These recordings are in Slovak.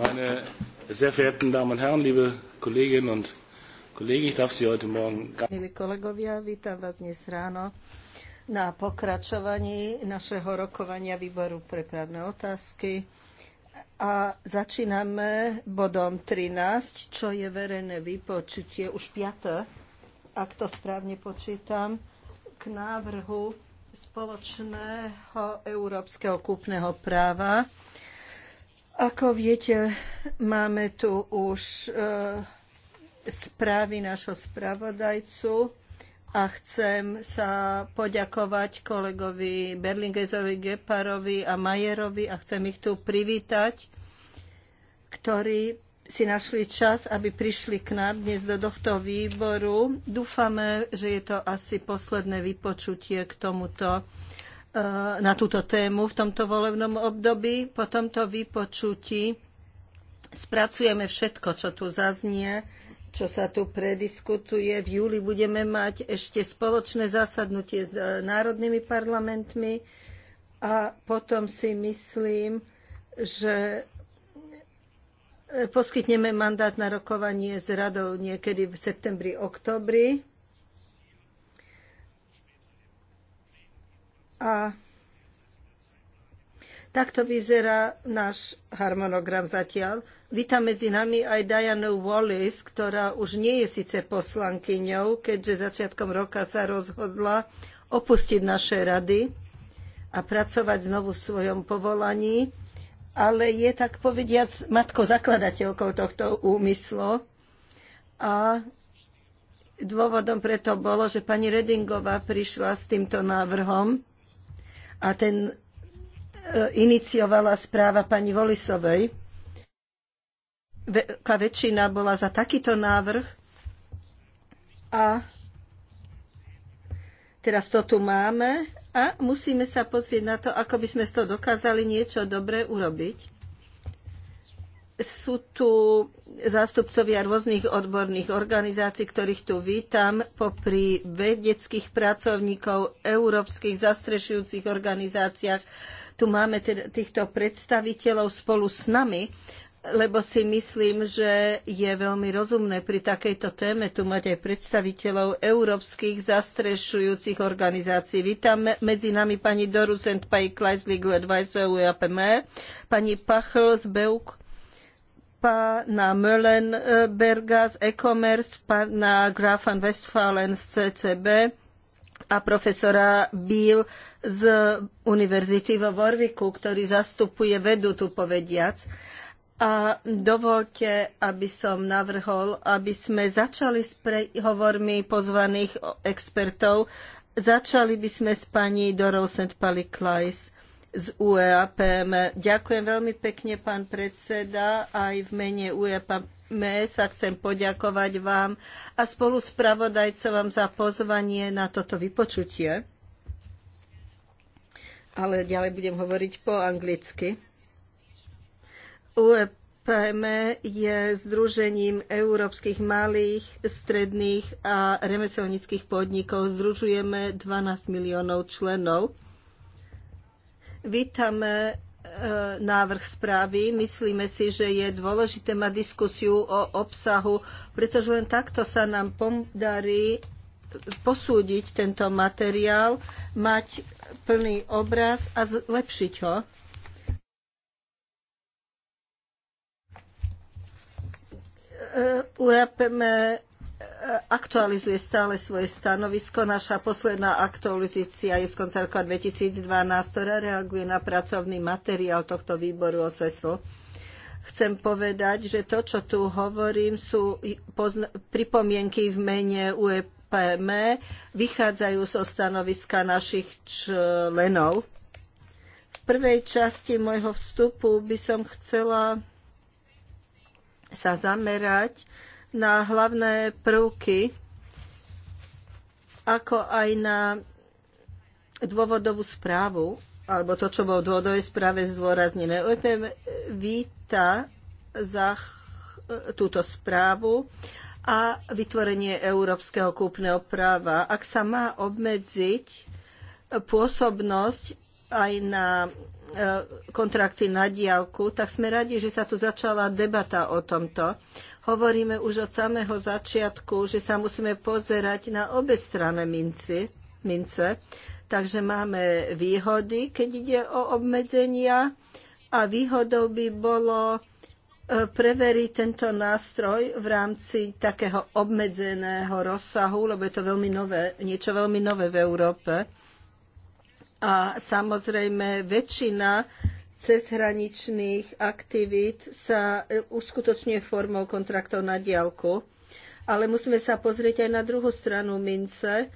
Meine sehr verehrten Damen und Herren, liebe Kolleginnen und Kollegen, ich darf Sie heute Morgen... Milí kolegovia, vítam vás dnes ráno na pokračovaní našeho rokovania výboru pre právne otázky. A začíname bodom 13, čo je verejné vypočutie, už piaté, ak to správne počítam, k návrhu spoločného európskeho kúpneho práva ako viete, máme tu už e, správy našho spravodajcu a chcem sa poďakovať kolegovi Berlingezovi, Geparovi a Majerovi a chcem ich tu privítať, ktorí si našli čas, aby prišli k nám dnes do tohto výboru. Dúfame, že je to asi posledné vypočutie k tomuto Eh, na túto tému v tomto volebnom období. Po tomto vypočutí spracujeme všetko, čo tu zaznie, čo sa tu prediskutuje. V júli budeme mať ešte spoločné zasadnutie s eh, národnými parlamentmi a potom si myslím, že eh, poskytneme mandát na rokovanie s radou niekedy v septembri, oktobri A takto vyzerá náš harmonogram zatiaľ. Vítam medzi nami aj Dianu Wallis, ktorá už nie je síce poslankyňou, keďže začiatkom roka sa rozhodla opustiť naše rady a pracovať znovu v svojom povolaní, ale je tak povediac matkou zakladateľkou tohto úmyslu. A dôvodom preto bolo, že pani Redingová prišla s týmto návrhom a ten e, iniciovala správa pani Volisovej. Veľká väčšina bola za takýto návrh a teraz to tu máme a musíme sa pozrieť na to, ako by sme z toho dokázali niečo dobré urobiť. Sú tu zástupcovia rôznych odborných organizácií, ktorých tu vítam, popri vedeckých pracovníkov, európskych zastrešujúcich organizáciách. Tu máme teda týchto predstaviteľov spolu s nami, lebo si myslím, že je veľmi rozumné pri takejto téme tu mať aj predstaviteľov európskych zastrešujúcich organizácií. Vítam medzi nami pani Doru Sentpaj Kleisligu Advisor UAPME, pani Pachl z Beuk, na Möllenberga z e-commerce, pána Grafa Westfalen z CCB a profesora Bill z Univerzity vo Warwicku, ktorý zastupuje vedu, tu povediac. A dovolte, aby som navrhol, aby sme začali s prehovormi pozvaných expertov. Začali by sme s pani Dorou St. Paliklajs z UEAPM. Ďakujem veľmi pekne, pán predseda, aj v mene UEAPM sa chcem poďakovať vám a spolu spravodajcom za pozvanie na toto vypočutie. Ale ďalej budem hovoriť po anglicky. UEPM je Združením európskych malých, stredných a remeselníckých podnikov. Združujeme 12 miliónov členov. Vítame e, návrh správy. Myslíme si, že je dôležité mať diskusiu o obsahu, pretože len takto sa nám podarí posúdiť tento materiál, mať plný obraz a zlepšiť ho. E, aktualizuje stále svoje stanovisko. Naša posledná aktualizácia je z konca roka 2012, ktorá reaguje na pracovný materiál tohto výboru OSESL. Chcem povedať, že to, čo tu hovorím, sú pripomienky v mene UEPM, vychádzajú zo stanoviska našich členov. V prvej časti môjho vstupu by som chcela sa zamerať na hlavné prvky, ako aj na dôvodovú správu, alebo to, čo bolo v dôvodovej správe, zdôraznené. OPM víta za túto správu a vytvorenie európskeho kúpneho práva. Ak sa má obmedziť pôsobnosť aj na E, kontrakty na diálku, tak sme radi, že sa tu začala debata o tomto. Hovoríme už od samého začiatku, že sa musíme pozerať na obe strany minci, mince, takže máme výhody, keď ide o obmedzenia a výhodou by bolo e, preveriť tento nástroj v rámci takého obmedzeného rozsahu, lebo je to veľmi nové, niečo veľmi nové v Európe a samozrejme väčšina cezhraničných aktivít sa e, uskutočňuje formou kontraktov na diaľku. Ale musíme sa pozrieť aj na druhú stranu mince.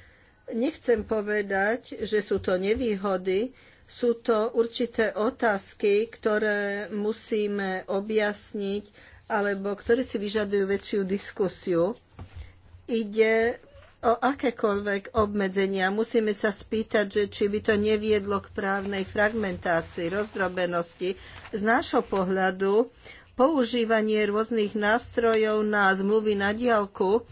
Nechcem povedať, že sú to nevýhody, sú to určité otázky, ktoré musíme objasniť alebo ktoré si vyžadujú väčšiu diskusiu. Ide o akékoľvek obmedzenia. Musíme sa spýtať, že či by to neviedlo k právnej fragmentácii, rozdrobenosti. Z nášho pohľadu používanie rôznych nástrojov na zmluvy na diálku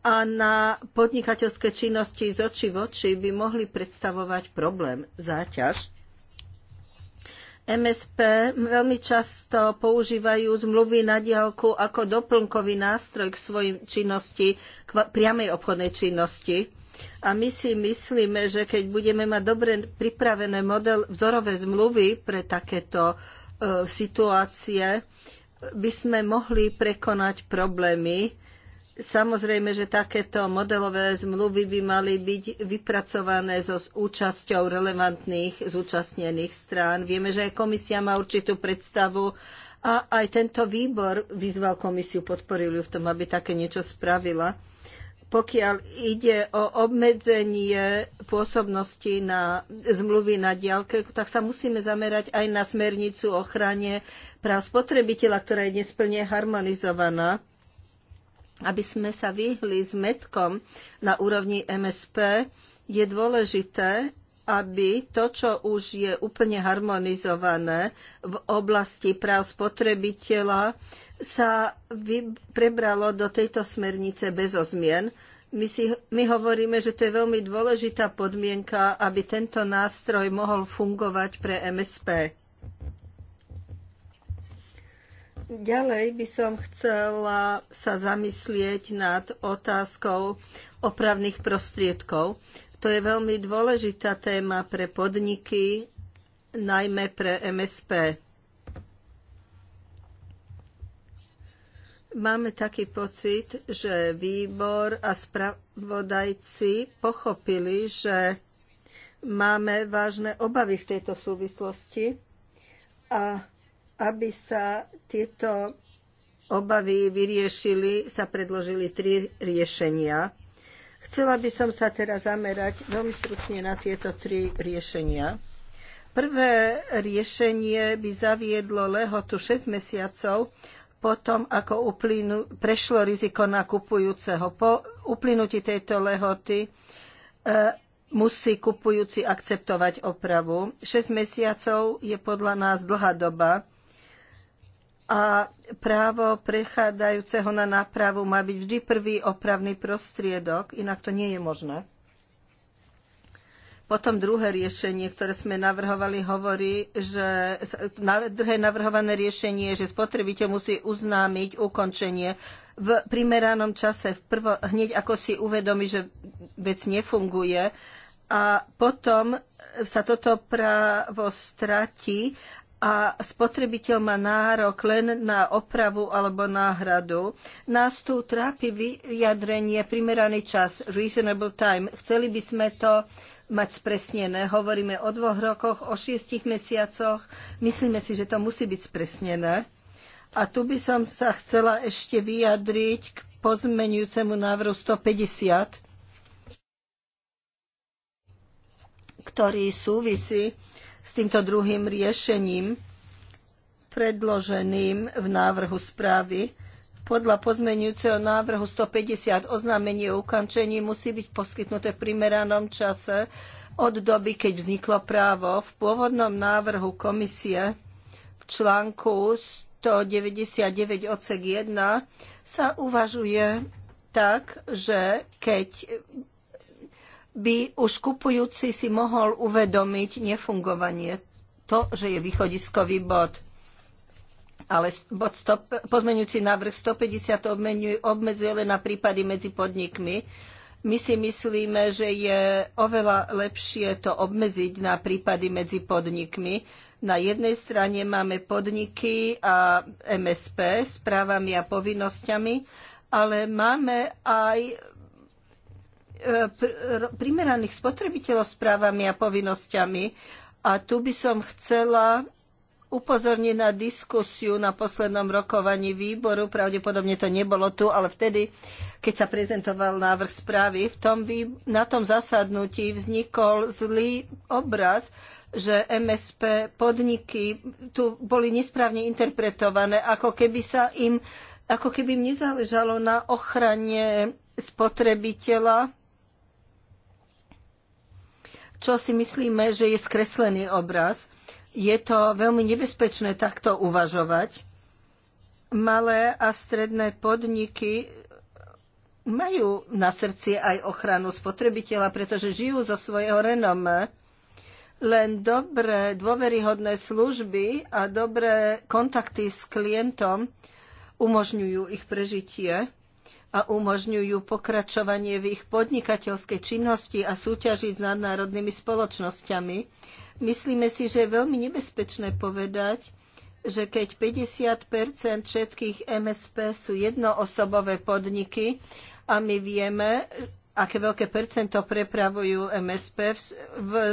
a na podnikateľské činnosti z očí v oči by mohli predstavovať problém, záťaž MSP veľmi často používajú zmluvy na diálku ako doplnkový nástroj k svojim činnosti, k priamej obchodnej činnosti. A my si myslíme, že keď budeme mať dobre pripravené model, vzorové zmluvy pre takéto e, situácie, by sme mohli prekonať problémy, Samozrejme, že takéto modelové zmluvy by mali byť vypracované so účasťou relevantných zúčastnených strán. Vieme, že aj komisia má určitú predstavu a aj tento výbor vyzval komisiu, podporil ju v tom, aby také niečo spravila. Pokiaľ ide o obmedzenie pôsobnosti na zmluvy na diálke, tak sa musíme zamerať aj na smernicu o ochrane práv spotrebiteľa, ktorá je dnes plne harmonizovaná aby sme sa vyhli s metkom na úrovni MSP, je dôležité, aby to, čo už je úplne harmonizované v oblasti práv spotrebiteľa, sa prebralo do tejto smernice bez zmien. My, si, my hovoríme, že to je veľmi dôležitá podmienka, aby tento nástroj mohol fungovať pre MSP. Ďalej by som chcela sa zamyslieť nad otázkou opravných prostriedkov. To je veľmi dôležitá téma pre podniky, najmä pre MSP. Máme taký pocit, že výbor a spravodajci pochopili, že máme vážne obavy v tejto súvislosti a aby sa tieto obavy vyriešili, sa predložili tri riešenia. Chcela by som sa teraz zamerať veľmi stručne na tieto tri riešenia. Prvé riešenie by zaviedlo lehotu 6 mesiacov potom, ako uplynu, prešlo riziko na kupujúceho. Po uplynutí tejto lehoty e, musí kupujúci akceptovať opravu. 6 mesiacov je podľa nás dlhá doba a právo prechádzajúceho na nápravu má byť vždy prvý opravný prostriedok, inak to nie je možné. Potom druhé riešenie, ktoré sme navrhovali, hovorí, že druhé navrhované riešenie je, že spotrebiteľ musí uznámiť ukončenie v primeranom čase, v prvo, hneď ako si uvedomí, že vec nefunguje a potom sa toto právo stratí a spotrebiteľ má nárok len na opravu alebo náhradu. Nás tu trápi vyjadrenie primeraný čas, reasonable time. Chceli by sme to mať spresnené. Hovoríme o dvoch rokoch, o šiestich mesiacoch. Myslíme si, že to musí byť spresnené. A tu by som sa chcela ešte vyjadriť k pozmenujúcemu návrhu 150, ktorý súvisí s týmto druhým riešením predloženým v návrhu správy. Podľa pozmenujúceho návrhu 150 oznámenie o ukončení musí byť poskytnuté v primeranom čase od doby, keď vzniklo právo. V pôvodnom návrhu komisie v článku 199 odsek 1 sa uvažuje tak, že keď by už kupujúci si mohol uvedomiť nefungovanie, to, že je východiskový bod. Ale bod stop, pozmeňujúci návrh 150 obmenuj, obmedzuje len na prípady medzi podnikmi. My si myslíme, že je oveľa lepšie to obmedziť na prípady medzi podnikmi. Na jednej strane máme podniky a MSP s právami a povinnosťami, ale máme aj primeraných spotrebiteľov s právami a povinnosťami. A tu by som chcela upozorniť na diskusiu na poslednom rokovaní výboru. Pravdepodobne to nebolo tu, ale vtedy, keď sa prezentoval návrh správy, v tom vý... na tom zasadnutí vznikol zlý obraz, že MSP podniky tu boli nesprávne interpretované, ako keby sa im ako keby im nezáležalo na ochrane spotrebiteľa čo si myslíme, že je skreslený obraz. Je to veľmi nebezpečné takto uvažovať. Malé a stredné podniky majú na srdci aj ochranu spotrebiteľa, pretože žijú zo svojho renome. Len dobré, dôveryhodné služby a dobré kontakty s klientom umožňujú ich prežitie a umožňujú pokračovanie v ich podnikateľskej činnosti a súťažiť s nadnárodnými spoločnosťami. Myslíme si, že je veľmi nebezpečné povedať, že keď 50 všetkých MSP sú jednoosobové podniky a my vieme, aké veľké percento prepravujú MSP. V,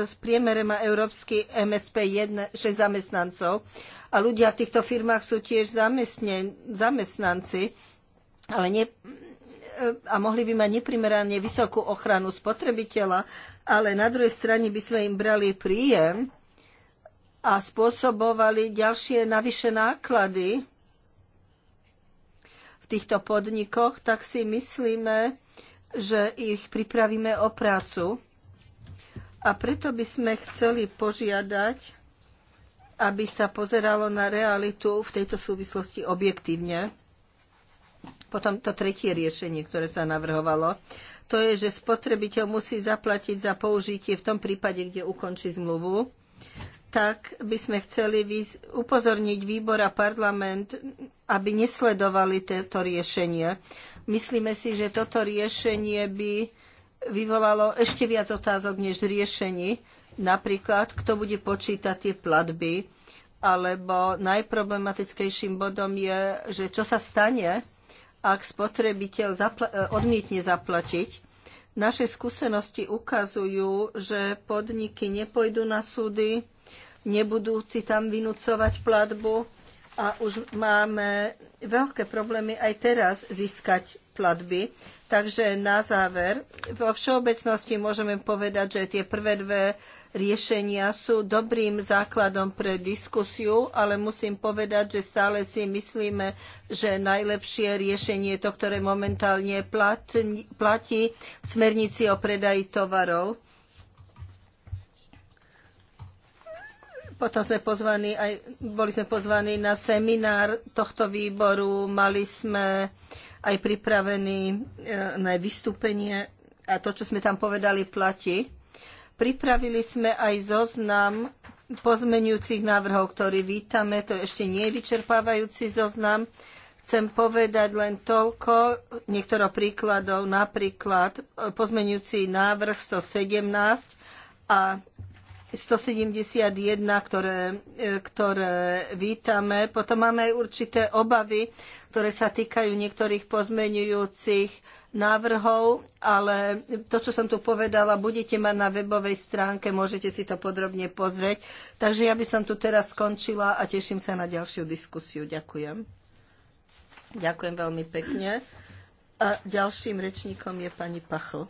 v priemere má európsky MSP 6 zamestnancov a ľudia v týchto firmách sú tiež zamestnanci ale ne, a mohli by mať neprimerane vysokú ochranu spotrebiteľa, ale na druhej strane by sme im brali príjem a spôsobovali ďalšie navyše náklady v týchto podnikoch, tak si myslíme, že ich pripravíme o prácu. A preto by sme chceli požiadať, aby sa pozeralo na realitu v tejto súvislosti objektívne. Potom to tretie riešenie, ktoré sa navrhovalo, to je, že spotrebiteľ musí zaplatiť za použitie v tom prípade, kde ukončí zmluvu tak by sme chceli upozorniť výbor a parlament, aby nesledovali toto riešenie. Myslíme si, že toto riešenie by vyvolalo ešte viac otázok než riešení. Napríklad, kto bude počítať tie platby, alebo najproblematickejším bodom je, že čo sa stane, ak spotrebiteľ zapla- e, odmietne zaplatiť. Naše skúsenosti ukazujú, že podniky nepôjdu na súdy, nebudú si tam vynúcovať platbu a už máme veľké problémy aj teraz získať platby. Takže na záver, vo všeobecnosti môžeme povedať, že tie prvé dve riešenia sú dobrým základom pre diskusiu, ale musím povedať, že stále si myslíme, že najlepšie riešenie je to, ktoré momentálne platí v smernici o predaji tovarov. Potom sme pozvaní, aj, boli sme pozvaní na seminár tohto výboru, mali sme aj pripravené e, vystúpenie a to, čo sme tam povedali, platí. Pripravili sme aj zoznam pozmenujúcich návrhov, ktorý vítame. To ešte nie je vyčerpávajúci zoznam. Chcem povedať len toľko, niektoro príkladov, napríklad e, pozmenujúci návrh 117 a 171, ktoré, e, ktoré vítame. Potom máme aj určité obavy ktoré sa týkajú niektorých pozmenujúcich návrhov, ale to, čo som tu povedala, budete mať na webovej stránke, môžete si to podrobne pozrieť. Takže ja by som tu teraz skončila a teším sa na ďalšiu diskusiu. Ďakujem. Ďakujem veľmi pekne. A ďalším rečníkom je pani Pachl.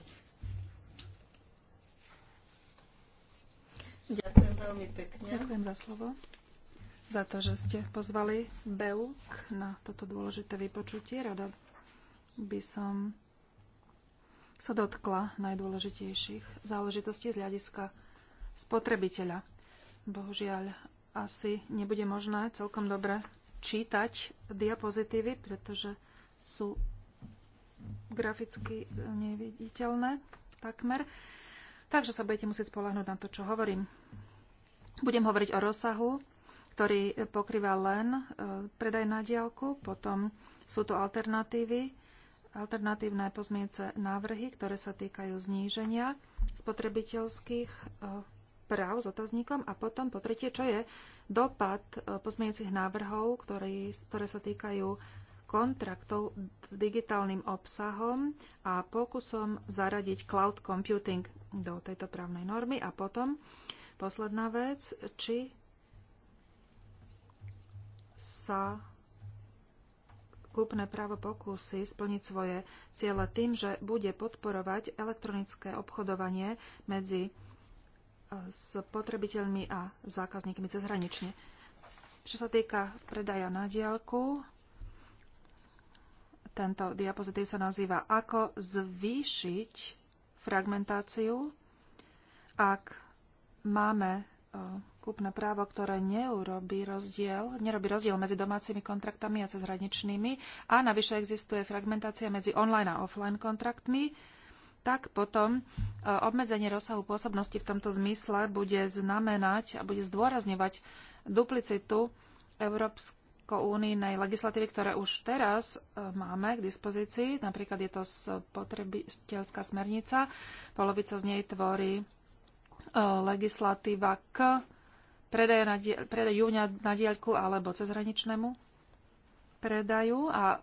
Ďakujem veľmi pekne. Ďakujem za slovo za to, že ste pozvali BEUK na toto dôležité vypočutie. Rada by som sa dotkla najdôležitejších záležitostí z hľadiska spotrebiteľa. Bohužiaľ, asi nebude možné celkom dobre čítať diapozitívy, pretože sú graficky neviditeľné takmer. Takže sa budete musieť spolahnuť na to, čo hovorím. Budem hovoriť o rozsahu ktorý pokrýva len e, predaj na diálku, potom sú to alternatívy, alternatívne pozmience návrhy, ktoré sa týkajú zníženia spotrebiteľských e, práv s otazníkom a potom po tretie, čo je dopad e, pozmiecich návrhov, ktoré, ktoré sa týkajú kontraktov s digitálnym obsahom a pokusom zaradiť cloud computing do tejto právnej normy. A potom posledná vec, či sa kúpne právo pokúsi splniť svoje ciele tým, že bude podporovať elektronické obchodovanie medzi e, spotrebiteľmi a zákazníkmi cezhranične. Čo sa týka predaja na diálku, tento diapozitív sa nazýva Ako zvýšiť fragmentáciu, ak máme e, kúpne právo, ktoré neurobí rozdiel, nerobí rozdiel medzi domácimi kontraktami a cezhraničnými a navyše existuje fragmentácia medzi online a offline kontraktmi, tak potom e, obmedzenie rozsahu pôsobnosti v tomto zmysle bude znamenať a bude zdôrazňovať duplicitu Európsko-únijnej legislatívy, ktoré už teraz e, máme k dispozícii. Napríklad je to spotrebiteľská smernica. Polovica z nej tvorí e, legislatíva k predaja na diel, predaju na diaľku alebo cezhraničnému predaju a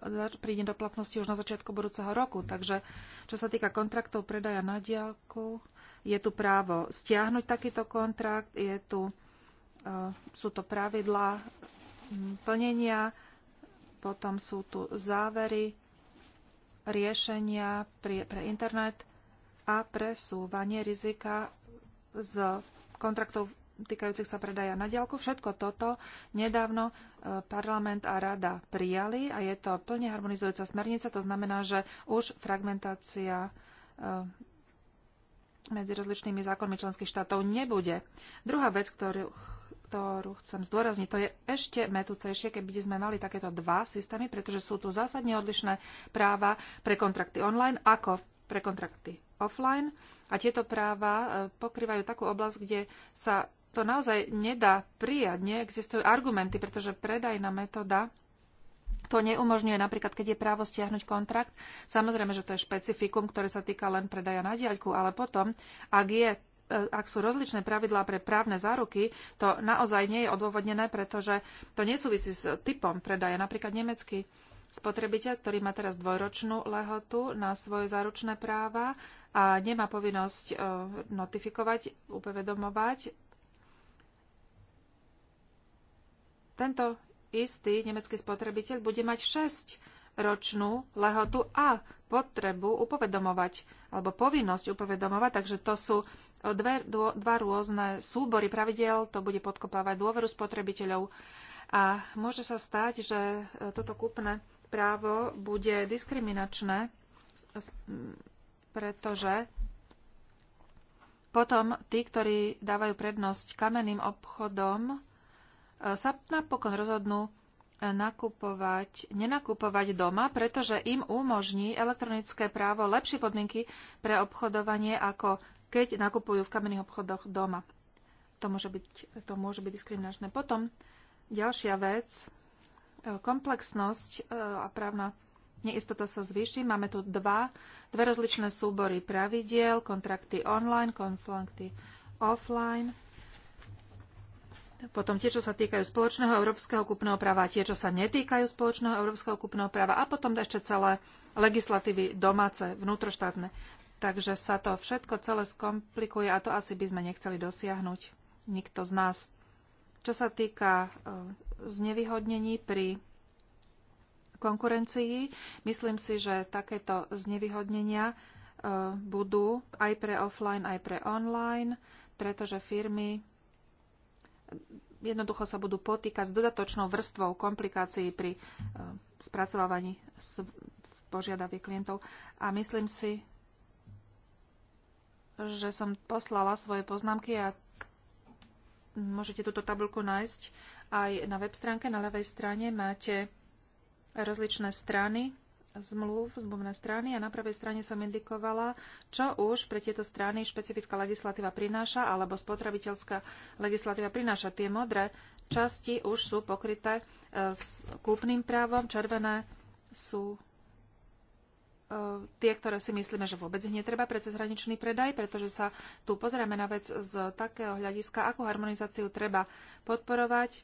príde do platnosti už na začiatku budúceho roku. Takže čo sa týka kontraktov predaja na diaľku, je tu právo stiahnuť takýto kontrakt, je tu, e, sú to pravidlá plnenia, potom sú tu závery, riešenia pre, pre internet a presúvanie rizika z kontraktov týkajúcich sa predaja na diálku. Všetko toto nedávno e, parlament a rada prijali a je to plne harmonizujúca smernica. To znamená, že už fragmentácia e, medzi rozličnými zákonmi členských štátov nebude. Druhá vec, ktorú, ktorú chcem zdôrazniť, to je ešte metúcejšie, keby sme mali takéto dva systémy, pretože sú tu zásadne odlišné práva pre kontrakty online ako pre kontrakty offline. A tieto práva e, pokrývajú takú oblasť, kde sa to naozaj nedá prijať. Neexistujú argumenty, pretože predajná metóda to neumožňuje napríklad, keď je právo stiahnuť kontrakt. Samozrejme, že to je špecifikum, ktoré sa týka len predaja na diaľku, ale potom, ak je e, ak sú rozličné pravidlá pre právne záruky, to naozaj nie je odôvodnené, pretože to nesúvisí s typom predaja. Napríklad nemecký spotrebiteľ, ktorý má teraz dvojročnú lehotu na svoje záručné práva a nemá povinnosť e, notifikovať, upovedomovať Tento istý nemecký spotrebiteľ bude mať 6 ročnú lehotu a potrebu upovedomovať alebo povinnosť upovedomovať, takže to sú dve, dvo, dva rôzne súbory pravidel, to bude podkopávať dôveru spotrebiteľov a môže sa stať, že e, toto kúpne právo bude diskriminačné, pretože potom tí, ktorí dávajú prednosť kamenným obchodom, E, sa napokon rozhodnú e, nakupovať, nenakupovať doma, pretože im umožní elektronické právo lepšie podmienky pre obchodovanie, ako keď nakupujú v kamenných obchodoch doma. To môže byť, to môže byť diskriminačné. Potom ďalšia vec, e, komplexnosť a právna neistota sa zvýši. Máme tu dva, dve rozličné súbory pravidiel, kontrakty online, konflikty offline potom tie, čo sa týkajú spoločného európskeho kúpneho práva, tie, čo sa netýkajú spoločného európskeho kúpneho práva a potom ešte celé legislatívy domáce, vnútroštátne. Takže sa to všetko celé skomplikuje a to asi by sme nechceli dosiahnuť. Nikto z nás. Čo sa týka e, znevýhodnení pri konkurencii, myslím si, že takéto znevýhodnenia e, budú aj pre offline, aj pre online, pretože firmy jednoducho sa budú potýkať s dodatočnou vrstvou komplikácií pri e, spracovávaní požiadaviek klientov. A myslím si, že som poslala svoje poznámky a môžete túto tabulku nájsť aj na web stránke. Na ľavej strane máte rozličné strany, zmluv, zmluvné strany a na pravej strane som indikovala, čo už pre tieto strany špecifická legislatíva prináša alebo spotrebiteľská legislatíva prináša. Tie modré časti už sú pokryté e, s kúpnym právom, červené sú e, tie, ktoré si myslíme, že vôbec ich netreba pre cezhraničný predaj, pretože sa tu pozrieme na vec z takého hľadiska, akú harmonizáciu treba podporovať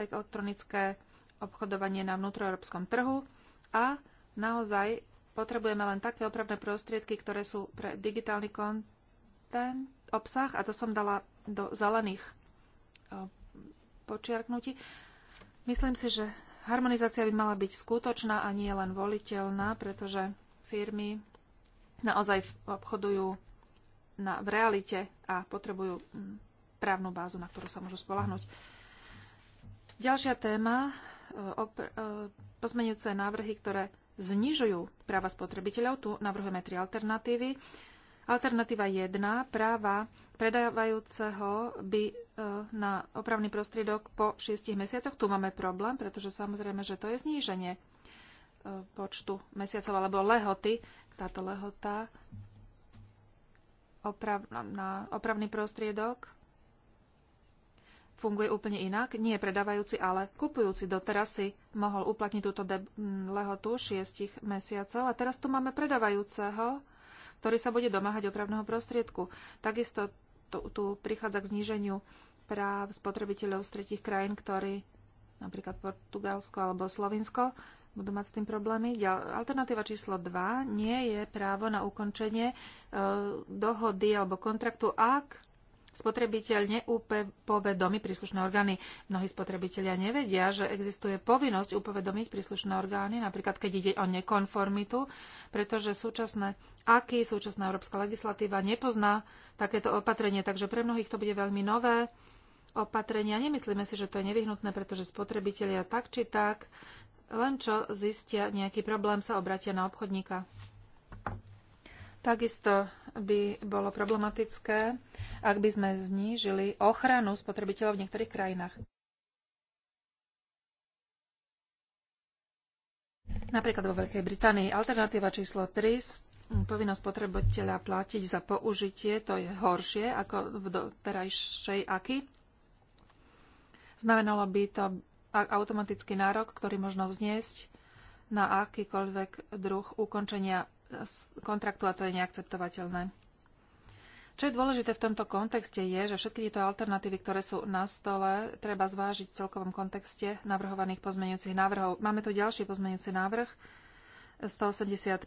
elektronické obchodovanie na vnútroeurópskom trhu a Naozaj potrebujeme len také opravné prostriedky, ktoré sú pre digitálny kontent, obsah, a to som dala do zelených eh, počiarknutí. Myslím si, že harmonizácia by mala byť skutočná a nie len voliteľná, pretože firmy naozaj obchodujú na, v realite a potrebujú hm, právnu bázu, na ktorú sa môžu spolahnuť. Ďalšia téma, eh, eh, pozmenujúce návrhy, ktoré znižujú práva spotrebiteľov. Tu navrhujeme tri alternatívy. Alternatíva 1. Práva predávajúceho by e, na opravný prostriedok po 6 mesiacoch. Tu máme problém, pretože samozrejme, že to je zníženie e, počtu mesiacov alebo lehoty. Táto lehota oprav, na opravný prostriedok funguje úplne inak. Nie predávajúci, ale kupujúci. do terasy mohol uplatniť túto lehotu 6 mesiacov a teraz tu máme predávajúceho, ktorý sa bude domáhať opravného prostriedku. Takisto tu, tu prichádza k zníženiu práv spotrebiteľov z tretich krajín, ktorí napríklad Portugalsko alebo Slovinsko, budú mať s tým problémy. Alternatíva číslo 2 nie je právo na ukončenie e, dohody alebo kontraktu, ak spotrebiteľ neupovedomí príslušné orgány. Mnohí spotrebitelia nevedia, že existuje povinnosť upovedomiť príslušné orgány, napríklad keď ide o nekonformitu, pretože súčasné aký súčasná európska legislatíva nepozná takéto opatrenie, takže pre mnohých to bude veľmi nové opatrenia. Nemyslíme si, že to je nevyhnutné, pretože spotrebitelia tak či tak, len čo zistia nejaký problém, sa obratia na obchodníka. Takisto by bolo problematické, ak by sme znížili ochranu spotrebiteľov v niektorých krajinách. Napríklad vo Veľkej Británii alternatíva číslo 3, povinnosť spotrebiteľa platiť za použitie, to je horšie ako v doterajšej aky. Znamenalo by to automatický nárok, ktorý možno vzniesť na akýkoľvek druh ukončenia kontraktu a to je neakceptovateľné. Čo je dôležité v tomto kontexte je, že všetky tieto alternatívy, ktoré sú na stole, treba zvážiť v celkovom kontexte navrhovaných pozmeňujúcich návrhov. Máme tu ďalší pozmeňujúci návrh, 185,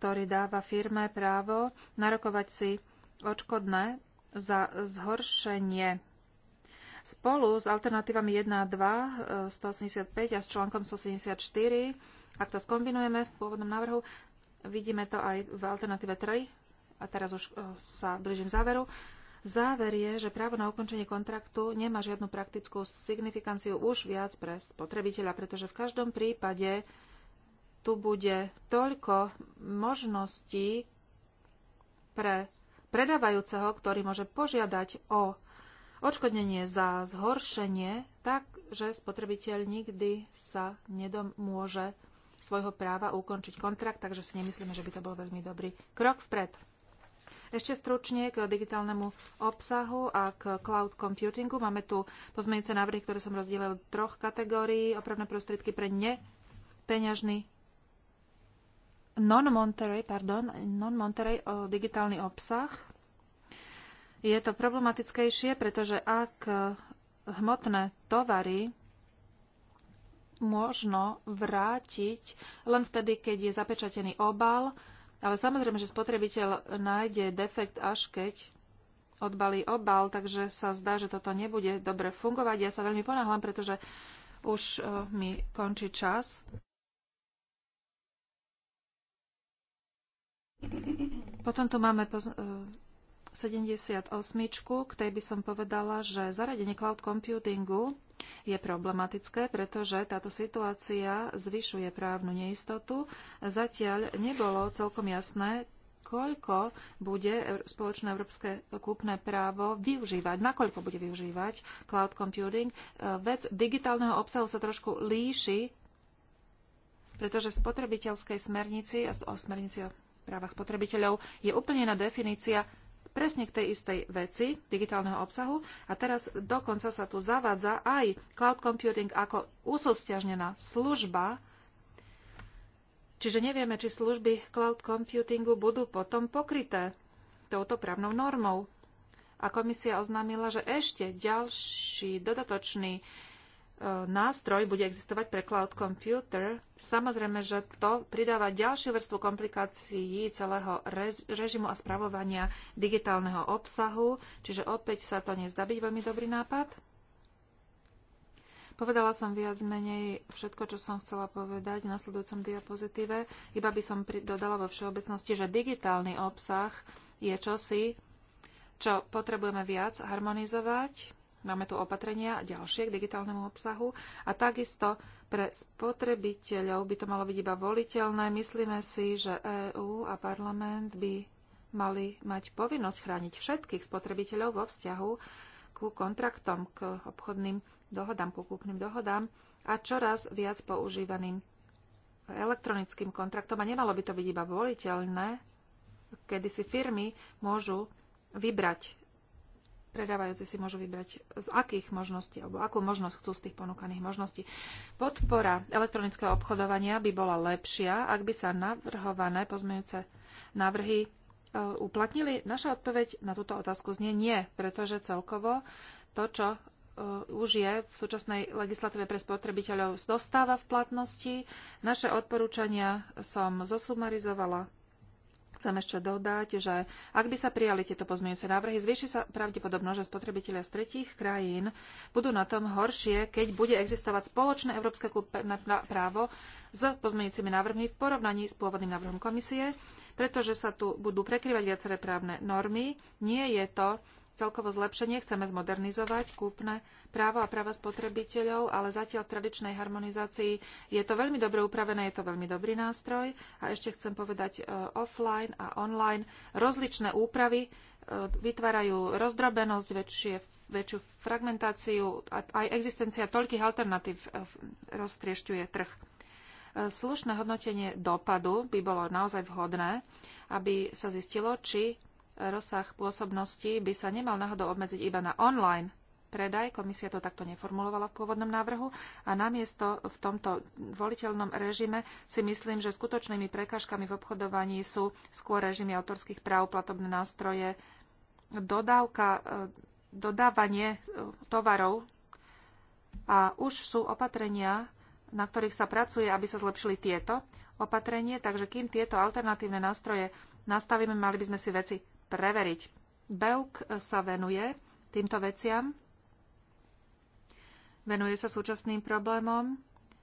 ktorý dáva firme právo narokovať si odškodné za zhoršenie. Spolu s alternatívami 1 a 2, 185 a s článkom 174, ak to skombinujeme v pôvodnom návrhu, Vidíme to aj v alternatíve 3, a teraz už e, sa blížim k záveru. Záver je, že právo na ukončenie kontraktu nemá žiadnu praktickú signifikanciu už viac pre spotrebiteľa, pretože v každom prípade tu bude toľko možností pre predávajúceho, ktorý môže požiadať o odškodnenie za zhoršenie, tak, že spotrebiteľ nikdy sa nedomôže. môže svojho práva ukončiť kontrakt, takže si nemyslíme, že by to bol veľmi dobrý krok vpred. Ešte stručne k digitálnemu obsahu a k cloud computingu. Máme tu pozmeňujúce návrhy, ktoré som rozdielil troch kategórií. Opravné prostriedky pre nepeňažný non-Monterey, pardon, non-Monterey o digitálny obsah. Je to problematickejšie, pretože ak hmotné tovary možno vrátiť len vtedy, keď je zapečatený obal, ale samozrejme, že spotrebiteľ nájde defekt až keď odbalí obal, takže sa zdá, že toto nebude dobre fungovať. Ja sa veľmi ponáhľam, pretože už e, mi končí čas. Potom tu máme e, 78, k tej by som povedala, že zaradenie cloud computingu je problematické, pretože táto situácia zvyšuje právnu neistotu. Zatiaľ nebolo celkom jasné, koľko bude spoločné európske kúpne právo využívať, nakoľko bude využívať cloud computing. E, vec digitálneho obsahu sa trošku líši, pretože v spotrebiteľskej smernici a o smernici o právach spotrebiteľov je úplne iná definícia presne k tej istej veci digitálneho obsahu a teraz dokonca sa tu zavádza aj cloud computing ako úsovstiažnená služba, čiže nevieme, či služby cloud computingu budú potom pokryté touto právnou normou. A komisia oznámila, že ešte ďalší dodatočný nástroj bude existovať pre cloud computer, samozrejme, že to pridáva ďalšiu vrstvu komplikácií celého režimu a spravovania digitálneho obsahu, čiže opäť sa to nezdá byť veľmi dobrý nápad. Povedala som viac menej všetko, čo som chcela povedať v nasledujúcom diapozitíve. Iba by som dodala vo všeobecnosti, že digitálny obsah je čosi, čo potrebujeme viac harmonizovať Máme tu opatrenia ďalšie k digitálnemu obsahu a takisto pre spotrebiteľov by to malo byť iba voliteľné. Myslíme si, že EÚ a parlament by mali mať povinnosť chrániť všetkých spotrebiteľov vo vzťahu ku kontraktom, k obchodným dohodám, ku kúpnym dohodám a čoraz viac používaným elektronickým kontraktom. A nemalo by to byť iba voliteľné, kedy si firmy môžu vybrať predávajúci si môžu vybrať, z akých možností, alebo akú možnosť chcú z tých ponúkaných možností. Podpora elektronického obchodovania by bola lepšia, ak by sa navrhované pozmeňujúce návrhy e, uplatnili. Naša odpoveď na túto otázku znie nie, pretože celkovo to, čo e, už je v súčasnej legislatíve pre spotrebiteľov, dostáva v platnosti. Naše odporúčania som zosumarizovala Chcem ešte dodať, že ak by sa prijali tieto pozmeňujúce návrhy, zvýši sa pravdepodobnosť, že spotrebitelia z tretích krajín budú na tom horšie, keď bude existovať spoločné európske kúpené právo s pozmeňujúcimi návrhmi v porovnaní s pôvodným návrhom komisie, pretože sa tu budú prekryvať viaceré právne normy. Nie je to celkovo zlepšenie. Chceme zmodernizovať kúpne právo a práva spotrebiteľov, ale zatiaľ v tradičnej harmonizácii je to veľmi dobre upravené, je to veľmi dobrý nástroj. A ešte chcem povedať e, offline a online. Rozličné úpravy e, vytvárajú rozdrobenosť, väčšie, väčšiu fragmentáciu a aj existencia toľkých alternatív e, roztriešťuje trh slušné hodnotenie dopadu by bolo naozaj vhodné, aby sa zistilo, či rozsah pôsobnosti by sa nemal náhodou obmedziť iba na online predaj, komisia to takto neformulovala v pôvodnom návrhu a namiesto v tomto voliteľnom režime si myslím, že skutočnými prekážkami v obchodovaní sú skôr režimy autorských práv, platobné nástroje, dodávka, e, dodávanie e, tovarov a už sú opatrenia, na ktorých sa pracuje, aby sa zlepšili tieto opatrenie, takže kým tieto alternatívne nástroje nastavíme, mali by sme si veci preveriť. BEUK sa venuje týmto veciam, venuje sa súčasným problémom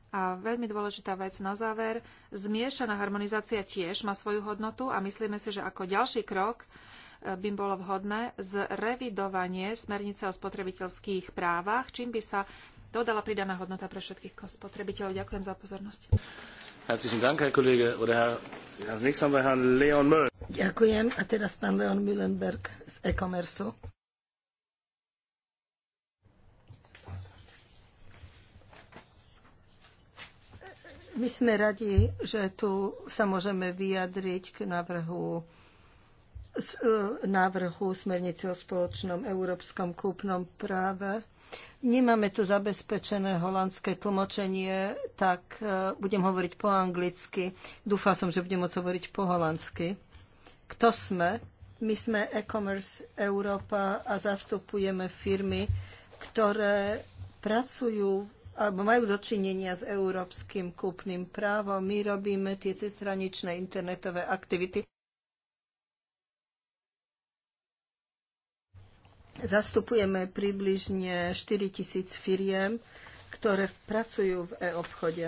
a veľmi dôležitá vec na záver, zmiešaná harmonizácia tiež má svoju hodnotu a myslíme si, že ako ďalší krok e, by bolo vhodné zrevidovanie smernice o spotrebiteľských právach, čím by sa dodala pridaná hodnota pre všetkých spotrebiteľov. Ďakujem za pozornosť. Herzlichen Dank, Herr Kollege. Oder Herr, als nächstes haben wir Herrn Leon Möll. Ďakujem. A teraz pán Leon Mühlenberg z e-commerce. My sme radi, že tu sa môžeme vyjadriť k návrhu e, návrhu smernice o spoločnom európskom kúpnom práve. Nemáme tu zabezpečené holandské tlmočenie, tak e, budem hovoriť po anglicky. Dúfal som, že budem môcť hovoriť po holandsky. Kto sme? My sme e-commerce Európa a zastupujeme firmy, ktoré pracujú alebo majú dočinenia s európskym kúpnym právom. My robíme tie cezhraničné internetové aktivity Zastupujeme približne 4 tisíc firiem, ktoré pracujú v e-obchode.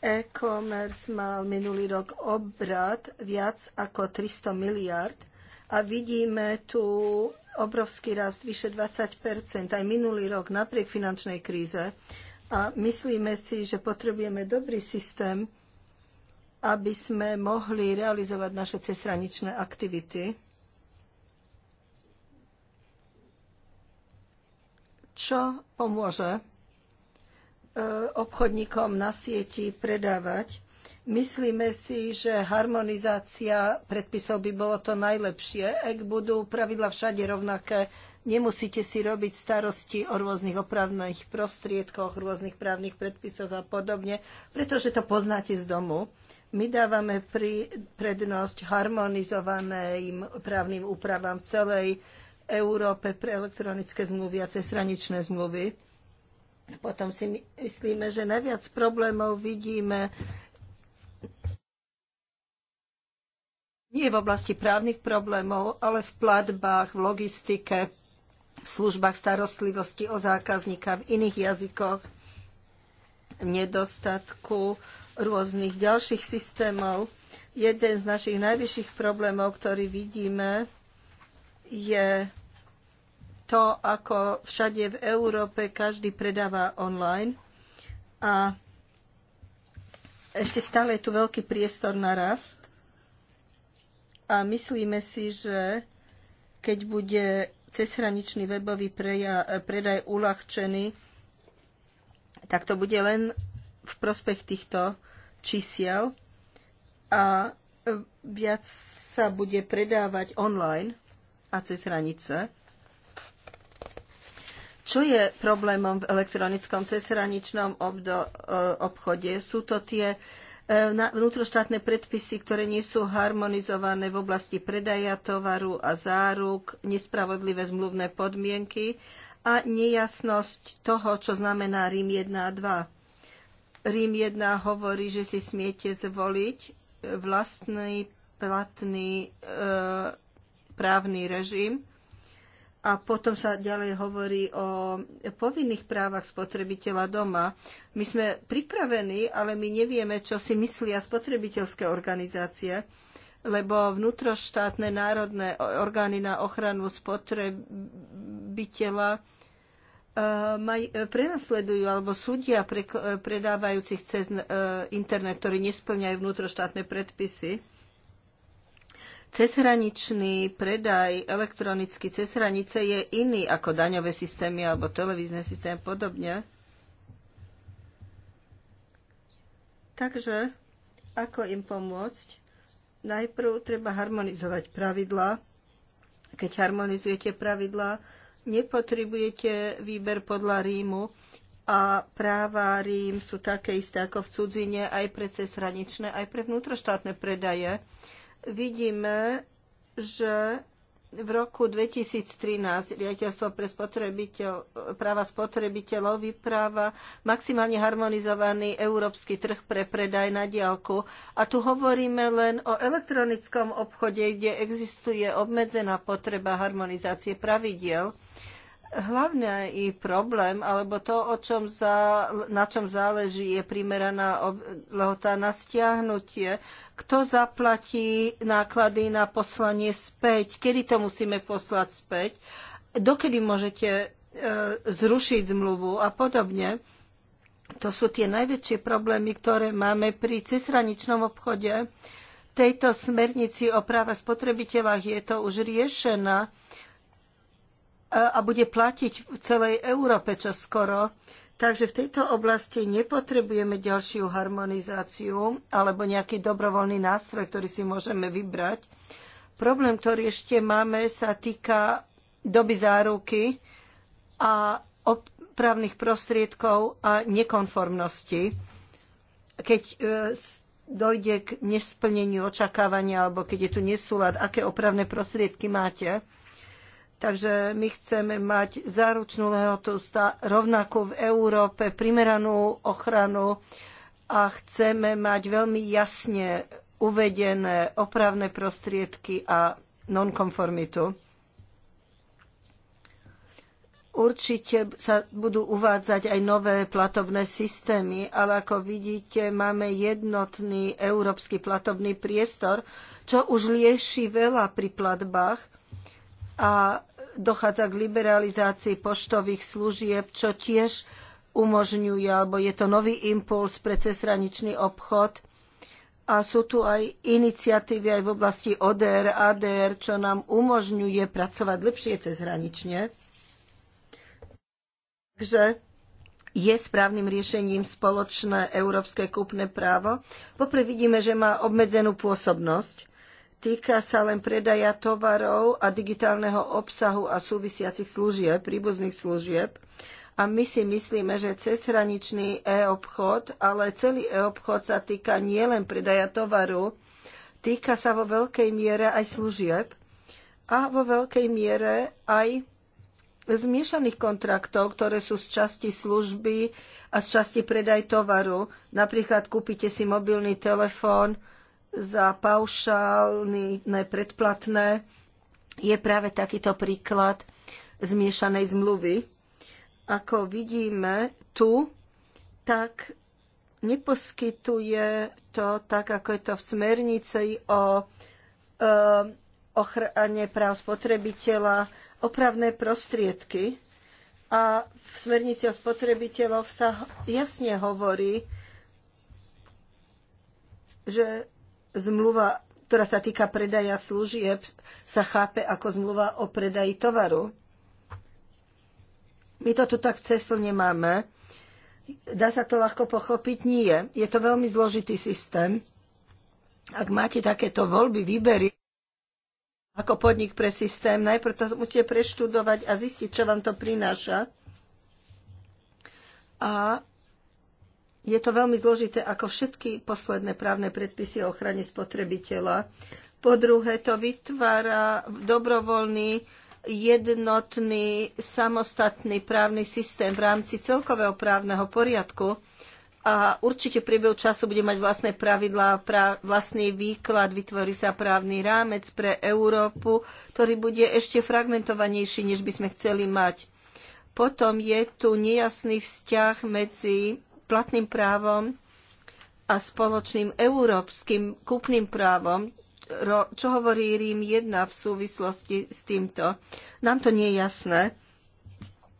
E-commerce mal minulý rok obrad viac ako 300 miliard a vidíme tu obrovský rast, vyše 20 aj minulý rok napriek finančnej kríze. A myslíme si, že potrebujeme dobrý systém, aby sme mohli realizovať naše cezhraničné aktivity. čo pomôže e, obchodníkom na sieti predávať. Myslíme si, že harmonizácia predpisov by bolo to najlepšie. Ak budú pravidla všade rovnaké, nemusíte si robiť starosti o rôznych opravných prostriedkoch, rôznych právnych predpisoch a podobne, pretože to poznáte z domu. My dávame prednosť harmonizovaným právnym úpravám v celej Európe pre elektronické zmluvy a cezhraničné zmluvy. Potom si myslíme, že najviac problémov vidíme nie v oblasti právnych problémov, ale v platbách, v logistike, v službách starostlivosti o zákazníka, v iných jazykoch, v nedostatku rôznych ďalších systémov. Jeden z našich najvyšších problémov, ktorý vidíme, je to, ako všade v Európe každý predáva online. A ešte stále je tu veľký priestor na rast. A myslíme si, že keď bude cezhraničný webový preja, predaj uľahčený, tak to bude len v prospech týchto čísiel a viac sa bude predávať online a cez hranice. Čo je problémom v elektronickom cezhraničnom obdo, e, obchode? Sú to tie e, vnútroštátne predpisy, ktoré nie sú harmonizované v oblasti predaja tovaru a záruk, nespravodlivé zmluvné podmienky a nejasnosť toho, čo znamená Rím 1 a 2. RIM 1 hovorí, že si smiete zvoliť vlastný platný e, právny režim. A potom sa ďalej hovorí o povinných právach spotrebiteľa doma. My sme pripravení, ale my nevieme, čo si myslia spotrebiteľské organizácie, lebo vnútroštátne národné orgány na ochranu spotrebiteľa e, maj, e, prenasledujú alebo súdia pre, e, predávajúcich cez internet, ktorí nesplňajú vnútroštátne predpisy. Cezhraničný predaj elektronicky cez hranice je iný ako daňové systémy alebo televízne systémy a podobne. Takže ako im pomôcť? Najprv treba harmonizovať pravidlá. Keď harmonizujete pravidlá, nepotrebujete výber podľa Rímu a práva Rím sú také isté ako v cudzine aj pre cezhraničné, aj pre vnútroštátne predaje vidíme, že v roku 2013 riaditeľstvo pre spotrebiteľ, práva spotrebiteľov vypráva maximálne harmonizovaný európsky trh pre predaj na diálku. A tu hovoríme len o elektronickom obchode, kde existuje obmedzená potreba harmonizácie pravidiel. Hlavný problém, alebo to, o čom za, na čom záleží, je primeraná lehota na stiahnutie. Kto zaplatí náklady na poslanie späť? Kedy to musíme poslať späť? Dokedy môžete e, zrušiť zmluvu a podobne? To sú tie najväčšie problémy, ktoré máme pri cisraničnom obchode. V tejto smernici o práve spotrebiteľách je to už riešená a bude platiť v celej Európe čoskoro. Takže v tejto oblasti nepotrebujeme ďalšiu harmonizáciu alebo nejaký dobrovoľný nástroj, ktorý si môžeme vybrať. Problém, ktorý ešte máme, sa týka doby záruky a opravných prostriedkov a nekonformnosti. Keď e, dojde k nesplneniu očakávania alebo keď je tu nesúlad, aké opravné prostriedky máte. Takže my chceme mať záručnú lehotu rovnako v Európe, primeranú ochranu a chceme mať veľmi jasne uvedené opravné prostriedky a nonkonformitu. Určite sa budú uvádzať aj nové platobné systémy, ale ako vidíte, máme jednotný európsky platobný priestor, čo už lieši veľa pri platbách a dochádza k liberalizácii poštových služieb, čo tiež umožňuje, alebo je to nový impuls pre cezhraničný obchod. A sú tu aj iniciatívy aj v oblasti ODR, ADR, čo nám umožňuje pracovať lepšie cezhranične. Takže je správnym riešením spoločné európske kúpne právo? Poprvé vidíme, že má obmedzenú pôsobnosť. Týka sa len predaja tovarov a digitálneho obsahu a súvisiacich služieb, príbuzných služieb. A my si myslíme, že cezhraničný e-obchod, ale celý e-obchod sa týka nielen predaja tovaru, týka sa vo veľkej miere aj služieb a vo veľkej miere aj zmiešaných kontraktov, ktoré sú z časti služby a z časti predaj tovaru. Napríklad kúpite si mobilný telefón, za paušálne predplatné je práve takýto príklad zmiešanej zmluvy. Ako vidíme tu, tak neposkytuje to, tak ako je to v smernici o e, ochrane práv spotrebiteľa, opravné prostriedky. A v smernici o spotrebiteľoch sa jasne hovorí, že zmluva, ktorá sa týka predaja služieb, sa chápe ako zmluva o predaji tovaru. My to tu tak CESL nemáme. Dá sa to ľahko pochopiť? Nie. Je to veľmi zložitý systém. Ak máte takéto voľby, výbery, ako podnik pre systém. Najprv to musíte preštudovať a zistiť, čo vám to prináša. A je to veľmi zložité ako všetky posledné právne predpisy o ochrane spotrebiteľa. Po druhé, to vytvára dobrovoľný, jednotný, samostatný právny systém v rámci celkového právneho poriadku a určite priebehu času bude mať vlastné pravidlá, pra, vlastný výklad, vytvorí sa právny rámec pre Európu, ktorý bude ešte fragmentovanejší, než by sme chceli mať. Potom je tu nejasný vzťah medzi platným právom a spoločným európskym kúpnym právom, čo hovorí Rím 1 v súvislosti s týmto. Nám to nie je jasné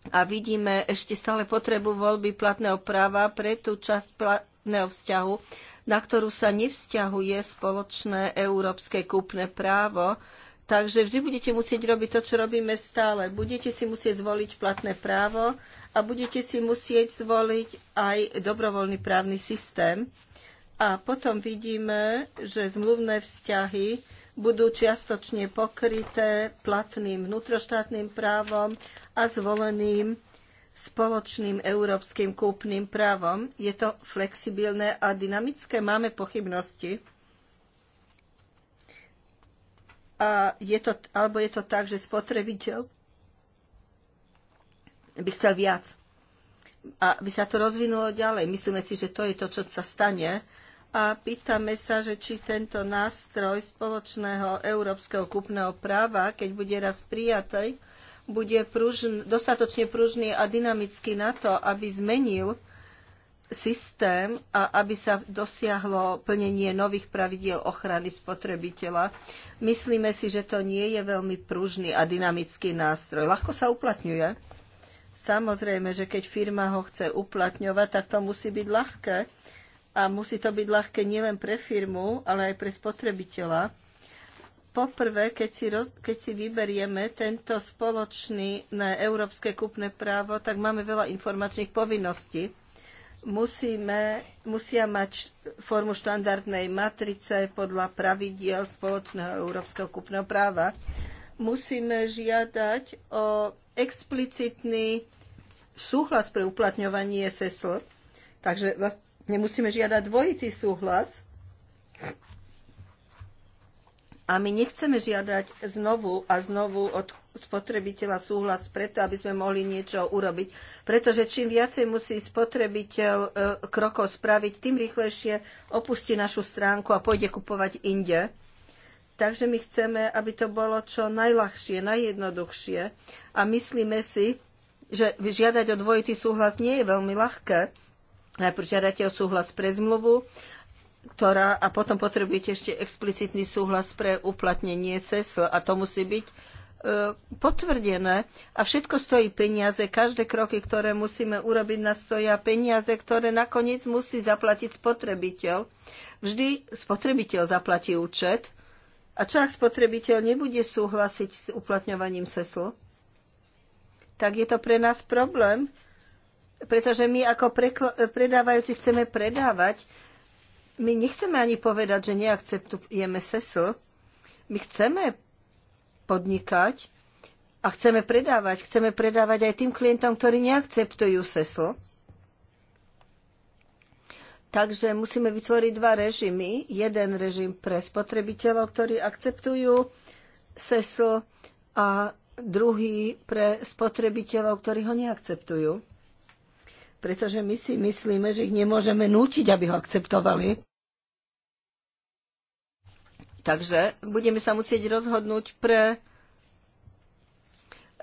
a vidíme ešte stále potrebu voľby platného práva pre tú časť platného vzťahu, na ktorú sa nevzťahuje spoločné európske kúpne právo, Takže vždy budete musieť robiť to, čo robíme stále. Budete si musieť zvoliť platné právo a budete si musieť zvoliť aj dobrovoľný právny systém. A potom vidíme, že zmluvné vzťahy budú čiastočne pokryté platným vnútroštátnym právom a zvoleným spoločným európskym kúpnym právom. Je to flexibilné a dynamické? Máme pochybnosti a je to, alebo je to tak, že spotrebiteľ by chcel viac. A by sa to rozvinulo ďalej. Myslíme si, že to je to, čo sa stane. A pýtame sa, že či tento nástroj spoločného európskeho kupného práva, keď bude raz prijatý, bude pružn, dostatočne pružný a dynamický na to, aby zmenil systém a aby sa dosiahlo plnenie nových pravidiel ochrany spotrebiteľa. Myslíme si, že to nie je veľmi pružný a dynamický nástroj. Ľahko sa uplatňuje. Samozrejme, že keď firma ho chce uplatňovať, tak to musí byť ľahké. A musí to byť ľahké nielen pre firmu, ale aj pre spotrebiteľa. Poprvé, keď si, roz, keď si vyberieme tento spoločný na európske kupné právo, tak máme veľa informačných povinností musíme, musia mať formu štandardnej matrice podľa pravidiel spoločného európskeho kúpneho práva. Musíme žiadať o explicitný súhlas pre uplatňovanie SSL, Takže vlastne musíme žiadať dvojitý súhlas a my nechceme žiadať znovu a znovu od spotrebiteľa súhlas preto, aby sme mohli niečo urobiť. Pretože čím viacej musí spotrebiteľ e, krokov spraviť, tým rýchlejšie opustí našu stránku a pôjde kupovať inde. Takže my chceme, aby to bolo čo najľahšie, najjednoduchšie. A myslíme si, že žiadať o dvojitý súhlas nie je veľmi ľahké. Najprv žiadate o súhlas pre zmluvu ktorá a potom potrebujete ešte explicitný súhlas pre uplatnenie SESL a to musí byť e, potvrdené a všetko stojí peniaze. Každé kroky, ktoré musíme urobiť, nás stoja peniaze, ktoré nakoniec musí zaplatiť spotrebiteľ. Vždy spotrebiteľ zaplatí účet a čo ak spotrebiteľ nebude súhlasiť s uplatňovaním SESL, tak je to pre nás problém, pretože my ako predávajúci chceme predávať, my nechceme ani povedať, že neakceptujeme SESL. My chceme podnikať a chceme predávať. Chceme predávať aj tým klientom, ktorí neakceptujú SESL. Takže musíme vytvoriť dva režimy. Jeden režim pre spotrebiteľov, ktorí akceptujú SESL a druhý pre spotrebiteľov, ktorí ho neakceptujú. Pretože my si myslíme, že ich nemôžeme nútiť, aby ho akceptovali. Takže budeme sa musieť rozhodnúť pre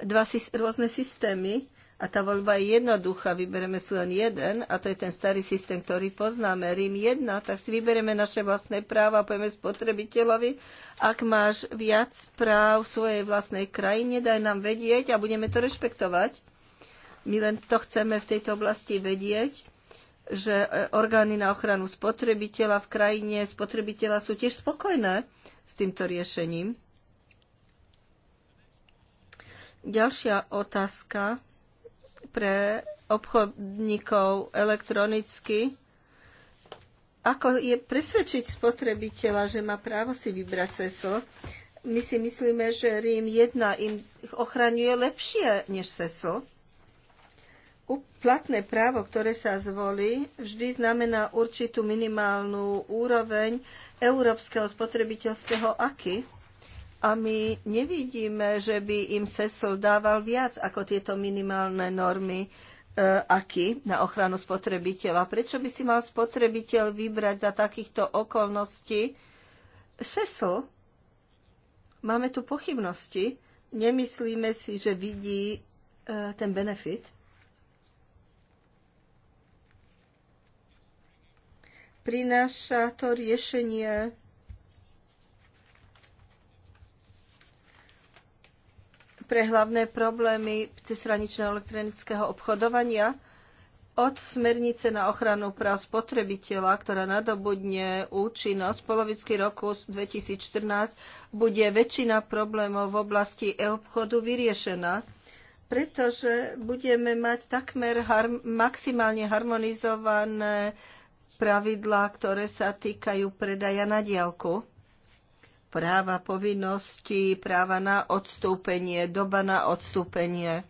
dva rôzne systémy a tá voľba je jednoduchá. Vybereme si len jeden a to je ten starý systém, ktorý poznáme. Rím 1, tak si vybereme naše vlastné práva a povieme spotrebiteľovi, ak máš viac práv v svojej vlastnej krajine, daj nám vedieť a budeme to rešpektovať. My len to chceme v tejto oblasti vedieť že e, orgány na ochranu spotrebiteľa v krajine spotrebiteľa sú tiež spokojné s týmto riešením. Ďalšia otázka pre obchodníkov elektronicky. Ako je presvedčiť spotrebiteľa, že má právo si vybrať SESL? My si myslíme, že Rím 1 im ochraňuje lepšie než SESL platné právo, ktoré sa zvolí, vždy znamená určitú minimálnu úroveň európskeho spotrebiteľského aky. A my nevidíme, že by im SESL dával viac ako tieto minimálne normy e, aky na ochranu spotrebiteľa. Prečo by si mal spotrebiteľ vybrať za takýchto okolností SESL? Máme tu pochybnosti. Nemyslíme si, že vidí e, ten benefit. prináša to riešenie pre hlavné problémy cezhraničného elektronického obchodovania od smernice na ochranu práv spotrebiteľa, ktorá nadobudne účinnosť v polovicky roku 2014, bude väčšina problémov v oblasti e-obchodu vyriešená, pretože budeme mať takmer har- maximálne harmonizované pravidlá, ktoré sa týkajú predaja na diálku. Práva povinnosti, práva na odstúpenie, doba na odstúpenie,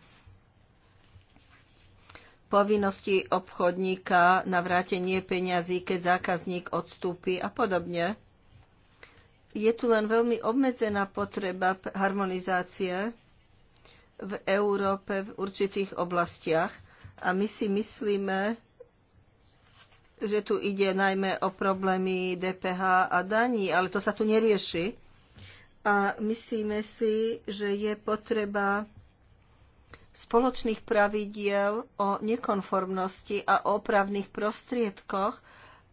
povinnosti obchodníka na vrátenie peňazí, keď zákazník odstúpi a podobne. Je tu len veľmi obmedzená potreba harmonizácie v Európe v určitých oblastiach a my si myslíme, že tu ide najmä o problémy DPH a daní, ale to sa tu nerieši. A myslíme si, že je potreba spoločných pravidiel o nekonformnosti a o opravných prostriedkoch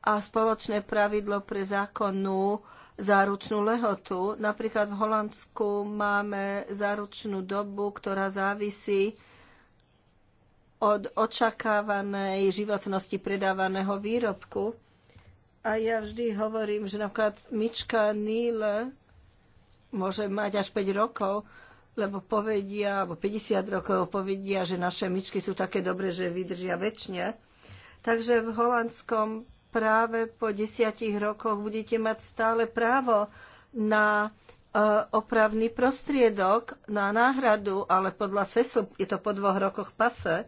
a spoločné pravidlo pre zákonnú záručnú lehotu. Napríklad v Holandsku máme záručnú dobu, ktorá závisí od očakávanej životnosti predávaného výrobku. A ja vždy hovorím, že napríklad myčka Níle môže mať až 5 rokov, lebo povedia, alebo 50 rokov povedia, že naše myčky sú také dobré, že vydržia väčšie. Takže v holandskom práve po desiatich rokoch budete mať stále právo na e, opravný prostriedok, na náhradu, ale podľa SESL je to po dvoch rokoch pase.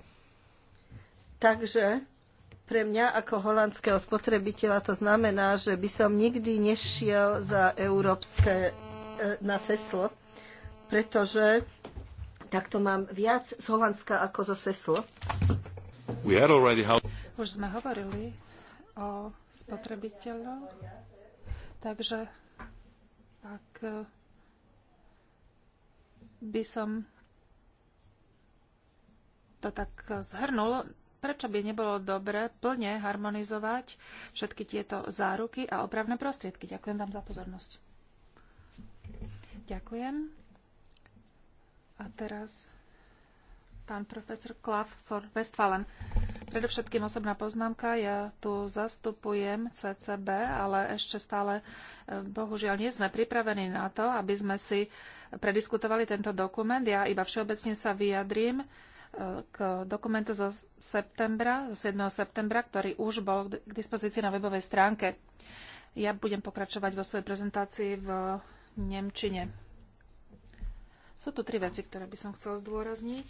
Takže pre mňa ako holandského spotrebiteľa to znamená, že by som nikdy nešiel za európske e, na seslo, pretože takto mám viac z Holandska ako zo seslo. Už sme hovorili o spotrebiteľoch, takže ak e, by som to tak zhrnul, prečo by nebolo dobre plne harmonizovať všetky tieto záruky a opravné prostriedky? Ďakujem vám za pozornosť. Ďakujem. A teraz pán profesor Klav for Westfalen. Predovšetkým osobná poznámka. Ja tu zastupujem CCB, ale ešte stále e, bohužiaľ nie sme pripravení na to, aby sme si prediskutovali tento dokument. Ja iba všeobecne sa vyjadrím k dokumentu zo septembra, zo 7. septembra, ktorý už bol k dispozícii na webovej stránke. Ja budem pokračovať vo svojej prezentácii v Nemčine. Sú tu tri veci, ktoré by som chcel zdôrazniť.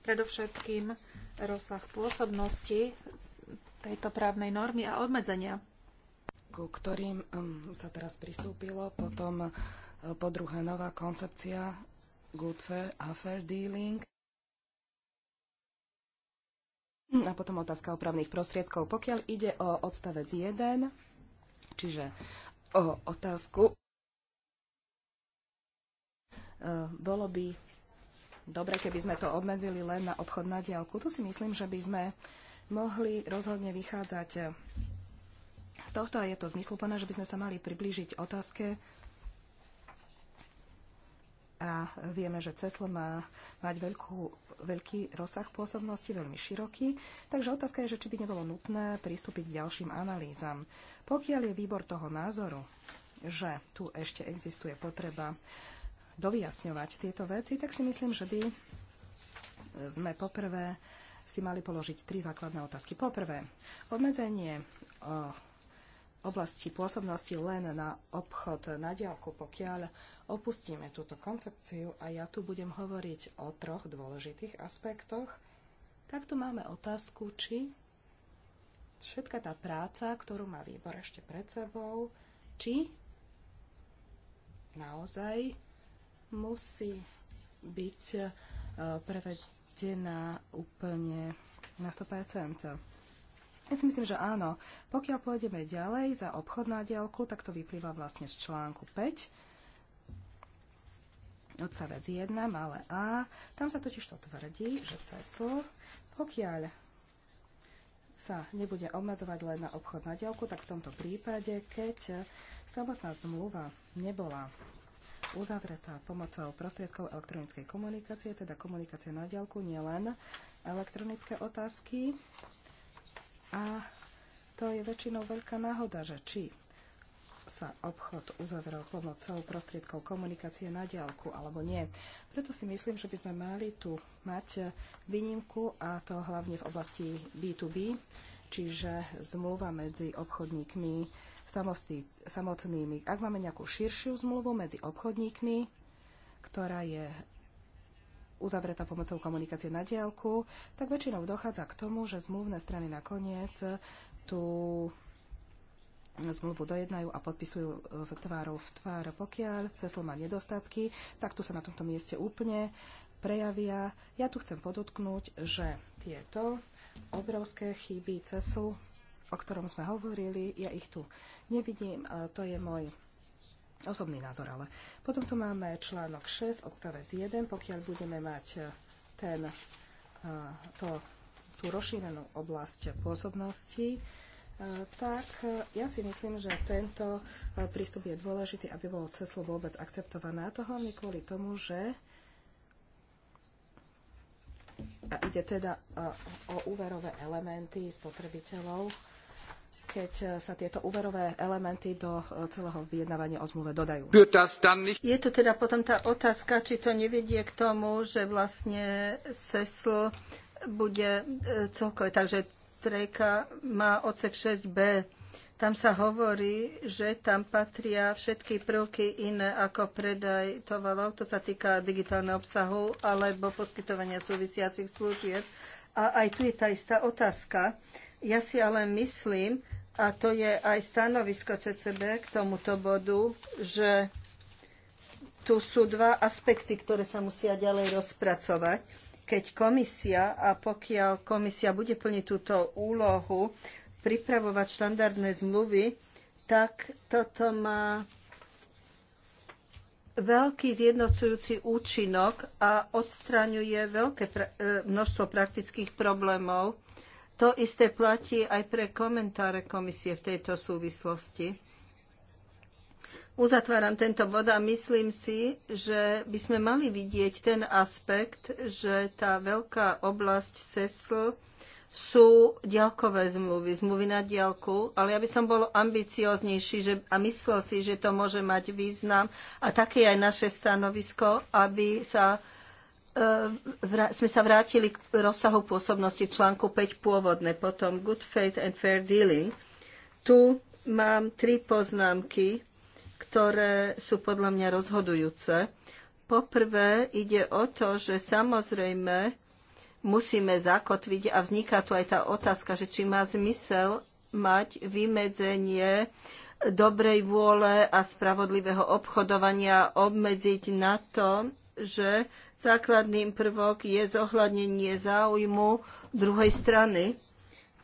Predovšetkým rozsah pôsobnosti tejto právnej normy a obmedzenia. Ku ktorým um, sa teraz pristúpilo, potom uh, podruhá nová koncepcia Good Fair a Fair Dealing a potom otázka opravných prostriedkov. Pokiaľ ide o odstavec 1, čiže o otázku, e, bolo by dobre, keby sme to obmedzili len na obchod na diálku. Tu si myslím, že by sme mohli rozhodne vychádzať z tohto a je to zmysluplné, že by sme sa mali priblížiť otázke, a vieme, že CESL má mať veľkú, veľký rozsah pôsobnosti, veľmi široký, takže otázka je, že či by nebolo nutné pristúpiť k ďalším analýzam. Pokiaľ je výbor toho názoru, že tu ešte existuje potreba dovyjasňovať tieto veci, tak si myslím, že by sme poprvé si mali položiť tri základné otázky. Poprvé, obmedzenie oblasti pôsobnosti len na obchod na diálku, pokiaľ opustíme túto koncepciu a ja tu budem hovoriť o troch dôležitých aspektoch, tak tu máme otázku, či všetka tá práca, ktorú má výbor ešte pred sebou, či naozaj musí byť eh, prevedená úplne na 100%. Ja si myslím, že áno. Pokiaľ pôjdeme ďalej za obchod na diálku, tak to vyplýva vlastne z článku 5 odsavec 1, malé a. Tam sa totiž to tvrdí, že CESL, pokiaľ sa nebude obmedzovať len na obchod na diálku, tak v tomto prípade, keď samotná zmluva nebola uzavretá pomocou prostriedkov elektronickej komunikácie, teda komunikácie na diálku, nielen elektronické otázky, a to je väčšinou veľká náhoda, že či sa obchod uzavrel pomocou prostriedkov komunikácie na diálku alebo nie. Preto si myslím, že by sme mali tu mať výnimku a to hlavne v oblasti B2B, čiže zmluva medzi obchodníkmi samostý, samotnými. Ak máme nejakú širšiu zmluvu medzi obchodníkmi, ktorá je uzavretá pomocou komunikácie na diálku, tak väčšinou dochádza k tomu, že zmluvné strany nakoniec tú zmluvu dojednajú a podpisujú v tvárov v tvár. Pokiaľ CESL má nedostatky, tak tu sa na tomto mieste úplne prejavia. Ja tu chcem podotknúť, že tieto obrovské chyby CESL, o ktorom sme hovorili, ja ich tu nevidím, to je môj osobný názor, ale potom tu máme článok 6, odstavec 1, pokiaľ budeme mať e, ten, e, to, tú rozšírenú oblasť pôsobnosti, e, tak ja si myslím, že tento prístup je dôležitý, aby bolo ceslo vôbec akceptované. A to hlavne kvôli tomu, že a ide teda o úverové elementy spotrebiteľov, keď e, sa tieto úverové elementy do e, celého vyjednávania o zmluve dodajú. Je to teda potom tá otázka, či to nevedie k tomu, že vlastne SESL bude e, celkové, takže trejka má odsek 6b. Tam sa hovorí, že tam patria všetky prvky iné ako predaj tovarov, to sa týka digitálneho obsahu alebo poskytovania súvisiacich služieb. A aj tu je tá istá otázka. Ja si ale myslím, a to je aj stanovisko CCB k tomuto bodu, že tu sú dva aspekty, ktoré sa musia ďalej rozpracovať. Keď komisia, a pokiaľ komisia bude plniť túto úlohu, pripravovať štandardné zmluvy, tak toto má veľký zjednocujúci účinok a odstraňuje veľké pra e, množstvo praktických problémov to isté platí aj pre komentáre komisie v tejto súvislosti. Uzatváram tento bod a myslím si, že by sme mali vidieť ten aspekt, že tá veľká oblasť SESL sú diaľkové zmluvy, zmluvy na diaľku, ale ja by som bol ambicioznejší že, a myslel si, že to môže mať význam a také je aj naše stanovisko, aby sa E, sme sa vrátili k rozsahu pôsobnosti v článku 5 pôvodne, potom Good Faith and Fair Dealing. Tu mám tri poznámky, ktoré sú podľa mňa rozhodujúce. Poprvé ide o to, že samozrejme musíme zakotviť a vzniká tu aj tá otázka, že či má zmysel mať vymedzenie dobrej vôle a spravodlivého obchodovania obmedziť na to, že základným prvok je zohľadnenie záujmu druhej strany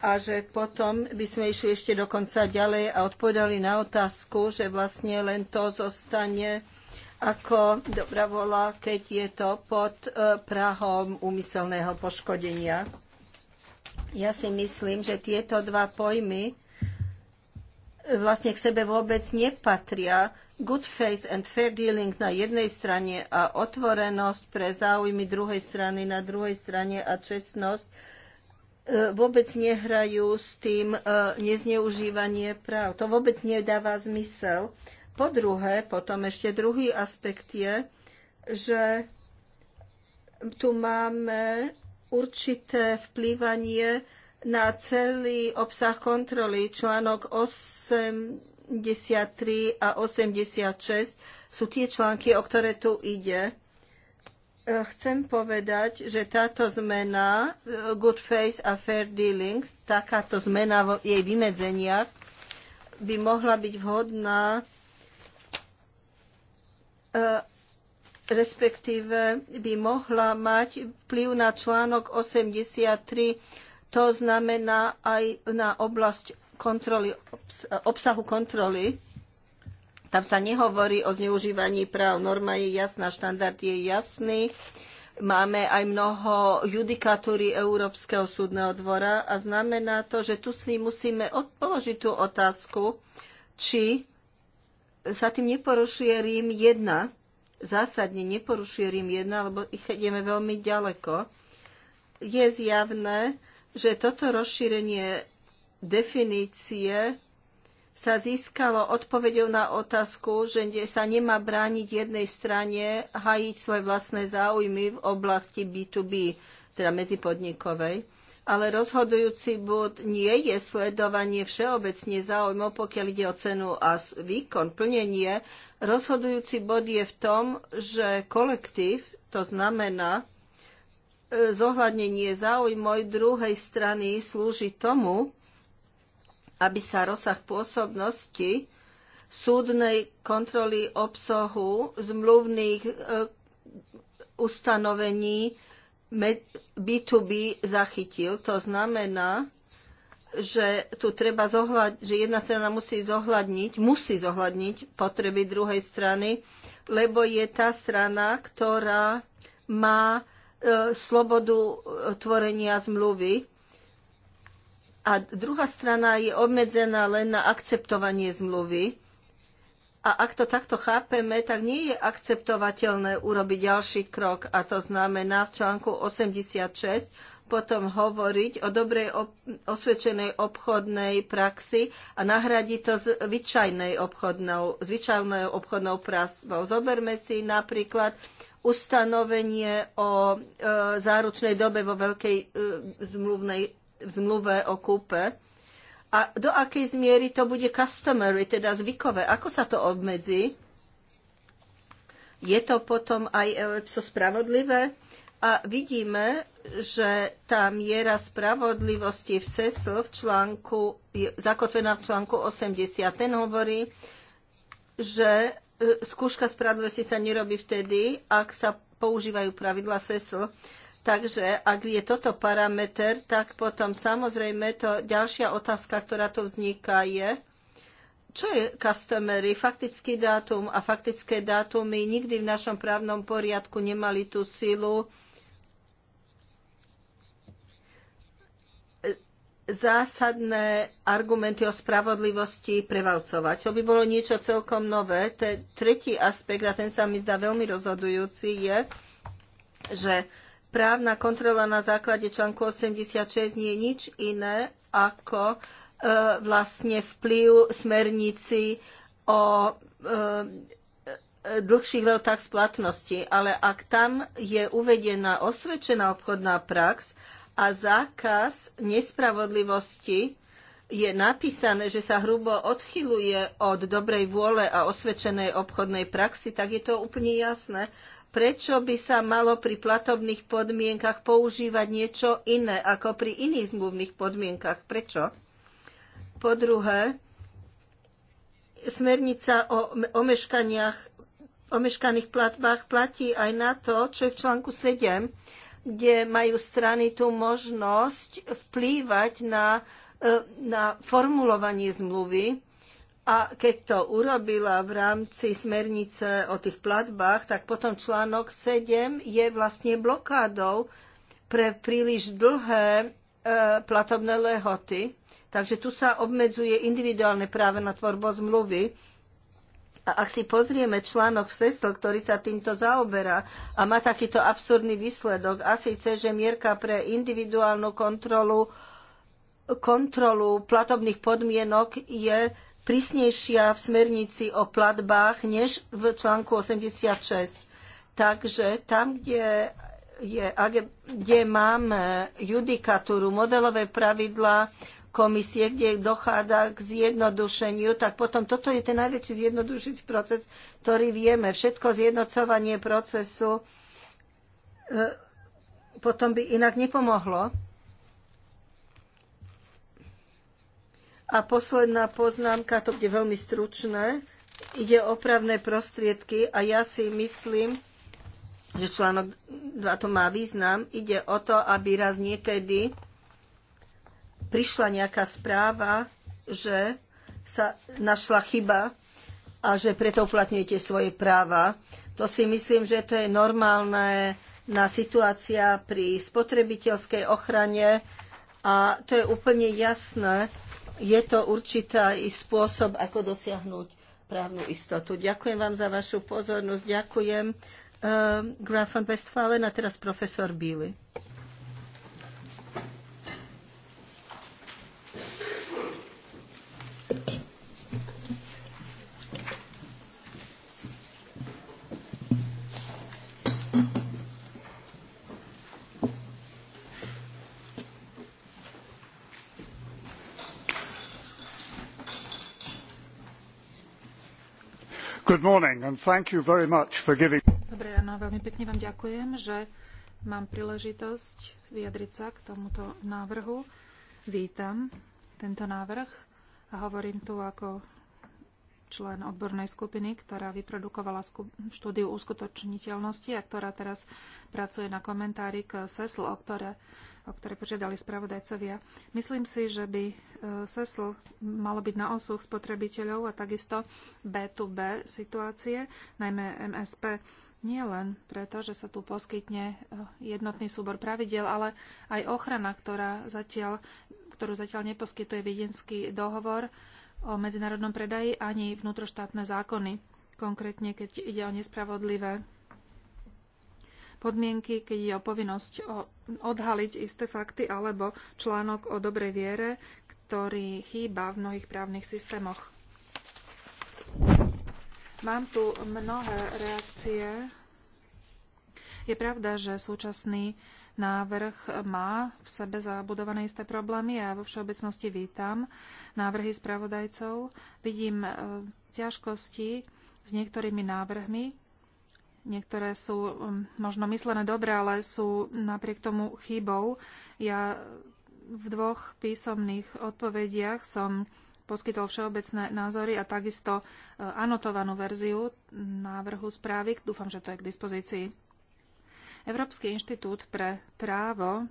a že potom by sme išli ešte dokonca ďalej a odpovedali na otázku, že vlastne len to zostane ako vola, keď je to pod e, prahom úmyselného poškodenia. Ja si myslím, že tieto dva pojmy e, vlastne k sebe vôbec nepatria good faith and fair dealing na jednej strane a otvorenosť pre záujmy druhej strany na druhej strane a čestnosť e, vôbec nehrajú s tým e, nezneužívanie práv. To vôbec nedáva zmysel. Po druhé, potom ešte druhý aspekt je, že tu máme určité vplývanie na celý obsah kontroly. Článok 8 83 a 86 sú tie články, o ktoré tu ide. E, chcem povedať, že táto zmena, e, good face a fair dealings, takáto zmena v jej vymedzeniach by mohla byť vhodná e, respektíve by mohla mať vplyv na článok 83, to znamená aj na oblasť kontroly, obsahu kontroly. Tam sa nehovorí o zneužívaní práv. Norma je jasná, štandard je jasný. Máme aj mnoho judikatúry Európskeho súdneho dvora a znamená to, že tu si musíme položiť tú otázku, či sa tým neporušuje Rím 1, zásadne neporušuje Rím 1, lebo ich ideme veľmi ďaleko, je zjavné, že toto rozšírenie definície sa získalo odpovedou na otázku, že sa nemá brániť jednej strane hajiť svoje vlastné záujmy v oblasti B2B, teda medzipodnikovej. Ale rozhodujúci bod nie je sledovanie všeobecne záujmov, pokiaľ ide o cenu a výkon, plnenie. Rozhodujúci bod je v tom, že kolektív, to znamená e, zohľadnenie záujmov druhej strany, slúži tomu, aby sa rozsah pôsobnosti súdnej kontroly obsahu zmluvných e, ustanovení B2B zachytil. To znamená, že tu treba zohľad, že jedna strana musí zohľadniť, musí zohľadniť potreby druhej strany, lebo je tá strana, ktorá má e, slobodu e, tvorenia zmluvy a druhá strana je obmedzená len na akceptovanie zmluvy. A ak to takto chápeme, tak nie je akceptovateľné urobiť ďalší krok, a to znamená v článku 86 potom hovoriť o dobrej osvedčenej obchodnej praxi a nahradiť to zvyčajnej obchodnou, zvyčajnou obchodnou prasbou. Zoberme si napríklad ustanovenie o e, záručnej dobe vo veľkej e, zmluvnej v zmluve o kúpe. A do akej zmiery to bude customary, teda zvykové? Ako sa to obmedzí? Je to potom aj EOEPSO spravodlivé? A vidíme, že tá miera spravodlivosti v SESL v článku, je zakotvená v článku 80. Ten hovorí, že e, skúška spravodlivosti sa nerobí vtedy, ak sa používajú pravidla SESL. Takže ak je toto parameter, tak potom samozrejme to ďalšia otázka, ktorá tu vzniká je, čo je customery, faktický dátum a faktické dátumy nikdy v našom právnom poriadku nemali tú silu zásadné argumenty o spravodlivosti prevalcovať. To by bolo niečo celkom nové. Ten tretí aspekt, a ten sa mi zdá veľmi rozhodujúci, je, že právna kontrola na základe článku 86 nie je nič iné ako e, vlastne vplyv smernici o e, dlhších lehotách splatnosti. Ale ak tam je uvedená osvedčená obchodná prax a zákaz nespravodlivosti, je napísané, že sa hrubo odchyluje od dobrej vôle a osvedčenej obchodnej praxi, tak je to úplne jasné prečo by sa malo pri platobných podmienkach používať niečo iné ako pri iných zmluvných podmienkach. Prečo? Po druhé, smernica o omeškaniach, omeškaných platbách platí aj na to, čo je v článku 7, kde majú strany tú možnosť vplývať na, e, na formulovanie zmluvy a keď to urobila v rámci smernice o tých platbách, tak potom článok 7 je vlastne blokádou pre príliš dlhé e, platobné lehoty. Takže tu sa obmedzuje individuálne práve na tvorbu zmluvy. A ak si pozrieme článok v SESL, ktorý sa týmto zaoberá a má takýto absurdný výsledok, a síce, že mierka pre individuálnu kontrolu, kontrolu platobných podmienok je prísnejšia v smernici o platbách než v článku 86. Takže tam, kde, je, kde máme judikatúru, modelové pravidla komisie, kde dochádza k zjednodušeniu, tak potom toto je ten najväčší zjednodušujúci proces, ktorý vieme. Všetko zjednocovanie procesu e, potom by inak nepomohlo. A posledná poznámka, to bude veľmi stručné. Ide o opravné prostriedky a ja si myslím, že článok 2 to má význam. Ide o to, aby raz niekedy prišla nejaká správa, že sa našla chyba a že preto uplatňujete svoje práva. To si myslím, že to je normálne na situácia pri spotrebiteľskej ochrane a to je úplne jasné, je to určitý spôsob, ako dosiahnuť právnu istotu. Ďakujem vám za vašu pozornosť. Ďakujem. Uh, Graf Westfalen a teraz profesor Bíly. Dobré ráno, veľmi pekne vám ďakujem, že mám príležitosť vyjadriť sa k tomuto návrhu. Vítam tento návrh a hovorím tu ako člen odbornej skupiny, ktorá vyprodukovala štúdiu uskutočniteľnosti a ktorá teraz pracuje na komentári k SESL, o ktoré, o ktoré požiadali spravodajcovia. Myslím si, že by e, SESL malo byť na osuch spotrebiteľov a takisto B2B situácie, najmä MSP. Nie len preto, že sa tu poskytne e, jednotný súbor pravidel, ale aj ochrana, ktorá zatiaľ, ktorú zatiaľ neposkytuje Viedenský dohovor o medzinárodnom predaji ani vnútroštátne zákony, konkrétne keď ide o nespravodlivé podmienky, keď je o povinnosť o odhaliť isté fakty alebo článok o dobrej viere, ktorý chýba v mnohých právnych systémoch. Mám tu mnohé reakcie. Je pravda, že súčasný uh, návrh má v sebe zabudované isté problémy. Ja vo všeobecnosti vítam návrhy spravodajcov. Vidím e, ťažkosti s niektorými návrhmi. Niektoré sú možno myslené dobre, ale sú napriek tomu chybou. Ja v dvoch písomných odpovediach som poskytol všeobecné názory a takisto e, anotovanú verziu návrhu správy. Dúfam, že to je k dispozícii. Európsky inštitút pre právo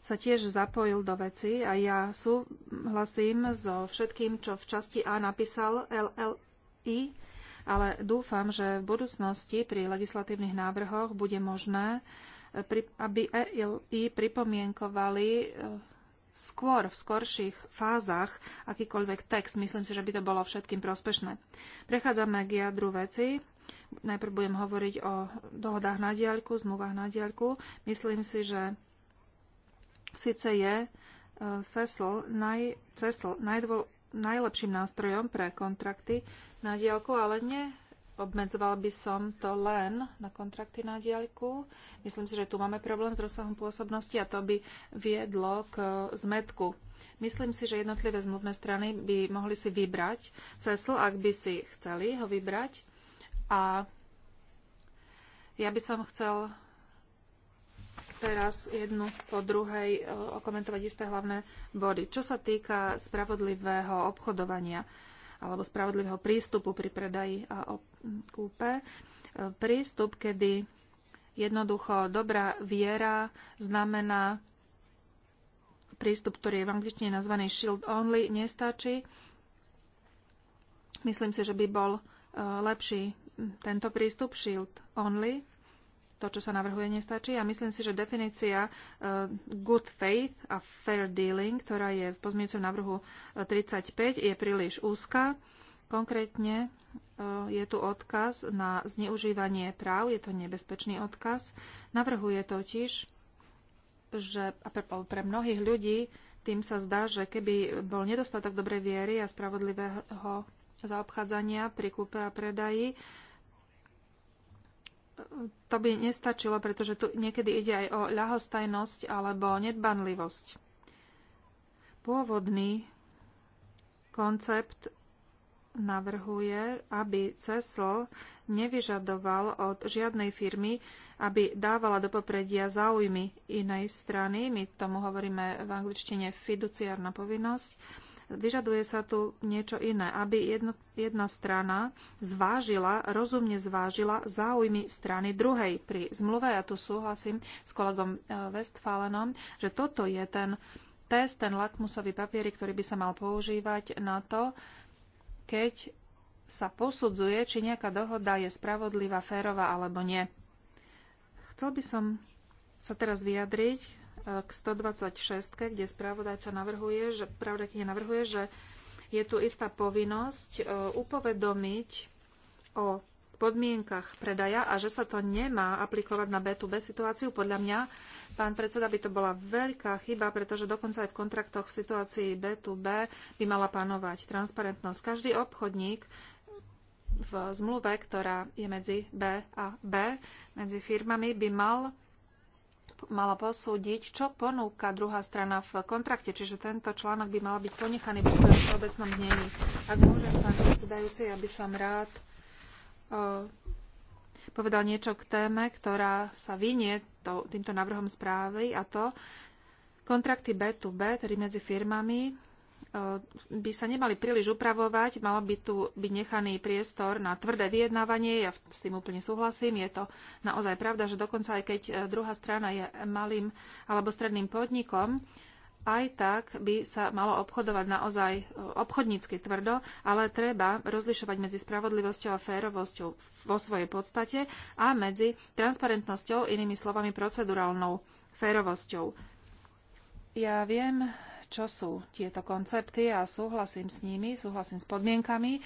sa tiež zapojil do veci a ja súhlasím so všetkým, čo v časti A napísal LLI, ale dúfam, že v budúcnosti pri legislatívnych návrhoch bude možné, eh, aby ELI pripomienkovali eh, skôr, v skorších fázach akýkoľvek text. Myslím si, že by to bolo všetkým prospešné. Prechádzame k jadru veci. Najprv budem hovoriť o dohodách na diaľku, zmluvách na diaľku. Myslím si, že síce je e, CESL, naj, CESL najdvo, najlepším nástrojom pre kontrakty na diaľku, ale nie Obmedzoval by som to len na kontrakty na diaľku. Myslím si, že tu máme problém s rozsahom pôsobnosti a to by viedlo k e, zmetku. Myslím si, že jednotlivé zmluvné strany by mohli si vybrať CESL, ak by si chceli ho vybrať. A ja by som chcel teraz jednu po druhej e, okomentovať isté hlavné body. Čo sa týka spravodlivého obchodovania alebo spravodlivého prístupu pri predaji a e, kúpe, e, prístup, kedy jednoducho dobrá viera znamená prístup, ktorý je v angličtine nazvaný shield only, nestačí. Myslím si, že by bol lepší tento prístup shield only. To, čo sa navrhuje, nestačí. A myslím si, že definícia e, good faith a fair dealing, ktorá je v pozmeňujúcom návrhu 35, e, je príliš úzka. Konkrétne e, je tu odkaz na zneužívanie práv, je to nebezpečný odkaz. Navrhuje totiž, že pre mnohých ľudí tým sa zdá, že keby bol nedostatok dobrej viery a spravodlivého zaobchádzania pri kúpe a predaji, to by nestačilo, pretože tu niekedy ide aj o ľahostajnosť alebo nedbanlivosť. Pôvodný koncept navrhuje, aby CESL nevyžadoval od žiadnej firmy, aby dávala do popredia záujmy inej strany. My tomu hovoríme v angličtine fiduciárna povinnosť Vyžaduje sa tu niečo iné, aby jedno, jedna strana zvážila, rozumne zvážila záujmy strany druhej pri zmluve. Ja tu súhlasím s kolegom eh, Westfalenom, že toto je ten test, ten lakmusový papier, ktorý by sa mal používať na to, keď sa posudzuje, či nejaká dohoda je spravodlivá, férová alebo nie. Chcel by som sa teraz vyjadriť k 126, kde spravodajca navrhuje, že, pravdakine navrhuje, že je tu istá povinnosť e, upovedomiť o podmienkach predaja a že sa to nemá aplikovať na B2B situáciu. Podľa mňa, pán predseda, by to bola veľká chyba, pretože dokonca aj v kontraktoch v situácii B2B by mala panovať transparentnosť. Každý obchodník v zmluve, ktorá je medzi B a B, medzi firmami, by mal mala posúdiť, čo ponúka druhá strana v kontrakte, čiže tento článok by mal byť ponechaný vo svojom všeobecnom znení. Ak môžem, pán predsedajúci, ja by som rád uh, povedal niečo k téme, ktorá sa vynie to, týmto návrhom správy a to kontrakty B2B, tedy medzi firmami, Eh, by sa nemali príliš upravovať, malo by tu byť nechaný priestor na tvrdé vyjednávanie. Ja s tým úplne súhlasím. Je to naozaj pravda, že dokonca aj keď eh, druhá strana je malým alebo stredným podnikom, aj tak by sa malo obchodovať naozaj eh, obchodnícky tvrdo, ale treba rozlišovať medzi spravodlivosťou a férovosťou vo svojej podstate a medzi transparentnosťou, inými slovami procedurálnou férovosťou. Ja viem, čo sú tieto koncepty a súhlasím s nimi, súhlasím s podmienkami,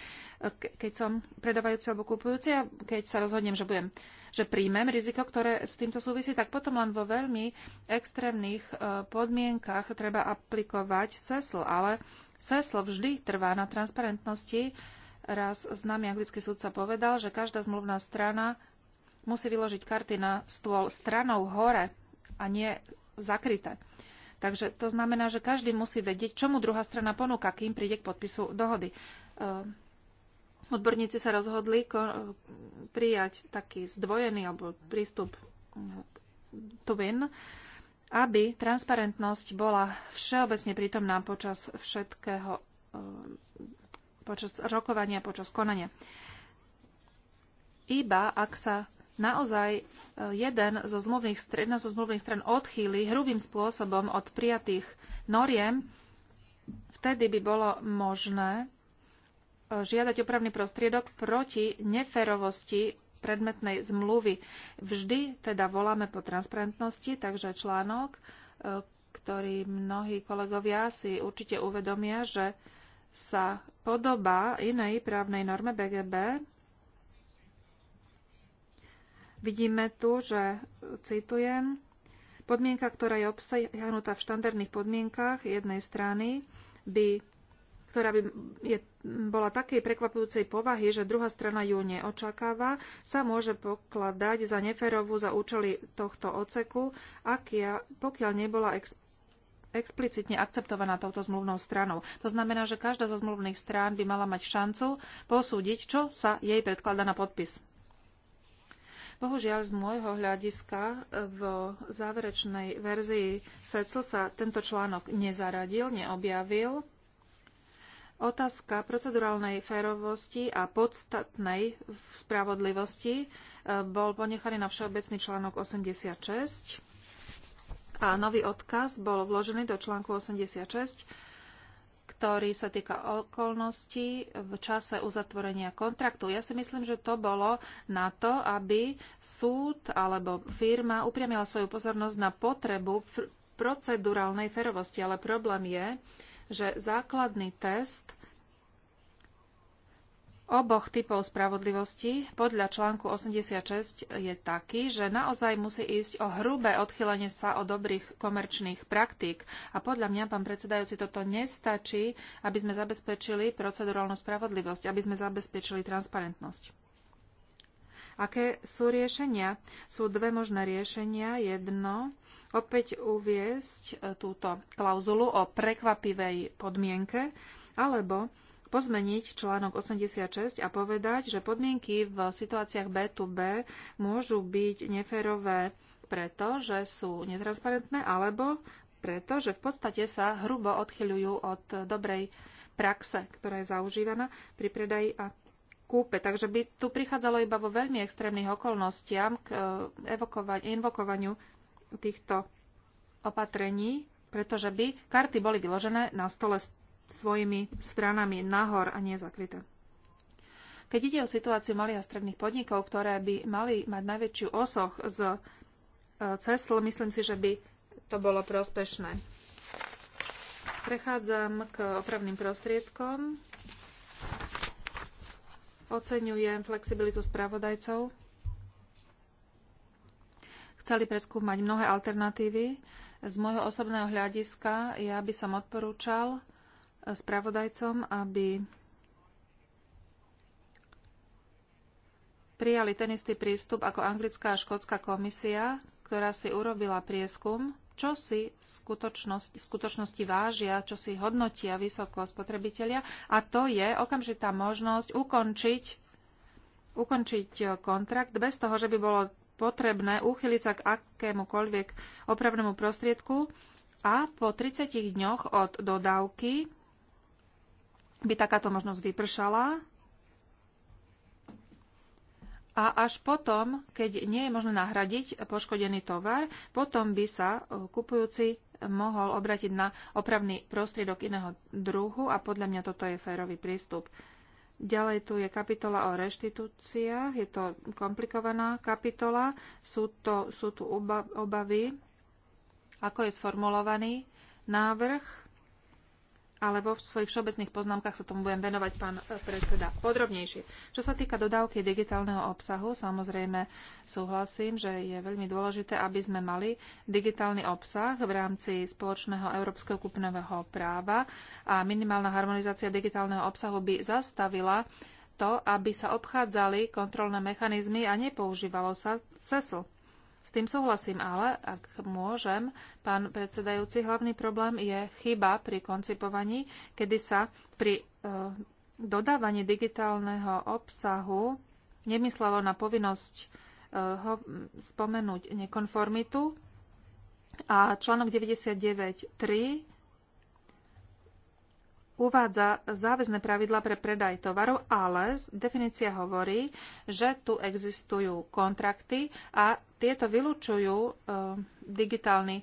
keď som predávajúci alebo kupujúci a keď sa rozhodnem, že budem že príjmem riziko, ktoré s týmto súvisí, tak potom len vo veľmi extrémnych e, podmienkach treba aplikovať CESL. Ale CESL vždy trvá na transparentnosti. Raz známy anglický sa povedal, že každá zmluvná strana musí vyložiť karty na stôl stranou hore a nie zakryté. Uh, Takže to znamená, že každý musí vedieť, čo mu druhá strana ponúka, kým príde k podpisu dohody. Ehm, odborníci sa rozhodli prijať taký zdvojený alebo prístup twin, aby transparentnosť bola všeobecne prítomná počas všetkého, ehm, počas rokovania, počas konania. Iba ak sa naozaj e, jeden zo zmluvných, jedna zo zmluvných stran odchýli hrubým spôsobom od prijatých noriem, vtedy by bolo možné e, žiadať opravný prostriedok proti neferovosti predmetnej zmluvy. Vždy teda voláme po transparentnosti, takže článok, e, ktorý mnohí kolegovia si určite uvedomia, že sa podoba inej právnej norme BGB, Vidíme tu, že, citujem, podmienka, ktorá je obsahnutá v štandardných podmienkách jednej strany, by, ktorá by je, bola takej prekvapujúcej povahy, že druhá strana ju neočakáva, sa môže pokladať za neferovú za účely tohto oceku, ja, pokiaľ nebola ex, explicitne akceptovaná touto zmluvnou stranou. To znamená, že každá zo zmluvných strán by mala mať šancu posúdiť, čo sa jej predkladá na podpis. Bohužiaľ, z môjho hľadiska e, v záverečnej verzii CECL sa tento článok nezaradil, neobjavil. Otázka procedurálnej férovosti a podstatnej spravodlivosti e, bol ponechaný na všeobecný článok 86 a nový odkaz bol vložený do článku 86 ktorý sa týka okolností v čase uzatvorenia kontraktu. Ja si myslím, že to bolo na to, aby súd alebo firma upriamila svoju pozornosť na potrebu procedurálnej ferovosti, ale problém je, že základný test oboch typov spravodlivosti podľa článku 86 je taký, že naozaj musí ísť o hrubé odchylenie sa o dobrých komerčných praktík. A podľa mňa, pán predsedajúci, toto nestačí, aby sme zabezpečili procedurálnu spravodlivosť, aby sme zabezpečili transparentnosť. Aké sú riešenia? Sú dve možné riešenia. Jedno, opäť uviesť e, túto klauzulu o prekvapivej podmienke, alebo pozmeniť článok 86 a povedať, že podmienky v situáciách B2B môžu byť neférové preto, že sú netransparentné alebo preto, že v podstate sa hrubo odchyľujú od dobrej praxe, ktorá je zaužívaná pri predaji a kúpe. Takže by tu prichádzalo iba vo veľmi extrémnych okolnostiam k eh, invokovaniu týchto opatrení, pretože by karty boli vyložené na stole svojimi stranami nahor a nie zakryté. Keď ide o situáciu malých a stredných podnikov, ktoré by mali mať najväčšiu osoch z e, CESL, myslím si, že by to bolo prospešné. Prechádzam k opravným prostriedkom. Oceňujem flexibilitu spravodajcov. Chceli preskúmať mnohé alternatívy. Z môjho osobného hľadiska ja by som odporúčal, spravodajcom, aby prijali ten istý prístup ako anglická a škótska komisia, ktorá si urobila prieskum, čo si skutočnosti, v skutočnosti vážia, čo si hodnotia vysoko spotrebitelia a to je okamžitá možnosť ukončiť, ukončiť kontrakt bez toho, že by bolo potrebné uchyliť sa k akémukoľvek opravnému prostriedku a po 30 dňoch od dodávky by takáto možnosť vypršala a až potom, keď nie je možné nahradiť poškodený tovar, potom by sa e, kupujúci mohol obratiť na opravný prostriedok iného druhu a podľa mňa toto je férový prístup. Ďalej tu je kapitola o reštitúciách, je to komplikovaná kapitola, sú, to, sú tu obavy, ako je sformulovaný návrh ale vo svojich všeobecných poznámkach sa tomu budem venovať, pán e, predseda, podrobnejšie. Čo sa týka dodávky digitálneho obsahu, samozrejme súhlasím, že je veľmi dôležité, aby sme mali digitálny obsah v rámci spoločného európskeho kupného práva a minimálna harmonizácia digitálneho obsahu by zastavila to, aby sa obchádzali kontrolné mechanizmy a nepoužívalo sa CESL. S tým súhlasím, ale ak môžem, pán predsedajúci, hlavný problém je chyba pri koncipovaní, kedy sa pri e, dodávaní digitálneho obsahu nemyslelo na povinnosť e, ho, spomenúť nekonformitu. A článok 99.3 uvádza záväzné pravidla pre predaj tovaru, ale definícia hovorí, že tu existujú kontrakty a tieto vylúčujú e, digitálny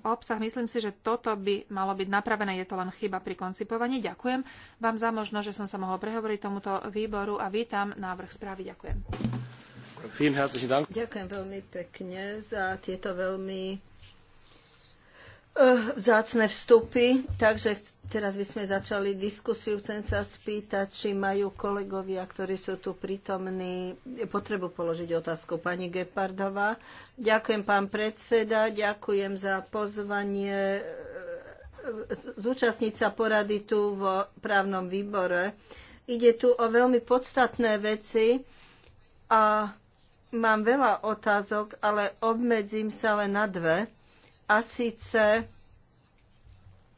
obsah. Myslím si, že toto by malo byť napravené. Je to len chyba pri koncipovaní. Ďakujem vám za možnosť, že som sa mohol prehovoriť tomuto výboru a vítam návrh správy. Ďakujem. Ďakujem veľmi pekne za tieto veľmi vzácne vstupy, takže teraz by sme začali diskusiu. Chcem sa spýtať, či majú kolegovia, ktorí sú tu prítomní, potrebu položiť otázku pani Gepardová. Ďakujem, pán predseda, ďakujem za pozvanie e, zúčastniť sa porady tu v právnom výbore. Ide tu o veľmi podstatné veci a mám veľa otázok, ale obmedzím sa len na dve a síce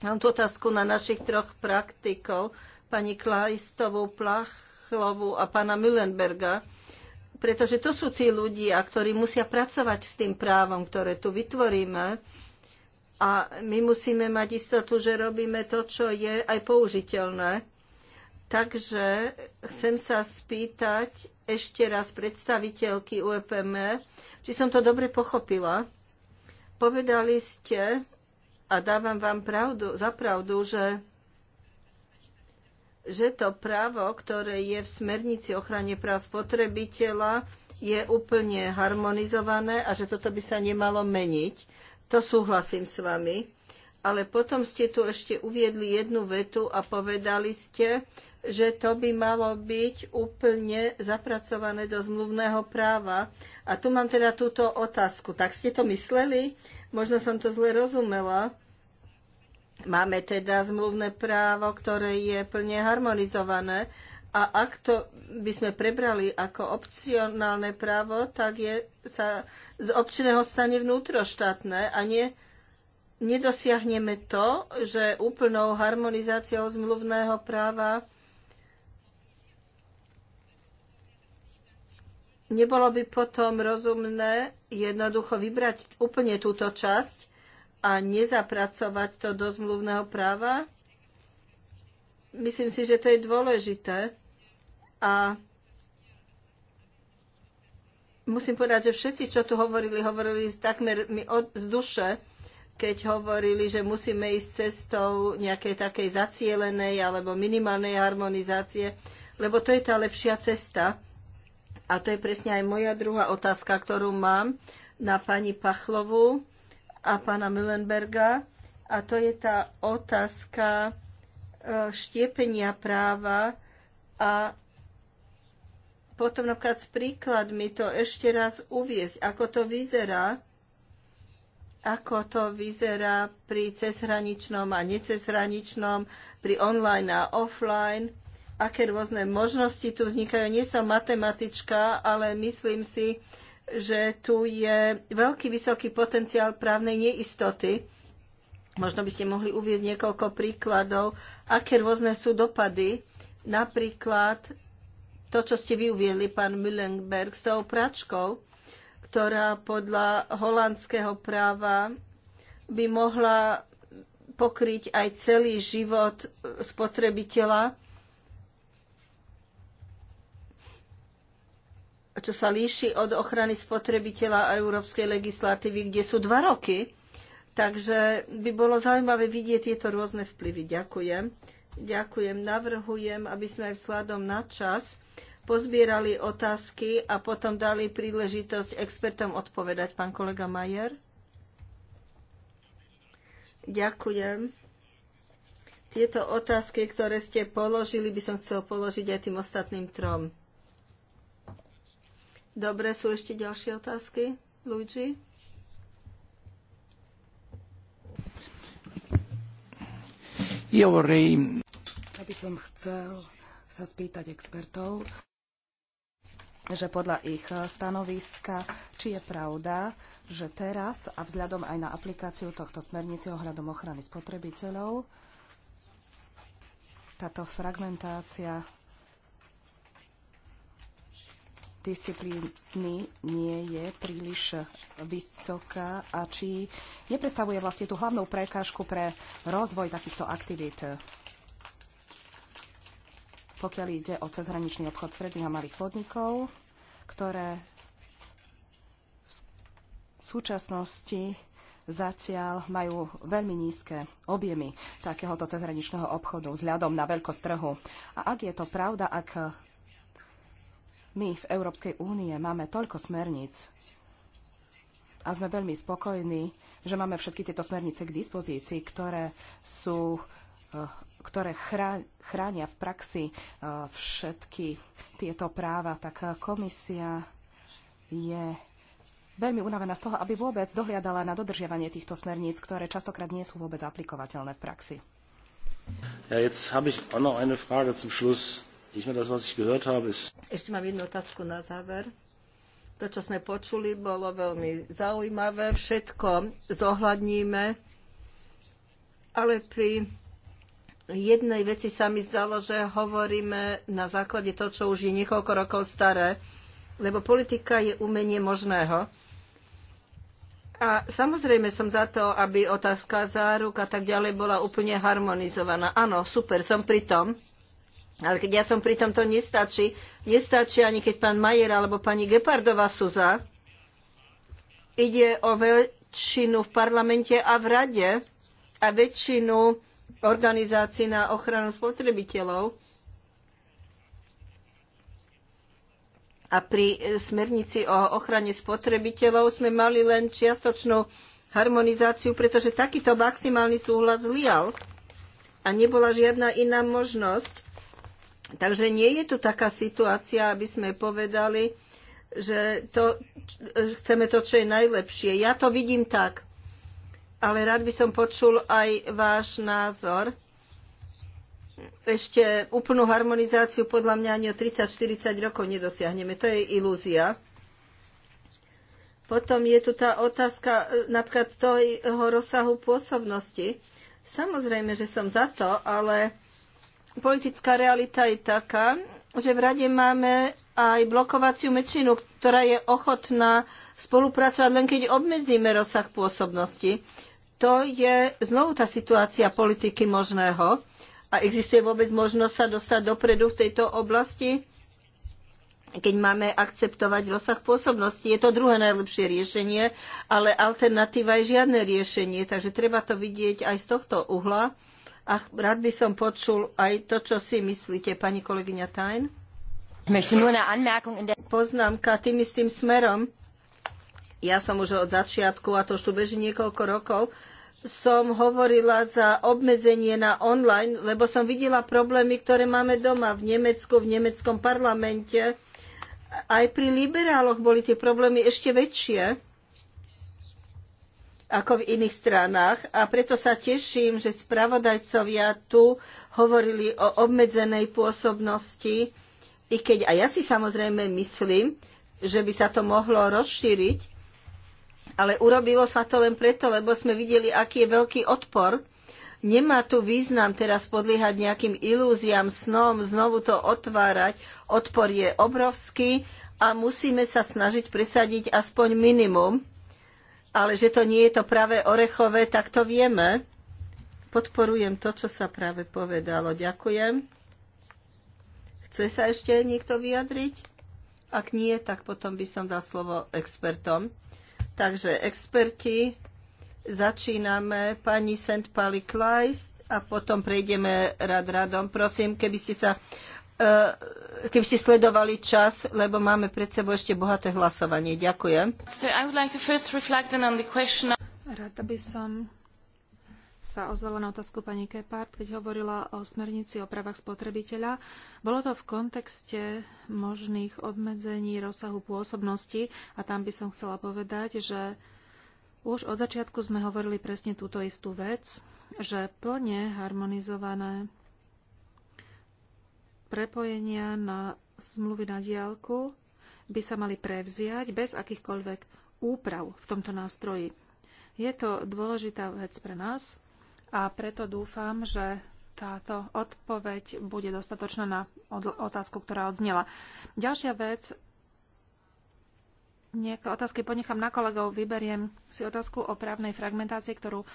mám tú otázku na našich troch praktikov, pani Klajstovú, Plachlovú a pána Müllenberga, pretože to sú tí ľudia, ktorí musia pracovať s tým právom, ktoré tu vytvoríme. A my musíme mať istotu, že robíme to, čo je aj použiteľné. Takže chcem sa spýtať ešte raz predstaviteľky UEPM, či som to dobre pochopila Povedali ste, a dávam vám pravdu, za pravdu, že že to právo, ktoré je v smernici ochrane práv spotrebiteľa, je úplne harmonizované a že toto by sa nemalo meniť. To súhlasím s vami ale potom ste tu ešte uviedli jednu vetu a povedali ste, že to by malo byť úplne zapracované do zmluvného práva. A tu mám teda túto otázku. Tak ste to mysleli? Možno som to zle rozumela. Máme teda zmluvné právo, ktoré je plne harmonizované. A ak to by sme prebrali ako opcionálne právo, tak je, sa z občného stane vnútroštátne a nie nedosiahneme to, že úplnou harmonizáciou zmluvného práva nebolo by potom rozumné jednoducho vybrať úplne túto časť a nezapracovať to do zmluvného práva? Myslím si, že to je dôležité. A musím povedať, že všetci, čo tu hovorili, hovorili takmer mi od, z duše, keď hovorili, že musíme ísť cestou nejakej takej zacielenej alebo minimálnej harmonizácie, lebo to je tá lepšia cesta. A to je presne aj moja druhá otázka, ktorú mám na pani Pachlovu a pána Millenberga. A to je tá otázka e, štiepenia práva a potom napríklad s príkladmi to ešte raz uviezť, ako to vyzerá ako to vyzerá pri cezhraničnom a necezhraničnom, pri online a offline, aké rôzne možnosti tu vznikajú. Nie som matematička, ale myslím si, že tu je veľký vysoký potenciál právnej neistoty. Možno by ste mohli uvieť niekoľko príkladov, aké rôzne sú dopady. Napríklad to, čo ste vy uviedli, pán Müllenberg, s tou pračkou ktorá podľa holandského práva by mohla pokryť aj celý život spotrebiteľa, čo sa líši od ochrany spotrebiteľa a európskej legislatívy, kde sú dva roky. Takže by bolo zaujímavé vidieť tieto rôzne vplyvy. Ďakujem. Ďakujem. Navrhujem, aby sme aj vzhľadom na čas pozbierali otázky a potom dali príležitosť expertom odpovedať. Pán kolega Majer. Ďakujem. Tieto otázky, ktoré ste položili, by som chcel položiť aj tým ostatným trom. Dobre, sú ešte ďalšie otázky? Luigi? Ja by som chcel sa spýtať expertov, že podľa ich e, stanoviska, či je pravda, že teraz a vzhľadom aj na aplikáciu tohto smernice ohľadom ochrany spotrebiteľov, táto fragmentácia disciplíny nie je príliš vysoká a či nepredstavuje vlastne tú hlavnú prekážku pre rozvoj takýchto aktivít pokiaľ ide o cezhraničný obchod stredných a malých podnikov, ktoré v súčasnosti zatiaľ majú veľmi nízke objemy takéhoto cezhraničného obchodu vzhľadom na veľkosť trhu. A ak je to pravda, ak my v Európskej únie máme toľko smerníc a sme veľmi spokojní, že máme všetky tieto smernice k dispozícii, ktoré sú eh, ktoré chránia v praxi e, všetky tieto práva, tak e, komisia je veľmi unavená z toho, aby vôbec dohliadala na dodržiavanie týchto smerníc, ktoré častokrát nie sú vôbec aplikovateľné v praxi. Ja, jetzt habe ich auch noch eine Frage zum Schluss. Ich meine, das, was ich gehört habe, ist... Ešte mám jednu otázku na záver. To, čo sme počuli, bolo veľmi zaujímavé. Všetko zohľadníme, ale pri jednej veci sa mi zdalo, že hovoríme na základe toho, čo už je niekoľko rokov staré, lebo politika je umenie možného. A samozrejme som za to, aby otázka záruk a tak ďalej bola úplne harmonizovaná. Áno, super, som pri tom. Ale keď ja som pri tom, to nestačí. Nestačí ani keď pán Majer alebo pani Gepardová sú za. Ide o väčšinu v parlamente a v rade a väčšinu organizácií na ochranu spotrebiteľov. A pri smernici o ochrane spotrebiteľov sme mali len čiastočnú harmonizáciu, pretože takýto maximálny súhlas lial a nebola žiadna iná možnosť. Takže nie je tu taká situácia, aby sme povedali, že to, chceme to, čo je najlepšie. Ja to vidím tak ale rád by som počul aj váš názor. Ešte úplnú harmonizáciu podľa mňa ani o 30-40 rokov nedosiahneme. To je ilúzia. Potom je tu tá otázka e, napríklad toho rozsahu pôsobnosti. Samozrejme, že som za to, ale politická realita je taká, že v rade máme aj blokovaciu väčšinu, ktorá je ochotná spolupracovať len keď obmedzíme rozsah pôsobnosti to je znovu tá situácia politiky možného. A existuje vôbec možnosť sa dostať dopredu v tejto oblasti, keď máme akceptovať rozsah pôsobnosti. Je to druhé najlepšie riešenie, ale alternatíva je žiadne riešenie, takže treba to vidieť aj z tohto uhla. A rád by som počul aj to, čo si myslíte, pani kolegyňa Tajn. Poznámka tým istým smerom. Ja som už od začiatku, a to už tu beží niekoľko rokov, som hovorila za obmedzenie na online, lebo som videla problémy, ktoré máme doma v Nemecku, v nemeckom parlamente. Aj pri liberáloch boli tie problémy ešte väčšie ako v iných stranách a preto sa teším, že spravodajcovia tu hovorili o obmedzenej pôsobnosti, i keď aj ja si samozrejme myslím, že by sa to mohlo rozšíriť, ale urobilo sa to len preto, lebo sme videli, aký je veľký odpor. Nemá tu význam teraz podliehať nejakým ilúziám, snom, znovu to otvárať. Odpor je obrovský a musíme sa snažiť presadiť aspoň minimum. Ale že to nie je to práve orechové, tak to vieme. Podporujem to, čo sa práve povedalo. Ďakujem. Chce sa ešte niekto vyjadriť? Ak nie, tak potom by som dal slovo expertom. Takže experti, začíname pani St. Pali Kleist a potom prejdeme rad radom. Prosím, keby ste sa eh, keby ste sledovali čas, lebo máme pred sebou ešte bohaté hlasovanie. Ďakujem. Rada by som sa ozvala na otázku pani Kepard, keď hovorila o smernici o právach spotrebiteľa. Bolo to v kontexte možných obmedzení rozsahu pôsobnosti a tam by som chcela povedať, že už od začiatku sme hovorili presne túto istú vec, že plne harmonizované prepojenia na zmluvy na diálku by sa mali prevziať bez akýchkoľvek úprav v tomto nástroji. Je to dôležitá vec pre nás, a preto dúfam, že táto odpoveď bude dostatočná na otázku, ktorá odznela. Ďalšia vec, Nieko otázky ponechám na kolegov. Vyberiem si otázku o právnej fragmentácii, ktorú e,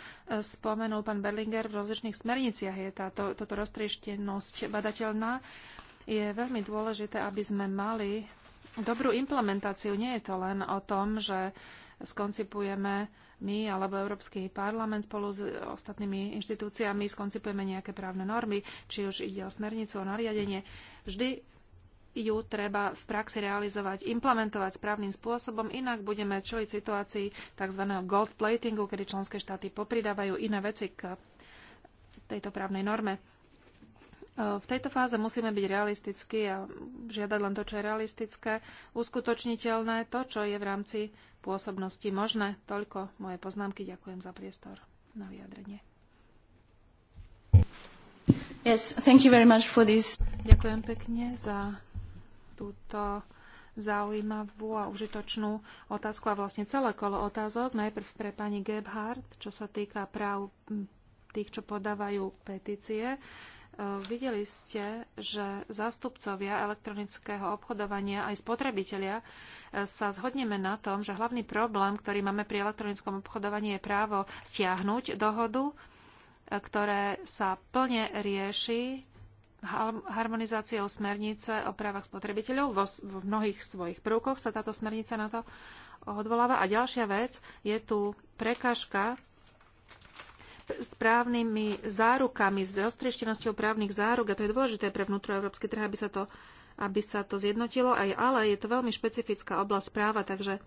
spomenul pán Berlinger. V rozličných smerniciach je táto, toto roztrieštenosť badateľná. Je veľmi dôležité, aby sme mali dobrú implementáciu. Nie je to len o tom, že skoncipujeme my alebo Európsky parlament spolu s ostatnými inštitúciami skoncipujeme nejaké právne normy, či už ide o smernicu, o nariadenie, vždy ju treba v praxi realizovať, implementovať správnym spôsobom, inak budeme čeliť situácii tzv. gold platingu, kedy členské štáty popridávajú iné veci k tejto právnej norme. E, v tejto fáze musíme byť realistickí a žiadať len to, čo je realistické, uskutočniteľné, to, čo je v rámci pôsobnosti možné. Toľko moje poznámky. Ďakujem za priestor na vyjadrenie. Yes, thank you very much for this. Ďakujem pekne za túto zaujímavú a užitočnú otázku a vlastne celé kolo otázok. Najprv pre pani Gebhardt, čo sa týka práv tých, čo podávajú petície. Uh, E, videli ste, že zástupcovia elektronického obchodovania aj spotrebitelia e, sa zhodneme na tom, že hlavný problém, ktorý máme pri elektronickom obchodovaní, je právo stiahnuť dohodu, e, ktoré sa plne rieši harmonizáciou smernice o právach spotrebiteľov. Vo, v mnohých svojich prvkoch sa táto smernica na to odvoláva. A ďalšia vec je tu prekažka správnymi zárukami, s roztrieštenosťou právnych záruk, a to je dôležité pre vnútroeurópsky trh, aby sa to, aby sa to zjednotilo, aj, ale je to veľmi špecifická oblasť práva, takže e,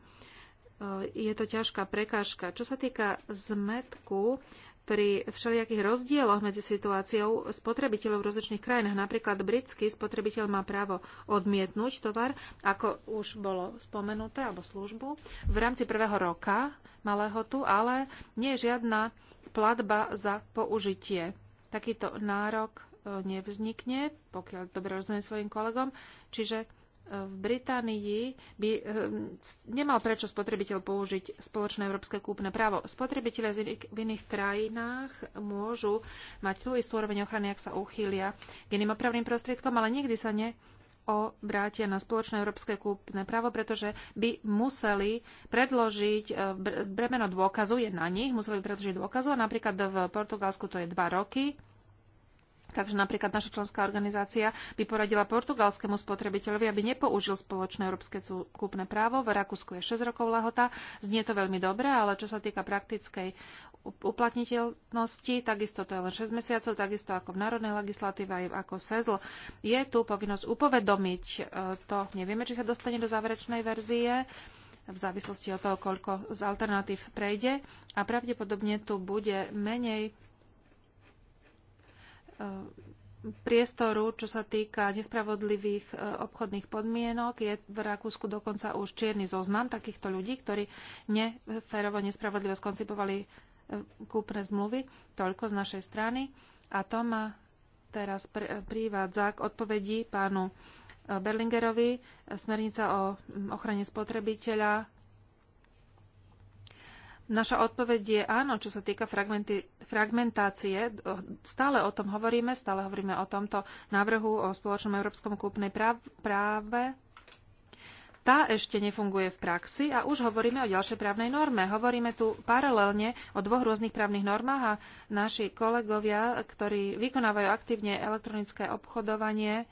je to ťažká prekážka. Čo sa týka zmetku pri všelijakých rozdieloch medzi situáciou spotrebiteľov v rozličných krajinách, napríklad britský spotrebiteľ má právo odmietnúť tovar, ako už bolo spomenuté, alebo službu, v rámci prvého roka malého tu, ale nie je žiadna platba za použitie. Takýto nárok e, nevznikne, pokiaľ dobre rozumiem svojim kolegom, čiže e, v Británii by e, nemal prečo spotrebiteľ použiť spoločné európske kúpne právo. Spotrebitelia v iných krajinách môžu mať tú istú úroveň ochrany, ak sa uchýlia k iným opravným prostriedkom, ale nikdy sa ne obrátia na spoločné európske kúpne právo, pretože by museli predložiť, e, bremeno dôkazu je na nich, museli predložiť dôkazu a napríklad v Portugalsku to je 2 roky, Takže napríklad naša členská organizácia by poradila portugalskému spotrebiteľovi, aby nepoužil spoločné európske kúpne právo. V Rakúsku je 6 rokov lahota. Znie to veľmi dobre, ale čo sa týka praktickej uplatniteľnosti, takisto to je len 6 mesiacov, takisto ako v národnej legislatíve, aj ako SEZL. Je tu povinnosť upovedomiť e, to. Nevieme, či sa dostane do záverečnej verzie, v závislosti od toho, koľko z alternatív prejde. A pravdepodobne tu bude menej e, priestoru, čo sa týka nespravodlivých e, obchodných podmienok. Je v Rakúsku dokonca už čierny zoznam takýchto ľudí, ktorí neférovo, nespravodlivo skoncipovali kúpne zmluvy. Toľko z našej strany. A to ma teraz privádza k odpovedi pánu e, Berlingerovi. Smernica o ochrane spotrebiteľa. Naša odpoveď je áno, čo sa týka fragmenty, fragmentácie. Stále o tom hovoríme, stále hovoríme o tomto návrhu o spoločnom európskom kúpnej práve tá ešte nefunguje v praxi a už hovoríme o ďalšej právnej norme. Hovoríme tu paralelne o dvoch rôznych právnych normách a naši kolegovia, ktorí vykonávajú aktívne elektronické obchodovanie,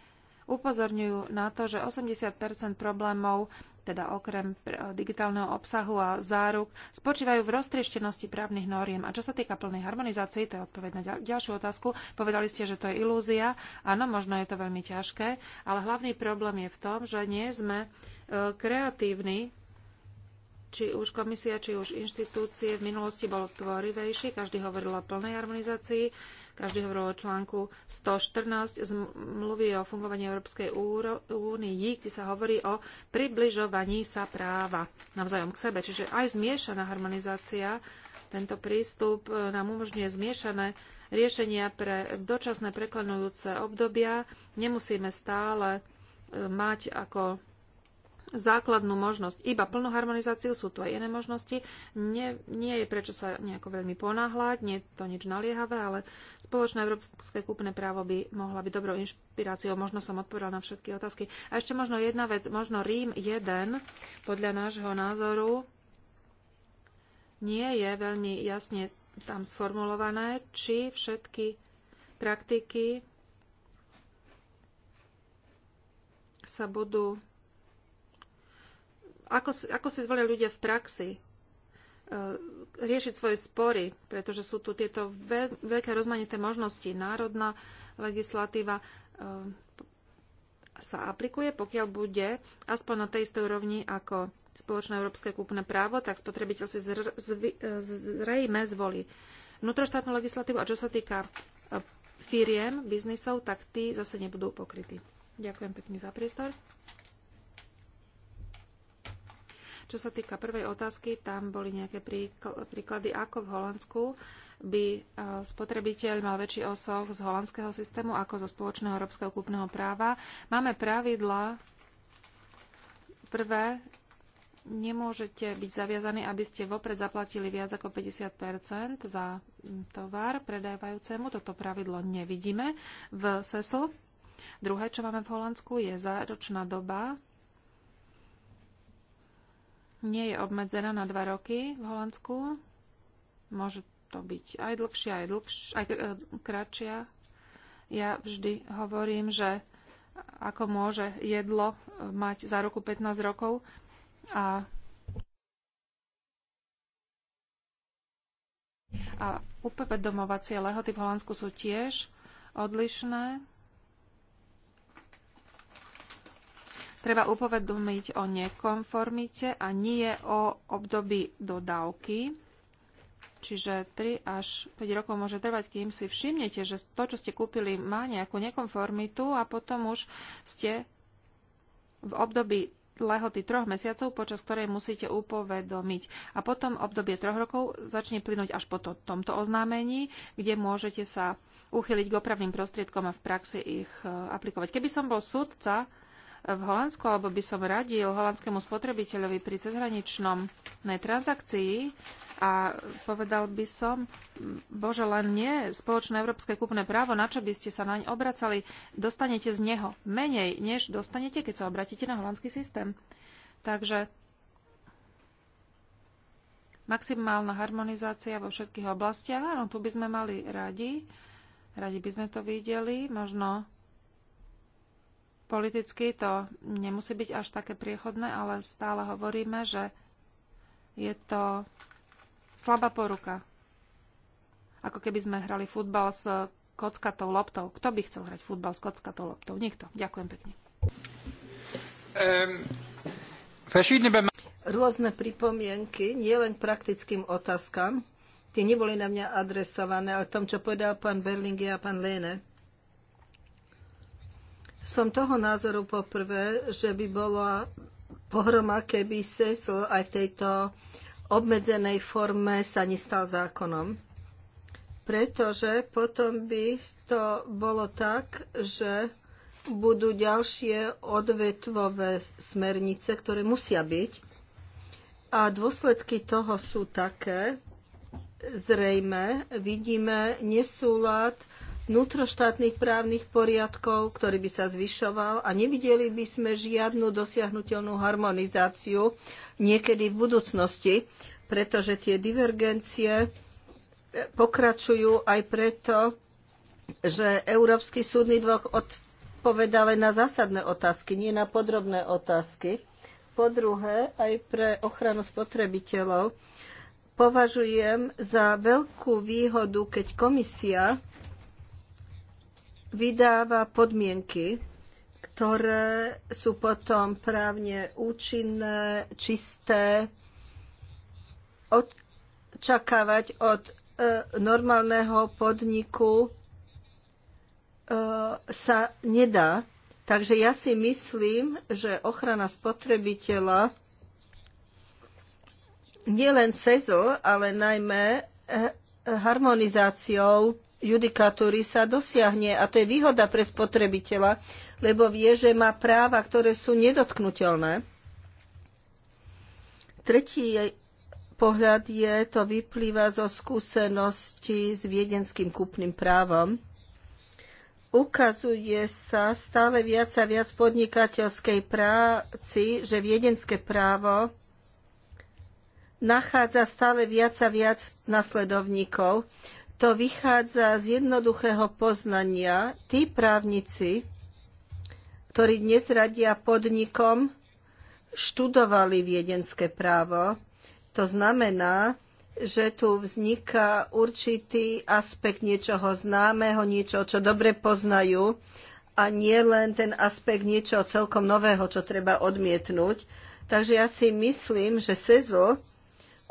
upozorňujú na to, že 80 problémov teda okrem digitálneho obsahu a záruk, spočívajú v roztrieštenosti právnych noriem. A čo sa týka plnej harmonizácie, to je odpoveď na ďalšiu otázku, povedali ste, že to je ilúzia. Áno, možno je to veľmi ťažké, ale hlavný problém je v tom, že nie sme e, kreatívni či už komisia, či už inštitúcie v minulosti bolo tvorivejšie, každý hovoril o plnej harmonizácii, každý hovoril o článku 114 zmluvy o fungovaní Európskej únii, kde sa hovorí o približovaní sa práva navzájom k sebe. Čiže aj zmiešaná harmonizácia, tento prístup e, nám umožňuje zmiešané riešenia pre dočasné preklenujúce obdobia. Nemusíme stále e, mať ako základnú možnosť iba plnú harmonizáciu, sú tu aj iné možnosti. Nie, nie je prečo sa nejako veľmi ponáhľať, nie je to nič naliehavé, ale spoločné európske kúpne právo by mohla byť dobrou inšpiráciou. Možno som odpovedala na všetky otázky. A ešte možno jedna vec, možno Rím 1 podľa nášho názoru nie je veľmi jasne tam sformulované, či všetky praktiky sa budú ako, ako si zvolia ľudia v praxi e, riešiť svoje spory, pretože sú tu tieto veľké rozmanité možnosti. Národná legislatíva e, sa aplikuje, pokiaľ bude aspoň na tej istej úrovni ako spoločné európske kúpne právo, tak spotrebiteľ si e, zrejme zvolí vnútroštátnu legislatívu. A čo sa týka firiem, biznisov, tak tí zase nebudú pokrytí. Ďakujem pekne za priestor. Čo sa týka prvej otázky, tam boli nejaké príklady, ako v Holandsku by e, spotrebiteľ mal väčší osoch z holandského systému ako zo spoločného európskeho kúpneho práva. Máme pravidla. Prvé, nemôžete byť zaviazaní, aby ste vopred zaplatili viac ako 50 za tovar predávajúcemu. Toto pravidlo nevidíme v SESL. Druhé, čo máme v Holandsku, je záročná doba nie je obmedzená na dva roky v Holandsku. Môže to byť aj dlhšia, aj, dlhšia, aj eh, kratšia. Ja vždy hovorím, že ako môže jedlo eh, mať za roku 15 rokov a, a domovacie lehoty v Holandsku sú tiež odlišné. treba upovedomiť o nekonformite a nie o období dodávky. Čiže 3 až 5 rokov môže trvať, kým si všimnete, že to, čo ste kúpili, má nejakú nekonformitu a potom už ste v období lehoty troch mesiacov, počas ktorej musíte upovedomiť. A potom obdobie troch rokov začne plynúť až po to, tomto oznámení, kde môžete sa uchyliť k opravným prostriedkom a v praxi ich eh, aplikovať. Keby som bol sudca, v Holandsku, alebo by som radil holandskému spotrebiteľovi pri cezhraničnom transakcii a povedal by som, bože, len nie, spoločné európske kúpne právo, na čo by ste sa naň obracali, dostanete z neho menej, než dostanete, keď sa obratíte na holandský systém. Takže maximálna harmonizácia vo všetkých oblastiach, áno, tu by sme mali radi, radi by sme to videli, možno Politicky to nemusí byť až také priechodné, ale stále hovoríme, že je to slabá poruka. Ako keby sme hrali futbal s kockatou loptou. Kto by chcel hrať futbal s kockatou loptou? Nikto. Ďakujem pekne. Ehm, Rôzne pripomienky, nielen praktickým otázkam, tie neboli na mňa adresované, ale tom, čo povedal pán Berlinge a pán Lene. Som toho názoru poprvé, že by bola pohroma, keby SESL aj v tejto obmedzenej forme sa nestal zákonom. Pretože potom by to bolo tak, že budú ďalšie odvetvové smernice, ktoré musia byť. A dôsledky toho sú také, zrejme vidíme nesúlad vnútroštátnych právnych poriadkov, ktorý by sa zvyšoval a nevideli by sme žiadnu dosiahnutelnú harmonizáciu niekedy v budúcnosti, pretože tie divergencie pokračujú aj preto, že Európsky súdny dvoch odpovedá len na zásadné otázky, nie na podrobné otázky. Po druhé, aj pre ochranu spotrebiteľov považujem za veľkú výhodu, keď komisia vydáva podmienky, ktoré sú potom právne účinné, čisté, očakávať od e, normálneho podniku e, sa nedá. Takže ja si myslím, že ochrana spotrebiteľa nielen SEZO, ale najmä e, harmonizáciou judikatúry sa dosiahne. A to je výhoda pre spotrebiteľa, lebo vie, že má práva, ktoré sú nedotknutelné. Tretí pohľad je, to vyplýva zo skúsenosti s viedenským kúpnym právom. Ukazuje sa stále viac a viac podnikateľskej práci, že viedenské právo nachádza stále viac a viac nasledovníkov to vychádza z jednoduchého poznania. Tí právnici, ktorí dnes radia podnikom, študovali viedenské právo. To znamená, že tu vzniká určitý aspekt niečoho známeho, niečo, čo dobre poznajú a nie len ten aspekt niečo celkom nového, čo treba odmietnúť. Takže ja si myslím, že SEZO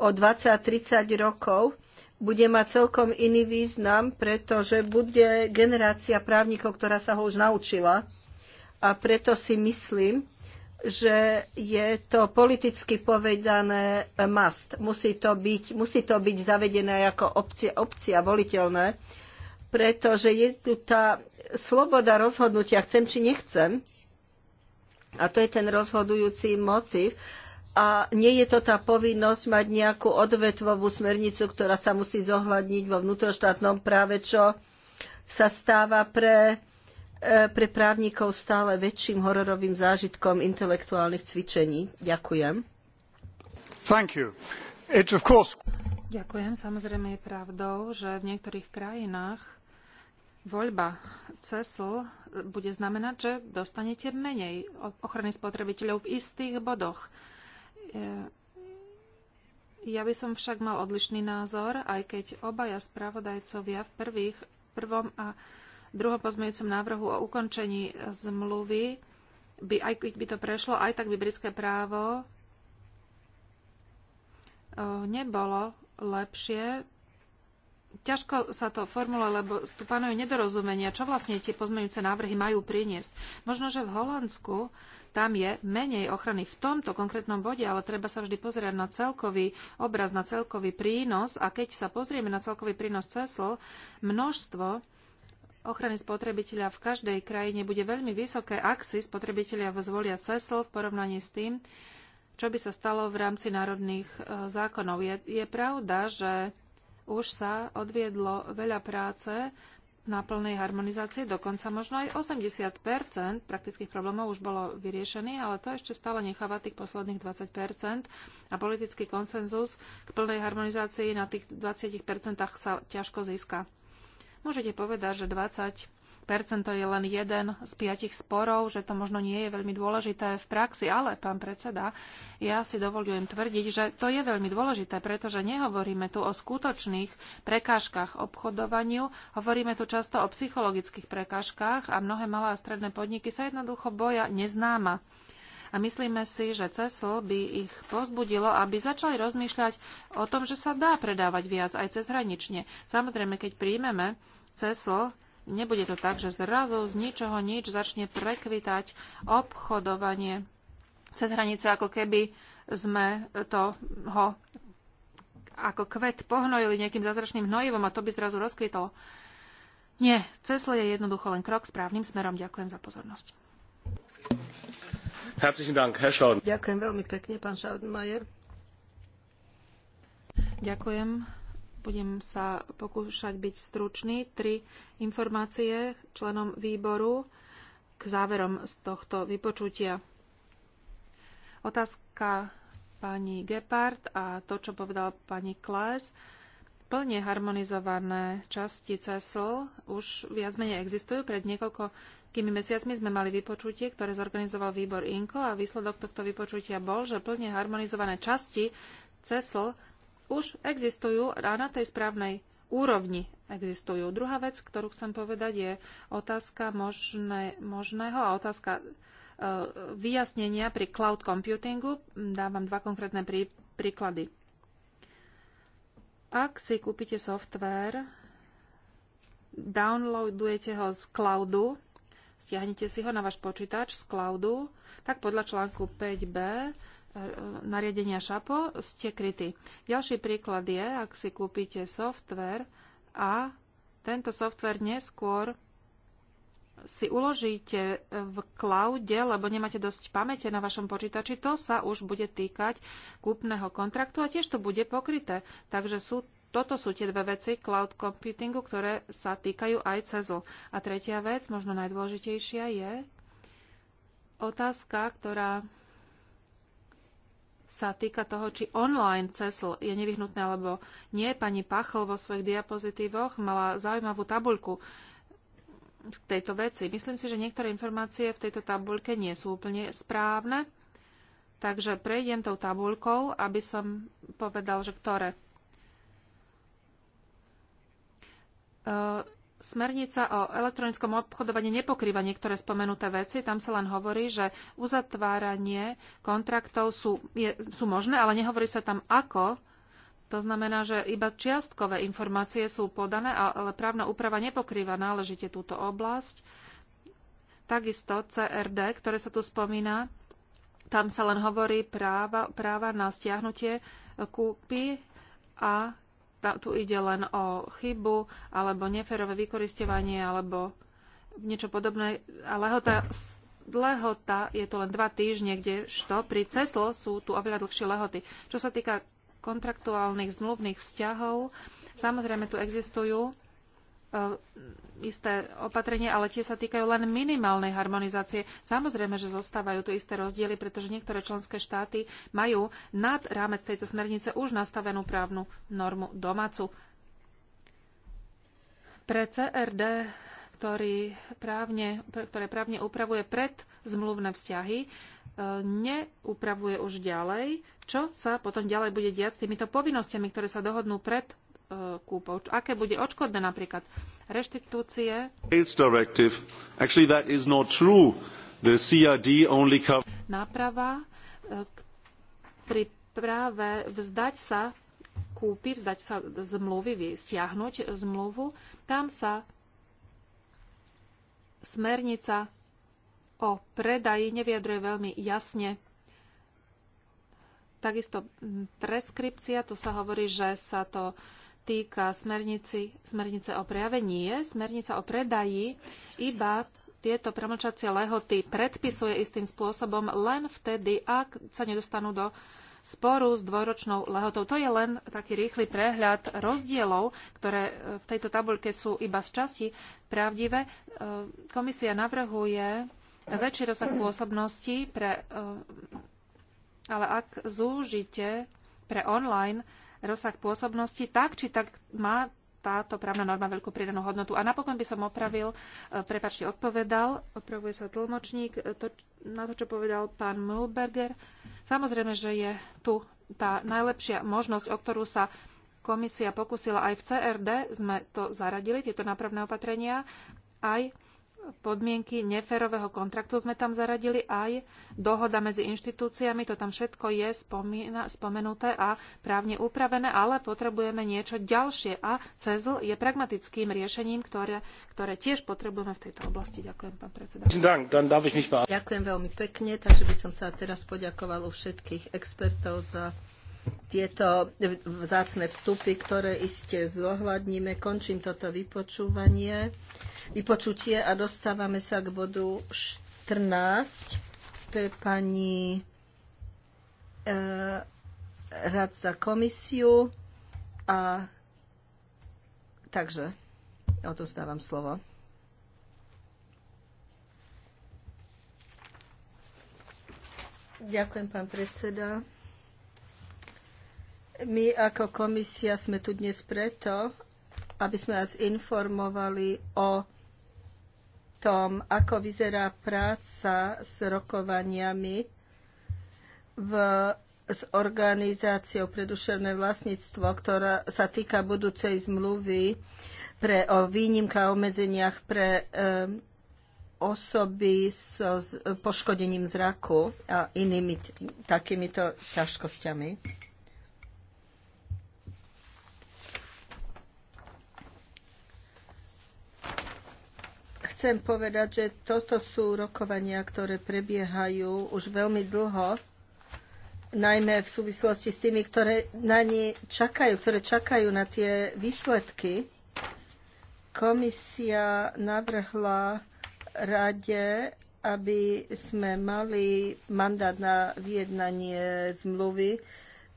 o 20-30 rokov bude mať celkom iný význam, pretože bude generácia právnikov, ktorá sa ho už naučila. A preto si myslím, že je to politicky povedané must. Musí to byť, musí to byť zavedené ako opcia, opcia voliteľné, pretože je tu tá sloboda rozhodnutia, chcem či nechcem. A to je ten rozhodujúci motiv, a nie je to tá povinnosť mať nejakú odvetvovú smernicu, ktorá sa musí zohľadniť vo vnútroštátnom práve, čo sa stáva pre, e, pre právnikov stále väčším hororovým zážitkom intelektuálnych cvičení. Ďakujem. Course... Ďakujem. Samozrejme je pravdou, že v niektorých krajinách voľba CESL bude znamenať, že dostanete menej ochrany spotrebiteľov v istých bodoch. Ja by som však mal odlišný názor, aj keď obaja spravodajcovia v prvých, prvom a druhom pozmeňujúcom návrhu o ukončení zmluvy, by, aj keď by to prešlo, aj tak by britské právo e, nebolo lepšie. Ťažko sa to formuluje, lebo tu panujú nedorozumenia, čo vlastne tie pozmeňujúce návrhy majú priniesť. Možno, že v Holandsku tam je menej ochrany v tomto konkrétnom bode, ale treba sa vždy pozerať na celkový obraz, na celkový prínos a keď sa pozrieme na celkový prínos CESL, množstvo ochrany spotrebiteľa v každej krajine bude veľmi vysoké, ak si spotrebitelia zvolia CESL v porovnaní s tým, čo by sa stalo v rámci národných e, zákonov. Je, je pravda, že už sa odviedlo veľa práce na plnej harmonizácii, dokonca možno aj 80 praktických problémov už bolo vyriešených, ale to ešte stále necháva tých posledných 20 a politický konsenzus k plnej harmonizácii na tých 20 sa ťažko získa. Môžete povedať, že 20 percento je len jeden z piatich sporov, že to možno nie je veľmi dôležité v praxi, ale pán predseda, ja si dovolujem tvrdiť, že to je veľmi dôležité, pretože nehovoríme tu o skutočných prekážkach obchodovaniu, hovoríme tu často o psychologických prekážkach a mnohé malé a stredné podniky sa jednoducho boja neznáma. A myslíme si, že CESL by ich pozbudilo, aby začali rozmýšľať o tom, že sa dá predávať viac aj cezhranične. Samozrejme, keď príjmeme CESL, Nebude to tak, že zrazu z ničoho nič začne prekvitať obchodovanie cez hranice, ako keby sme to ho ako kvet pohnojili nejakým zázračným hnojivom a to by zrazu rozkvitalo. Nie, ceslo je jednoducho len krok správnym smerom. Ďakujem za pozornosť. Ďakujem veľmi pekne, pán Schaudenmayer. Ďakujem. Budem sa pokúšať byť stručný. Tri informácie členom výboru k záverom z tohto vypočutia. Otázka pani Gepard a to, čo povedala pani Klaes. Plne harmonizované časti CESL už viac menej existujú. Pred niekoľko Kými mesiacmi sme mali vypočutie, ktoré zorganizoval výbor INKO a výsledok tohto vypočutia bol, že plne harmonizované časti CESL už existujú a na tej správnej úrovni existujú. Druhá vec, ktorú chcem povedať, je otázka možné, možného a otázka e, vyjasnenia pri cloud computingu. Dávam dva konkrétne prí, príklady. Ak si kúpite software, downloadujete ho z cloudu, stiahnete si ho na váš počítač z cloudu, tak podľa článku 5b nariadenia ŠAPO, ste krytí. Ďalší príklad je, ak si kúpite software a tento software neskôr si uložíte v cloude, lebo nemáte dosť pamäte na vašom počítači, to sa už bude týkať kúpneho kontraktu a tiež to bude pokryté. Takže sú, toto sú tie dve veci cloud computingu, ktoré sa týkajú aj CESL. A tretia vec, možno najdôležitejšia, je otázka, ktorá sa týka toho, či online CESL je nevyhnutné alebo nie. Pani Pachl vo svojich diapozitívoch mala zaujímavú tabuľku v tejto veci. Myslím si, že niektoré informácie v tejto tabuľke nie sú úplne správne, takže prejdem tou tabuľkou, aby som povedal, že ktoré. E, Smernica o elektronickom obchodovaní nepokrýva niektoré spomenuté veci. Tam sa len hovorí, že uzatváranie kontraktov sú, je, sú možné, ale nehovorí sa tam ako. To znamená, že iba čiastkové informácie sú podané, ale právna úprava nepokrýva náležite túto oblasť. Takisto CRD, ktoré sa tu spomína, tam sa len hovorí práva, práva na stiahnutie kúpy a tu ide len o chybu alebo neférové vykoristovanie alebo niečo podobné. A lehota, lehota je to len dva týždne, kdežto pri CESL sú tu oveľa dlhšie lehoty. Čo sa týka kontraktuálnych zmluvných vzťahov, samozrejme tu existujú E, isté opatrenia, ale tie sa týkajú len minimálnej harmonizácie. Samozrejme, že zostávajú tu isté rozdiely, pretože niektoré členské štáty majú nad rámec tejto smernice už nastavenú právnu normu domácu. Pre CRD, ktorý právne, ktoré právne upravuje pred zmluvné vzťahy, e, neupravuje už ďalej, čo sa potom ďalej bude diať s týmito povinnosťami, ktoré sa dohodnú pred E, kúpov. Aké bude odškodné napríklad? Reštitúcie? Náprava e, pri práve vzdať sa kúpy, vzdať sa zmluvy, stiahnuť zmluvu, tam sa smernica o predaji nevyjadruje veľmi jasne. Takisto preskripcia, tu sa hovorí, že sa to týka smernici, smernice o prejave, nie. Smernica o predaji iba tieto premlčacie lehoty predpisuje istým spôsobom len vtedy, ak sa nedostanú do sporu s dvojročnou lehotou. To je len taký rýchly prehľad rozdielov, ktoré eh, v tejto tabuľke sú iba z časti pravdivé. Eh, komisia navrhuje väčší rozsah pôsobnosti pre eh, ale ak zúžite pre online rozsah pôsobnosti, tak či tak má táto právna norma veľkú pridanú hodnotu. A napokon by som opravil, e, prepačte, odpovedal, opravuje sa tlmočník, e, to, na to, čo povedal pán Mulberger. Samozrejme, že je tu tá najlepšia možnosť, o ktorú sa komisia pokusila aj v CRD, sme to zaradili, tieto nápravné opatrenia, aj podmienky neférového kontraktu sme tam zaradili aj dohoda medzi inštitúciami, to tam všetko je spomína, spomenuté a právne upravené, ale potrebujeme niečo ďalšie a CEZL je pragmatickým riešením, ktoré, ktoré tiež potrebujeme v tejto oblasti. Ďakujem, pán predseda. Ďakujem veľmi pekne, takže by som sa teraz poďakoval u všetkých expertov za tieto vzácne vstupy, ktoré iste zohľadníme. Končím toto vypočúvanie vypočutie a dostávame sa k bodu 14. To je pani e, radca za komisiu a takže odostávam slovo. Ďakujem, pán predseda. My ako komisia sme tu dnes preto, aby sme vás informovali o tom, ako vyzerá práca s rokovaniami v, s organizáciou pre duševné vlastníctvo, ktorá sa týka budúcej zmluvy pre, o výnimka a obmedzeniach pre e, osoby so, s poškodením zraku a inými takýmito ťažkosťami. chcem povedať, že toto sú rokovania, ktoré prebiehajú už veľmi dlho, najmä v súvislosti s tými, ktoré na ne čakajú, ktoré čakajú na tie výsledky. Komisia navrhla rade, aby sme mali mandát na vyjednanie zmluvy.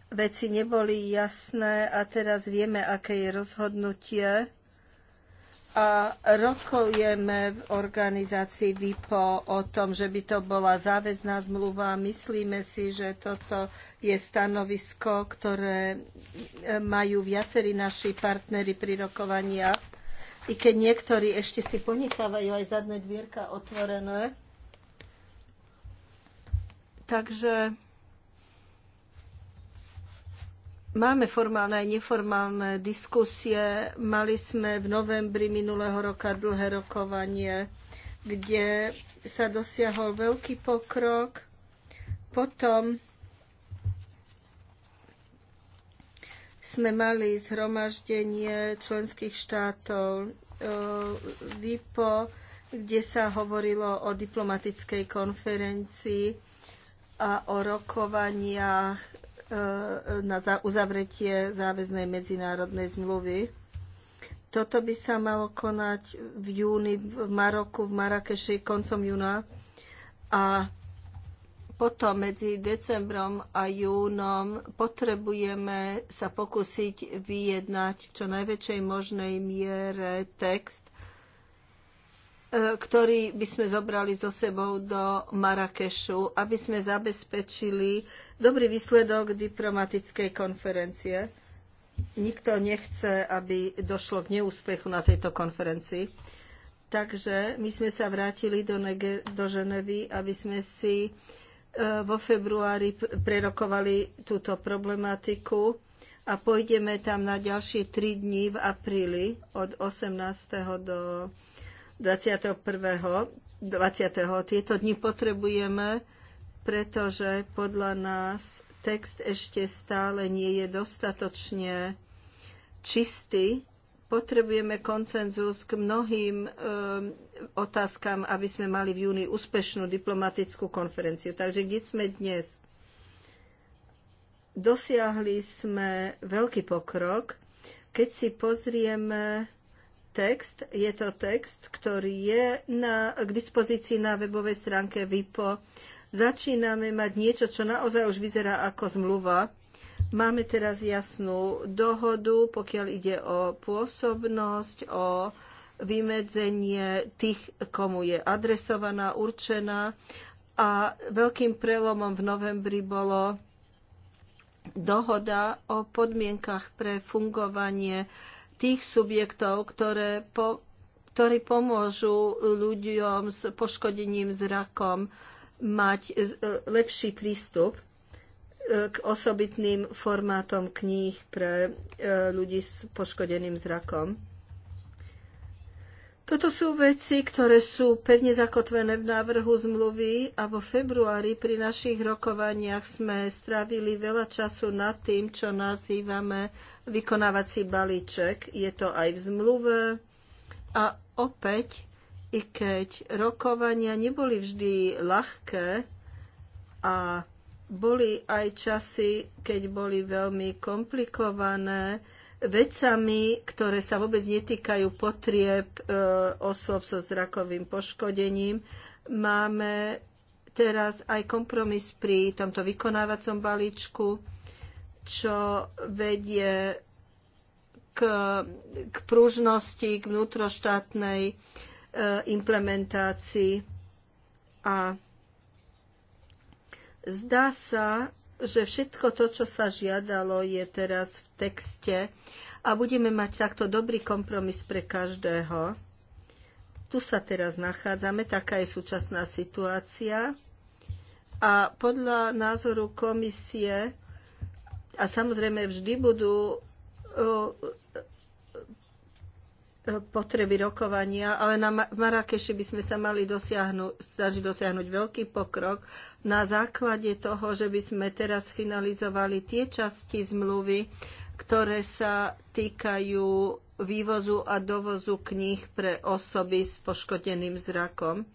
Veci neboli jasné a teraz vieme, aké je rozhodnutie a rokujeme v organizácii VIPO o tom, že by to bola záväzná zmluva. Myslíme si, že toto je stanovisko, ktoré e, majú viacerí naši partnery pri rokovaniach, i keď niektorí ešte si ponechávajú aj zadné dvierka otvorené. Takže Máme formálne aj neformálne diskusie. Mali sme v novembri minulého roka dlhé rokovanie, kde sa dosiahol veľký pokrok. Potom sme mali zhromaždenie členských štátov e, VIPO, kde sa hovorilo o diplomatickej konferencii a o rokovaniach E, na uzavretie záväznej medzinárodnej zmluvy. Toto by sa malo konať v júni v Maroku, v Marakeši koncom júna a potom medzi decembrom a júnom potrebujeme sa pokúsiť vyjednať v čo najväčšej možnej miere text, E, ktorý by sme zobrali so sebou do Marrakešu, aby sme zabezpečili dobrý výsledok diplomatickej konferencie. Nikto nechce, aby došlo k neúspechu na tejto konferencii. Takže my sme sa vrátili do, Nege- do Ženevy, aby sme si e, vo februári prerokovali túto problematiku a pôjdeme tam na ďalšie tri dni v apríli od 18. do 21. 20. Tieto dni potrebujeme, pretože podľa nás text ešte stále nie je dostatočne čistý. Potrebujeme koncenzus k mnohým e, otázkam, aby sme mali v júni úspešnú diplomatickú konferenciu. Takže kde sme dnes? Dosiahli sme veľký pokrok. Keď si pozrieme text. Je to text, ktorý je na, k dispozícii na webovej stránke VIPO. Začíname mať niečo, čo naozaj už vyzerá ako zmluva. Máme teraz jasnú dohodu, pokiaľ ide o pôsobnosť, o vymedzenie tých, komu je adresovaná, určená. A veľkým prelomom v novembri bolo dohoda o podmienkach pre fungovanie tých subjektov, ktoré po, ktorí pomôžu ľuďom s poškodením zrakom mať e, lepší prístup e, k osobitným formátom kníh pre e, ľudí s poškodeným zrakom. Toto sú veci, ktoré sú pevne zakotvené v návrhu zmluvy a vo februári pri našich rokovaniach sme strávili veľa času nad tým, čo nazývame vykonávací balíček. Je to aj v zmluve. A opäť, i keď rokovania neboli vždy ľahké a boli aj časy, keď boli veľmi komplikované vecami, ktoré sa vôbec netýkajú potrieb e, osôb so zrakovým poškodením, máme teraz aj kompromis pri tomto vykonávacom balíčku čo vedie k, k pružnosti, k vnútroštátnej e, implementácii. A zdá sa, že všetko to, čo sa žiadalo, je teraz v texte a budeme mať takto dobrý kompromis pre každého. Tu sa teraz nachádzame, taká je súčasná situácia. A podľa názoru komisie a samozrejme vždy budú potreby rokovania, ale na Marakeši by sme sa mali dosiahnuť, snažiť dosiahnuť veľký pokrok na základe toho, že by sme teraz finalizovali tie časti zmluvy, ktoré sa týkajú vývozu a dovozu kníh pre osoby s poškodeným zrakom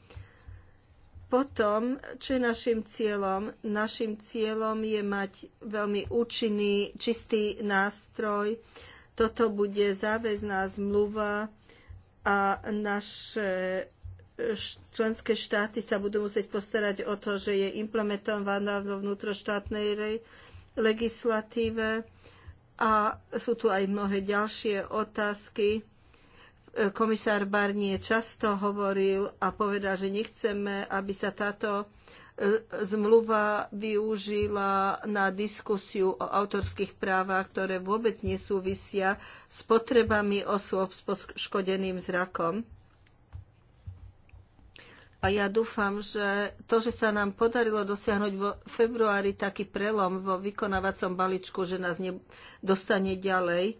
potom, čo je našim cieľom? Našim cieľom je mať veľmi účinný, čistý nástroj. Toto bude záväzná zmluva a naše členské štáty sa budú musieť postarať o to, že je implementovaná vo vnútroštátnej legislatíve a sú tu aj mnohé ďalšie otázky Komisár Barnier často hovoril a povedal, že nechceme, aby sa táto e, zmluva využila na diskusiu o autorských právach, ktoré vôbec nesúvisia s potrebami osôb s poškodeným zrakom. A ja dúfam, že to, že sa nám podarilo dosiahnuť vo februári taký prelom vo vykonávacom balíčku, že nás nedostane ďalej,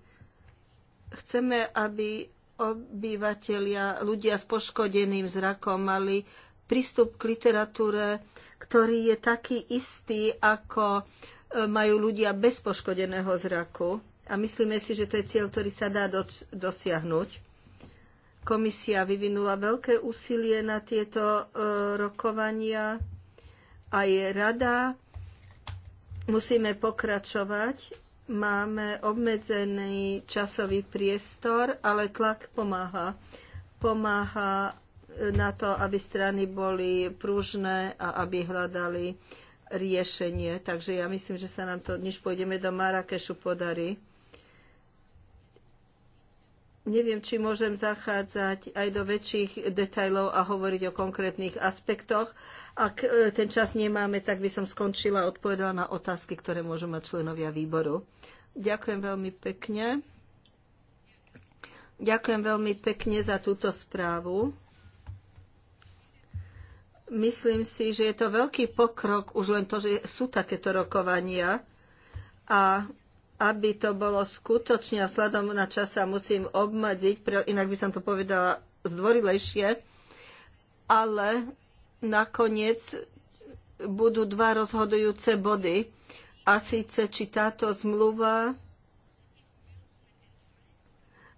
chceme, aby obyvatelia, ľudia s poškodeným zrakom mali prístup k literatúre, ktorý je taký istý, ako e, majú ľudia bez poškodeného zraku. A myslíme si, že to je cieľ, ktorý sa dá dosiahnuť. Komisia vyvinula veľké úsilie na tieto e, rokovania. A je rada musíme pokračovať máme obmedzený časový priestor, ale tlak pomáha. Pomáha e, na to, aby strany boli pružné a aby hľadali riešenie. Takže ja myslím, že sa nám to, než pôjdeme do Marrakešu, podarí. Neviem, či môžem zachádzať aj do väčších detajlov a hovoriť o konkrétnych aspektoch. Ak e, ten čas nemáme, tak by som skončila a odpovedala na otázky, ktoré môžu mať členovia výboru. Ďakujem veľmi pekne. Ďakujem veľmi pekne za túto správu. Myslím si, že je to veľký pokrok, už len to, že sú takéto rokovania. A aby to bolo skutočne a sledom na čas sa musím obmedziť, inak by som to povedala zdvorilejšie, ale nakoniec budú dva rozhodujúce body. A síce, či táto zmluva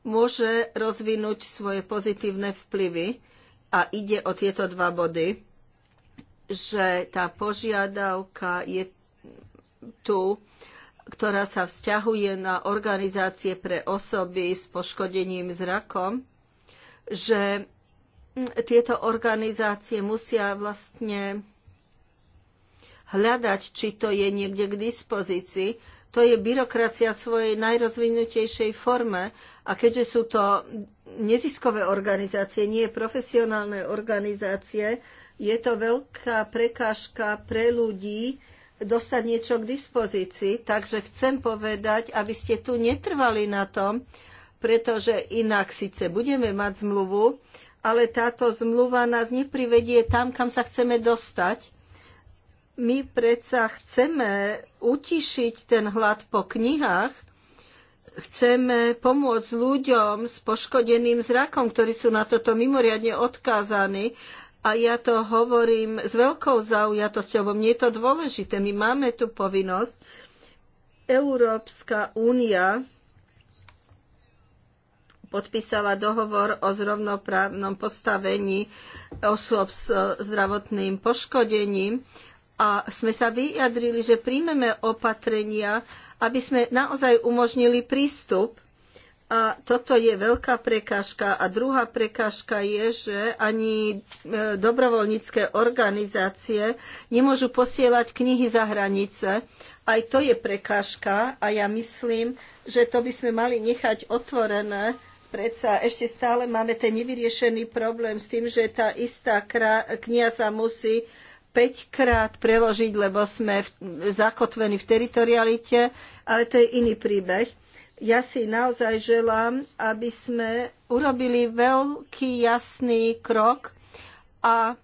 môže rozvinúť svoje pozitívne vplyvy. A ide o tieto dva body, že tá požiadavka je tu ktorá sa vzťahuje na organizácie pre osoby s poškodením zrakom, že mm, tieto organizácie musia vlastne hľadať, či to je niekde k dispozícii. To je byrokracia v svojej najrozvinutejšej forme a keďže sú to neziskové organizácie, nie profesionálne organizácie, je to veľká prekážka pre ľudí, dostať niečo k dispozícii. Takže chcem povedať, aby ste tu netrvali na tom, pretože inak síce budeme mať zmluvu, ale táto zmluva nás neprivedie tam, kam sa chceme dostať. My predsa chceme utišiť ten hlad po knihách, chceme pomôcť ľuďom s poškodeným zrakom, ktorí sú na toto mimoriadne odkázaní a ja to hovorím s veľkou zaujatosťou, bo mne je to dôležité. My máme tu povinnosť. Európska únia podpísala dohovor o zrovnoprávnom postavení osôb s e, zdravotným poškodením a sme sa vyjadrili, že príjmeme opatrenia, aby sme naozaj umožnili prístup a toto je veľká prekážka. A druhá prekážka je, že ani e, dobrovoľnícke organizácie nemôžu posielať knihy za hranice. Aj to je prekážka a ja myslím, že to by sme mali nechať otvorené. Predsa ešte stále máme ten nevyriešený problém s tým, že tá istá kniha sa musí 5 krát preložiť, lebo sme zakotvení v teritorialite, ale to je iný príbeh. Ja si naozaj želám, aby sme urobili veľký jasný krok a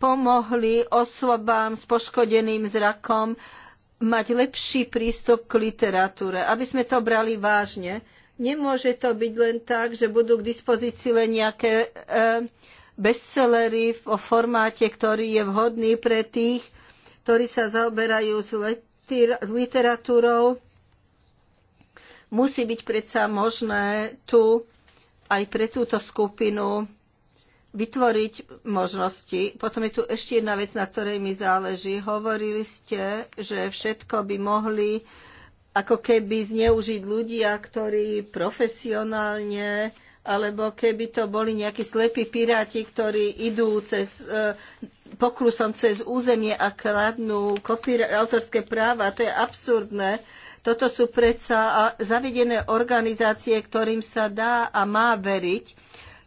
pomohli osobám s poškodeným zrakom mať lepší prístup k literatúre, aby sme to brali vážne. Nemôže to byť len tak, že budú k dispozícii len nejaké e, bestsellery o formáte, ktorý je vhodný pre tých, ktorí sa zaoberajú s, literatúrou Musí byť predsa možné tu aj pre túto skupinu vytvoriť možnosti. Potom je tu ešte jedna vec, na ktorej mi záleží. Hovorili ste, že všetko by mohli ako keby zneužiť ľudia, ktorí profesionálne alebo keby to boli nejakí slepí piráti, ktorí idú cez, e, poklusom cez územie a kladnú kopíra, autorské práva. To je absurdné. Toto sú predsa zavedené organizácie, ktorým sa dá a má veriť.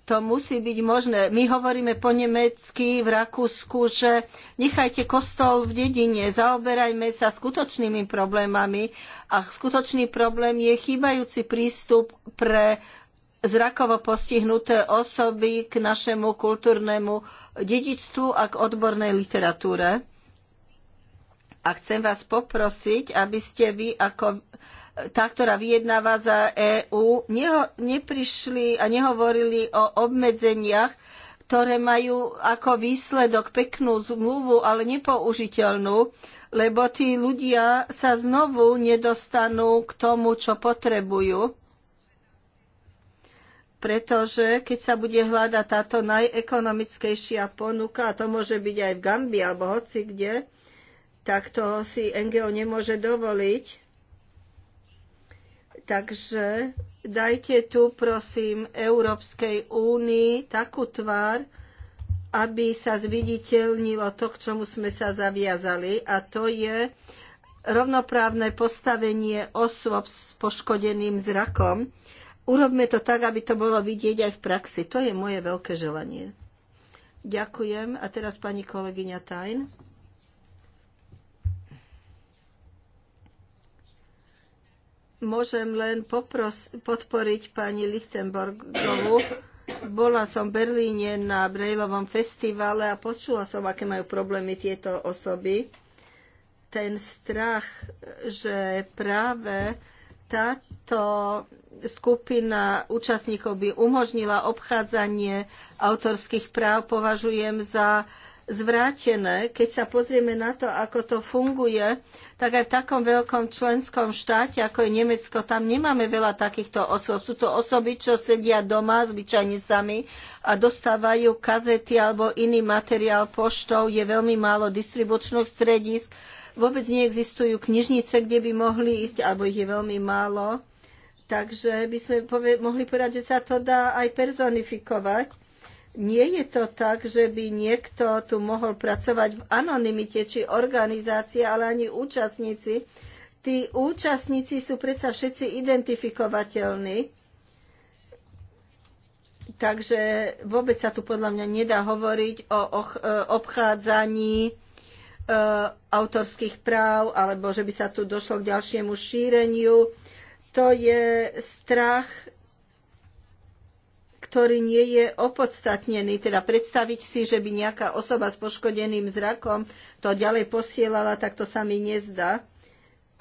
To musí byť možné. My hovoríme po nemecky, v Rakúsku, že nechajte kostol v dedine, zaoberajme sa skutočnými problémami a skutočný problém je chýbajúci prístup pre zrakovo postihnuté osoby k našemu kultúrnemu dedičstvu a k odbornej literatúre. A chcem vás poprosiť, aby ste vy ako e, tá, ktorá vyjednáva za EÚ, neprišli a nehovorili o obmedzeniach, ktoré majú ako výsledok peknú zmluvu, ale nepoužiteľnú, lebo tí ľudia sa znovu nedostanú k tomu, čo potrebujú. Pretože keď sa bude hľadať táto najekonomickejšia ponuka, a to môže byť aj v Gambii alebo hoci kde, tak to si NGO nemôže dovoliť. Takže dajte tu, prosím, Európskej únii takú tvár, aby sa zviditeľnilo to, k čomu sme sa zaviazali, a to je rovnoprávne postavenie osôb s poškodeným zrakom. Urobme to tak, aby to bolo vidieť aj v praxi. To je moje veľké želanie. Ďakujem. A teraz pani kolegyňa Tajn. môžem len popros- podporiť pani Lichtenborgovu. Bola som v Berlíne na Brejlovom festivale a počula som, aké majú problémy tieto osoby. Ten strach, že práve táto skupina účastníkov by umožnila obchádzanie autorských práv, považujem za uh, zvrátené. Keď sa pozrieme na to, ako to funguje, tak aj v takom veľkom členskom štáte, ako je Nemecko, tam nemáme veľa takýchto osôb. Sú to osoby, čo sedia doma, zvyčajne sami, a dostávajú kazety alebo iný materiál poštou. Je veľmi málo distribučných stredisk. Vôbec neexistujú knižnice, kde by mohli ísť, alebo ich je veľmi málo. Takže by sme mohli povedať, že sa to dá aj personifikovať nie je to tak, že by niekto tu mohol pracovať v anonimite, či organizácie, ale ani účastníci. Tí účastníci sú predsa všetci identifikovateľní. Takže vôbec sa tu podľa mňa nedá hovoriť o e, obchádzaní e, autorských práv alebo že by sa tu došlo k ďalšiemu šíreniu. To je strach ktorý nie je opodstatnený. Teda predstaviť si, že by nejaká osoba s poškodeným zrakom to ďalej posielala, tak to sa mi nezdá.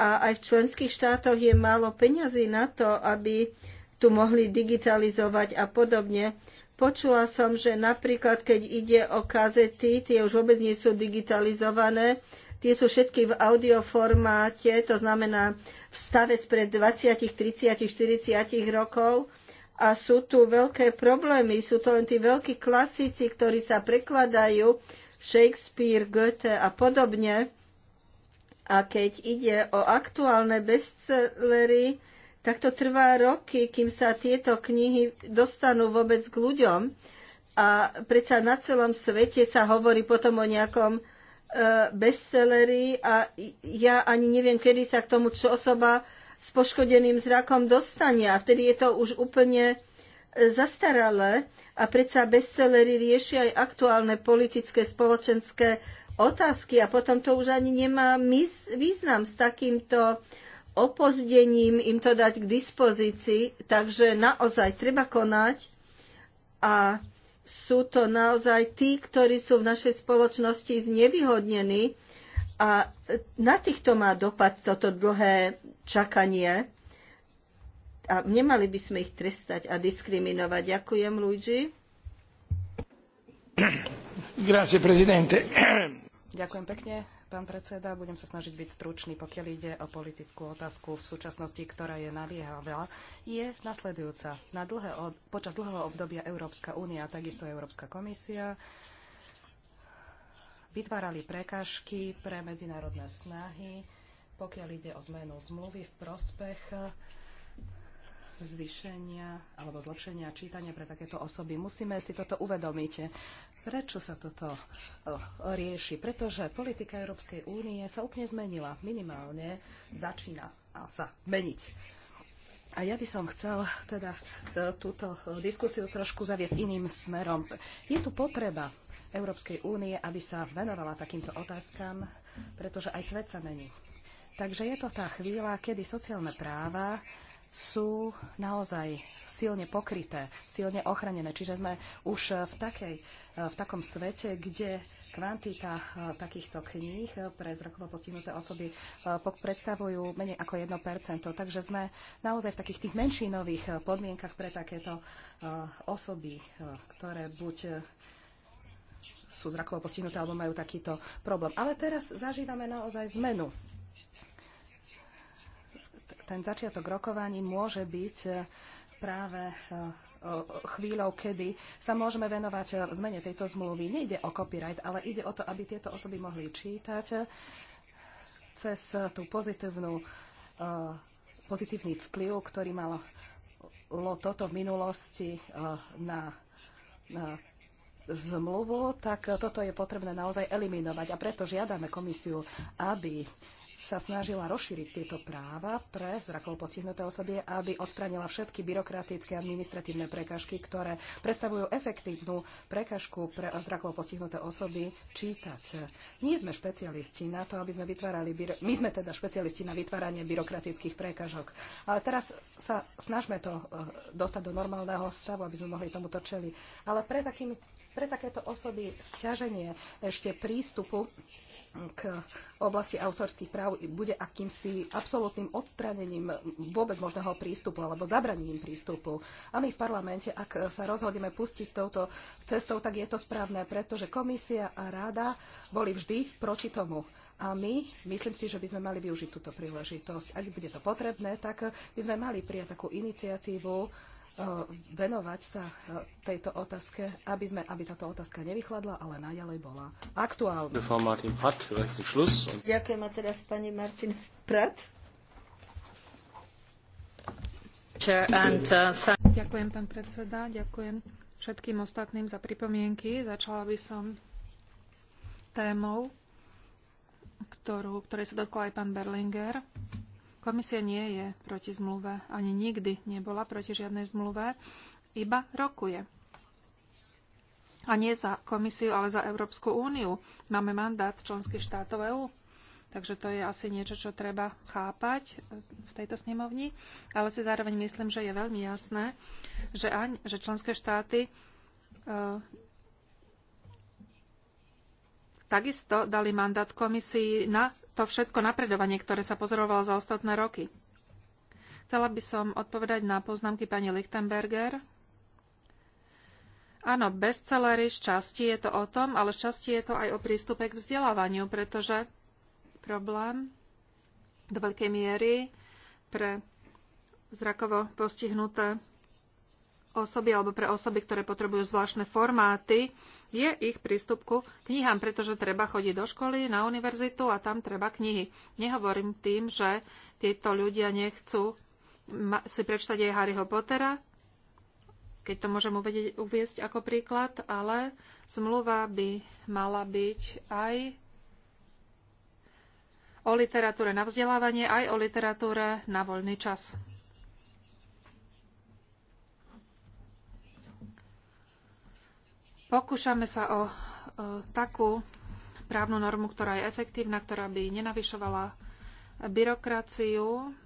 A aj v členských štátoch je málo peňazí na to, aby tu mohli digitalizovať a podobne. Počula som, že napríklad, keď ide o kazety, tie už vôbec nie sú digitalizované, tie sú všetky v audioformáte, to znamená v stave spred 20, 30, 40 rokov a sú tu veľké problémy. Sú to len tí veľkí klasici, ktorí sa prekladajú, Shakespeare, Goethe a podobne. A keď ide o aktuálne bestsellery, tak to trvá roky, kým sa tieto knihy dostanú vôbec k ľuďom. A predsa na celom svete sa hovorí potom o nejakom e, bestsellery a ja ani neviem, kedy sa k tomu čo osoba s poškodeným zrakom dostane a vtedy je to už úplne e, zastaralé a predsa bestsellery riešia aj aktuálne politické, spoločenské otázky a potom to už ani nemá význam s takýmto opozdením im to dať k dispozícii, takže naozaj treba konať a sú to naozaj tí, ktorí sú v našej spoločnosti znevýhodnení a na týchto má dopad toto dlhé čakanie a nemali by sme ich trestať a diskriminovať. Ďakujem, Luigi. Grazie, prezidente. Ďakujem pekne, pán predseda. Budem sa snažiť byť stručný, pokiaľ ide o politickú otázku v súčasnosti, ktorá je naliehavá, je nasledujúca. Na dlhé, od, počas dlhého obdobia Európska únia, takisto Európska komisia, vytvárali prekážky pre medzinárodné snahy, pokiaľ ide o zmenu zmluvy v prospech eh, zvýšenia alebo zlepšenia čítania pre takéto osoby. Musíme si toto uvedomiť. Prečo sa toto eh, rieši? Pretože politika Európskej únie sa úplne zmenila. Minimálne začína sa meniť. A ja by som chcel teda eh, túto diskusiu trošku zaviesť iným smerom. Je tu potreba Európskej únie, aby sa venovala takýmto otázkam, pretože aj svet sa mení. Takže je to tá chvíľa, kedy sociálne práva sú naozaj silne pokryté, silne ochranené. Čiže sme už v, takej, v takom svete, kde kvantita eh, takýchto kníh eh, pre zrakovo postihnuté osoby eh, predstavujú menej ako 1%. Takže sme naozaj v takých tých menšinových podmienkach pre takéto osoby, ktoré buď sú zrakovo postihnuté alebo majú takýto problém. Ale teraz zažívame naozaj zmenu ten začiatok rokovaní môže byť e, práve e, chvíľou, kedy sa môžeme venovať e, zmene tejto zmluvy. Nejde o copyright, ale ide o to, aby tieto osoby mohli čítať cez tú pozitívnu, pozitívny vplyv, ktorý malo toto v minulosti na, na zmluvu, tak toto je potrebné naozaj eliminovať. A preto žiadame komisiu, aby sa snažila rozšíriť tieto práva pre zrakovo postihnuté osoby, aby odstranila všetky byrokratické administratívne prekažky, ktoré predstavujú efektívnu prekažku pre zrakovo postihnuté osoby čítať. Nie sme špecialisti na to, aby sme vytvárali... Byro... My sme teda špecialisti na vytváranie byrokratických prekažok. Ale teraz sa snažme to eh, dostať do normálneho stavu, aby sme mohli tomuto čeliť. Ale pre takými pre takéto osoby sťaženie ešte prístupu k oblasti autorských práv bude akýmsi absolútnym odstránením vôbec možného prístupu alebo zabranením prístupu. A my v parlamente, ak sa rozhodneme pustiť touto cestou, tak je to správne, pretože komisia a ráda boli vždy proti tomu. A my, myslím si, že by sme mali využiť túto príležitosť. Ak bude to potrebné, tak by sme mali prijať takú iniciatívu, E, venovať sa e, tejto otázke, aby, sme, aby táto otázka nevychladla, ale naďalej bola aktuálna. Ďakujem a teraz pani Martin Prat. Uh, ďakujem, pán predseda. Ďakujem všetkým ostatným za pripomienky. Začala by som témou, ktorú, ktorej sa dotkla aj pán Berlinger. Komisia nie je proti zmluve, ani nikdy nebola proti žiadnej zmluve, iba rokuje. A nie za komisiu, ale za Európsku úniu. Máme mandát členských štátov EÚ. Takže to je asi niečo, čo treba chápať v tejto snemovni. Ale si zároveň myslím, že je veľmi jasné, že, aň, že členské štáty e, takisto dali mandát komisii na to všetko napredovanie, ktoré sa pozorovalo za ostatné roky. Chcela by som odpovedať na poznámky pani Lichtenberger. Áno, bestsellery z časti je to o tom, ale z časti je to aj o prístupe k vzdelávaniu, pretože problém do veľkej miery pre zrakovo postihnuté osoby alebo pre osoby, ktoré potrebujú zvláštne formáty, je ich prístup ku knihám, pretože treba chodiť do školy, na univerzitu a tam treba knihy. Nehovorím tým, že títo ľudia nechcú si prečtať aj Harryho Pottera, keď to môžem uvedieť, uviesť ako príklad, ale zmluva by mala byť aj o literatúre na vzdelávanie, aj o literatúre na voľný čas. Pokúšame sa o, o takú právnu normu, ktorá je efektívna, ktorá by nenavyšovala byrokraciu.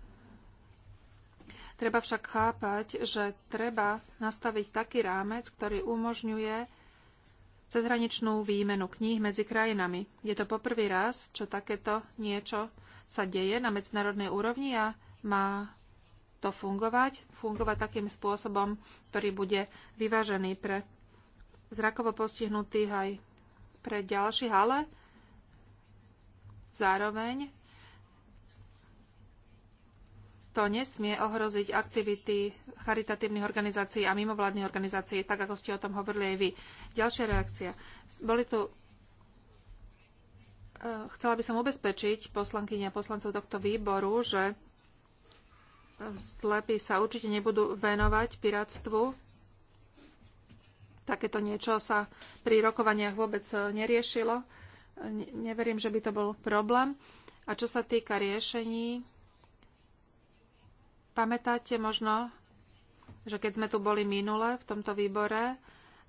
Treba však chápať, že treba nastaviť taký rámec, ktorý umožňuje cezhraničnú výmenu kníh medzi krajinami. Je to poprvý raz, čo takéto niečo sa deje na medzinárodnej úrovni a má to fungovať, fungovať takým spôsobom, ktorý bude vyvážený pre zrakovo postihnutých aj pre ďalších, ale zároveň to nesmie ohroziť aktivity charitatívnych organizácií a mimovládnych organizácií, tak ako ste o tom hovorili aj vy. Ďalšia reakcia. Boli tu eh, chcela by som ubezpečiť poslankyne a poslancov tohto výboru, že slepí sa určite nebudú venovať piráctvu takéto niečo sa pri rokovaniach vôbec e, neriešilo. Neverím, že by to bol problém. A čo sa týka riešení, pamätáte možno, že keď sme tu boli minule v tomto výbore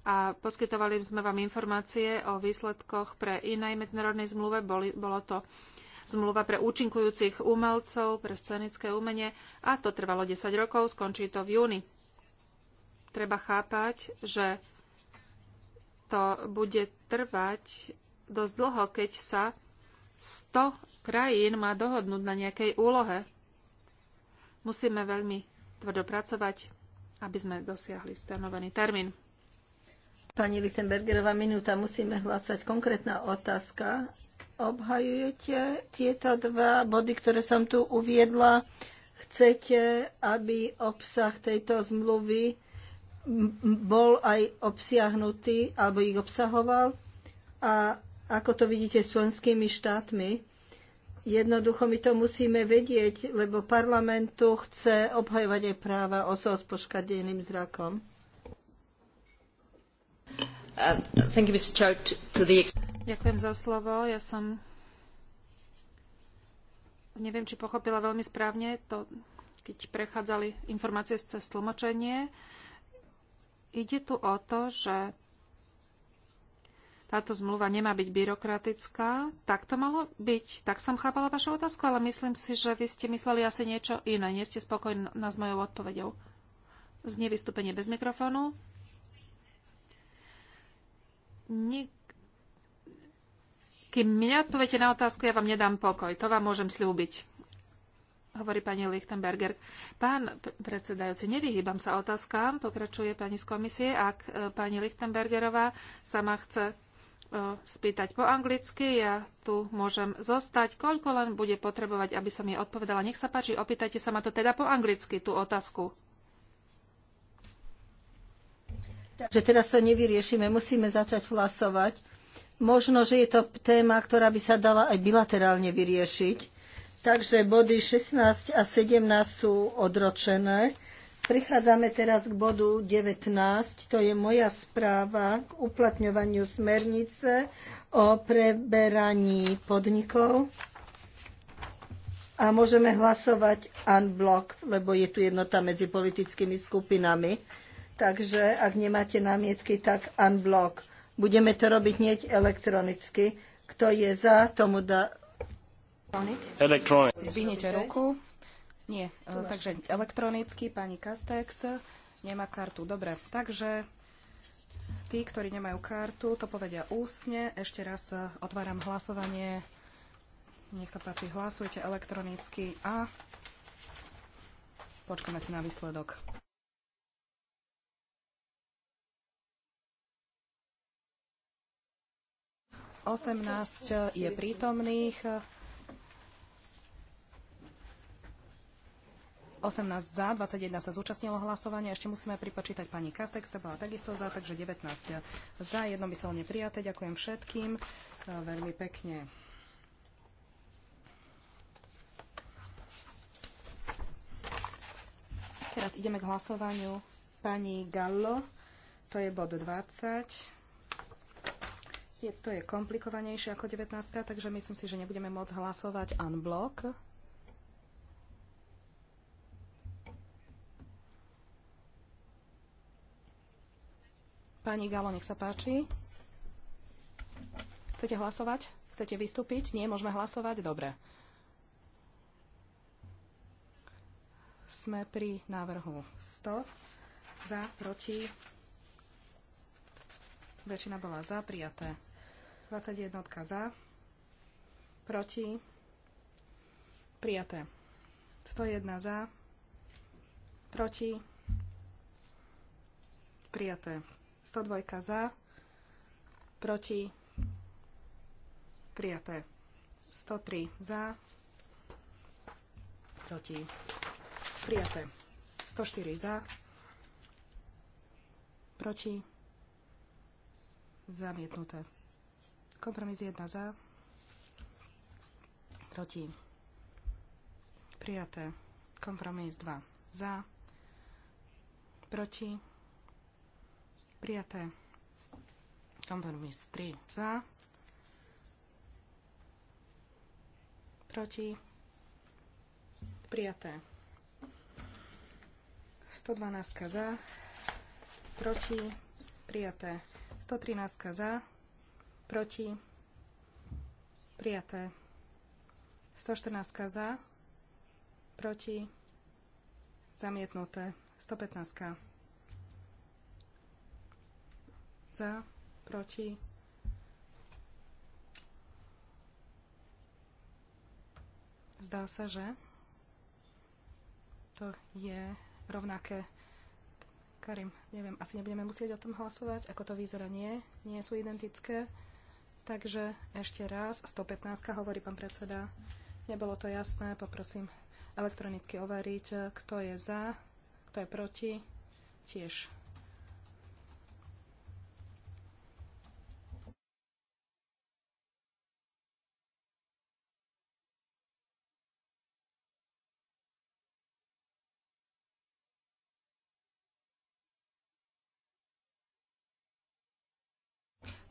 a poskytovali sme vám informácie o výsledkoch pre inej medzinárodnej zmluve, boli, bolo to zmluva pre účinkujúcich umelcov, pre scenické umenie a to trvalo 10 rokov, skončí to v júni. Treba chápať, že to bude trvať dosť dlho, keď sa 100 krajín má dohodnúť na nejakej úlohe. Musíme veľmi tvrdo pracovať, aby sme dosiahli stanovený termín. Pani Lichtenbergerová minúta, musíme hlasať konkrétna otázka. Obhajujete tieto dva body, ktoré som tu uviedla? Chcete, aby obsah tejto zmluvy bol aj obsiahnutý alebo ich obsahoval a ako to vidíte s členskými štátmi. Jednoducho my to musíme vedieť, lebo parlamentu chce obhajovať aj práva osob s poškadeným zrakom. Uh, you, the... Ďakujem za slovo. Ja som neviem, či pochopila veľmi správne to, keď prechádzali informácie cez tlmočenie. Uh, Ide tu o to, že táto zmluva nemá byť byrokratická. Tak to malo byť. Tak som chápala vašu otázku, ale myslím si, že vy ste mysleli asi niečo iné. Nie ste spokojní s mojou odpovedou. Znie vystúpenie bez mikrofónu. Nik- Kým mi neodpoviete na otázku, ja vám nedám pokoj. To vám môžem slúbiť hovorí pani Lichtenberger. Pán predsedajúci, nevyhýbam sa otázkám, pokračuje pani z komisie. Ak e, pani Lichtenbergerová sa ma chce e, spýtať po anglicky, ja tu môžem zostať, koľko len bude potrebovať, aby som jej odpovedala. Nech sa páči, opýtajte sa ma to teda po anglicky, tú otázku. Takže teraz to nevyriešime, musíme začať hlasovať. Možno, že je to téma, ktorá by sa dala aj bilaterálne vyriešiť. Takže body 16 a 17 sú odročené. Prichádzame teraz k bodu 19, to je moja správa k uplatňovaniu smernice o preberaní podnikov. A môžeme hlasovať unblock, lebo je tu jednota medzi politickými skupinami. Takže ak nemáte námietky, tak unblock. Budeme to robiť hneď elektronicky. Kto je za, tomu da, Elektronik. Zbínite ruku. Nie, e, takže elektronicky, pani Castex nemá kartu. Dobre, takže tí, ktorí nemajú kartu, to povedia úsne. Ešte raz e, otváram hlasovanie. Nech sa páči, hlasujte elektronicky a počkáme si na výsledok. Osemnásť je prítomných, 18 za, 21 sa zúčastnilo hlasovania. Ešte musíme pripočítať pani Kastex, to bola takisto za, takže 19 za, jednomyselne prijaté. Ďakujem všetkým e, veľmi pekne. Teraz ideme k hlasovaniu pani Gallo. To je bod 20. Je, to je komplikovanejšie ako 19, takže myslím si, že nebudeme môcť hlasovať unblock. Pani Galo, nech sa páči. Chcete hlasovať? Chcete vystúpiť? Nie, môžeme hlasovať? Dobre. Sme pri návrhu 100. Za, proti. Väčšina bola za, prijaté. 21 za, proti, prijaté. 101 za, proti, prijaté. 102 za, proti, prijaté. 103 za, proti, prijaté. 104 za, proti, zamietnuté. Kompromis 1 za, proti, prijaté. Kompromis 2 za, proti, Prijaté. Kompromis 3 za. Proti. Prijaté. 112 za. Proti. Prijaté. 113 za. Proti. Prijaté. 114 za. Proti. Zamietnuté. 115. za. za, proti. Zdá sa, že to je rovnaké. Karim, neviem, asi nebudeme musieť o tom hlasovať, ako to vyzerá nie, nie sú identické. Takže ešte raz, 115 hovorí pán predseda. Nebolo to jasné, poprosím elektronicky overiť, kto je za, kto je proti. Tiež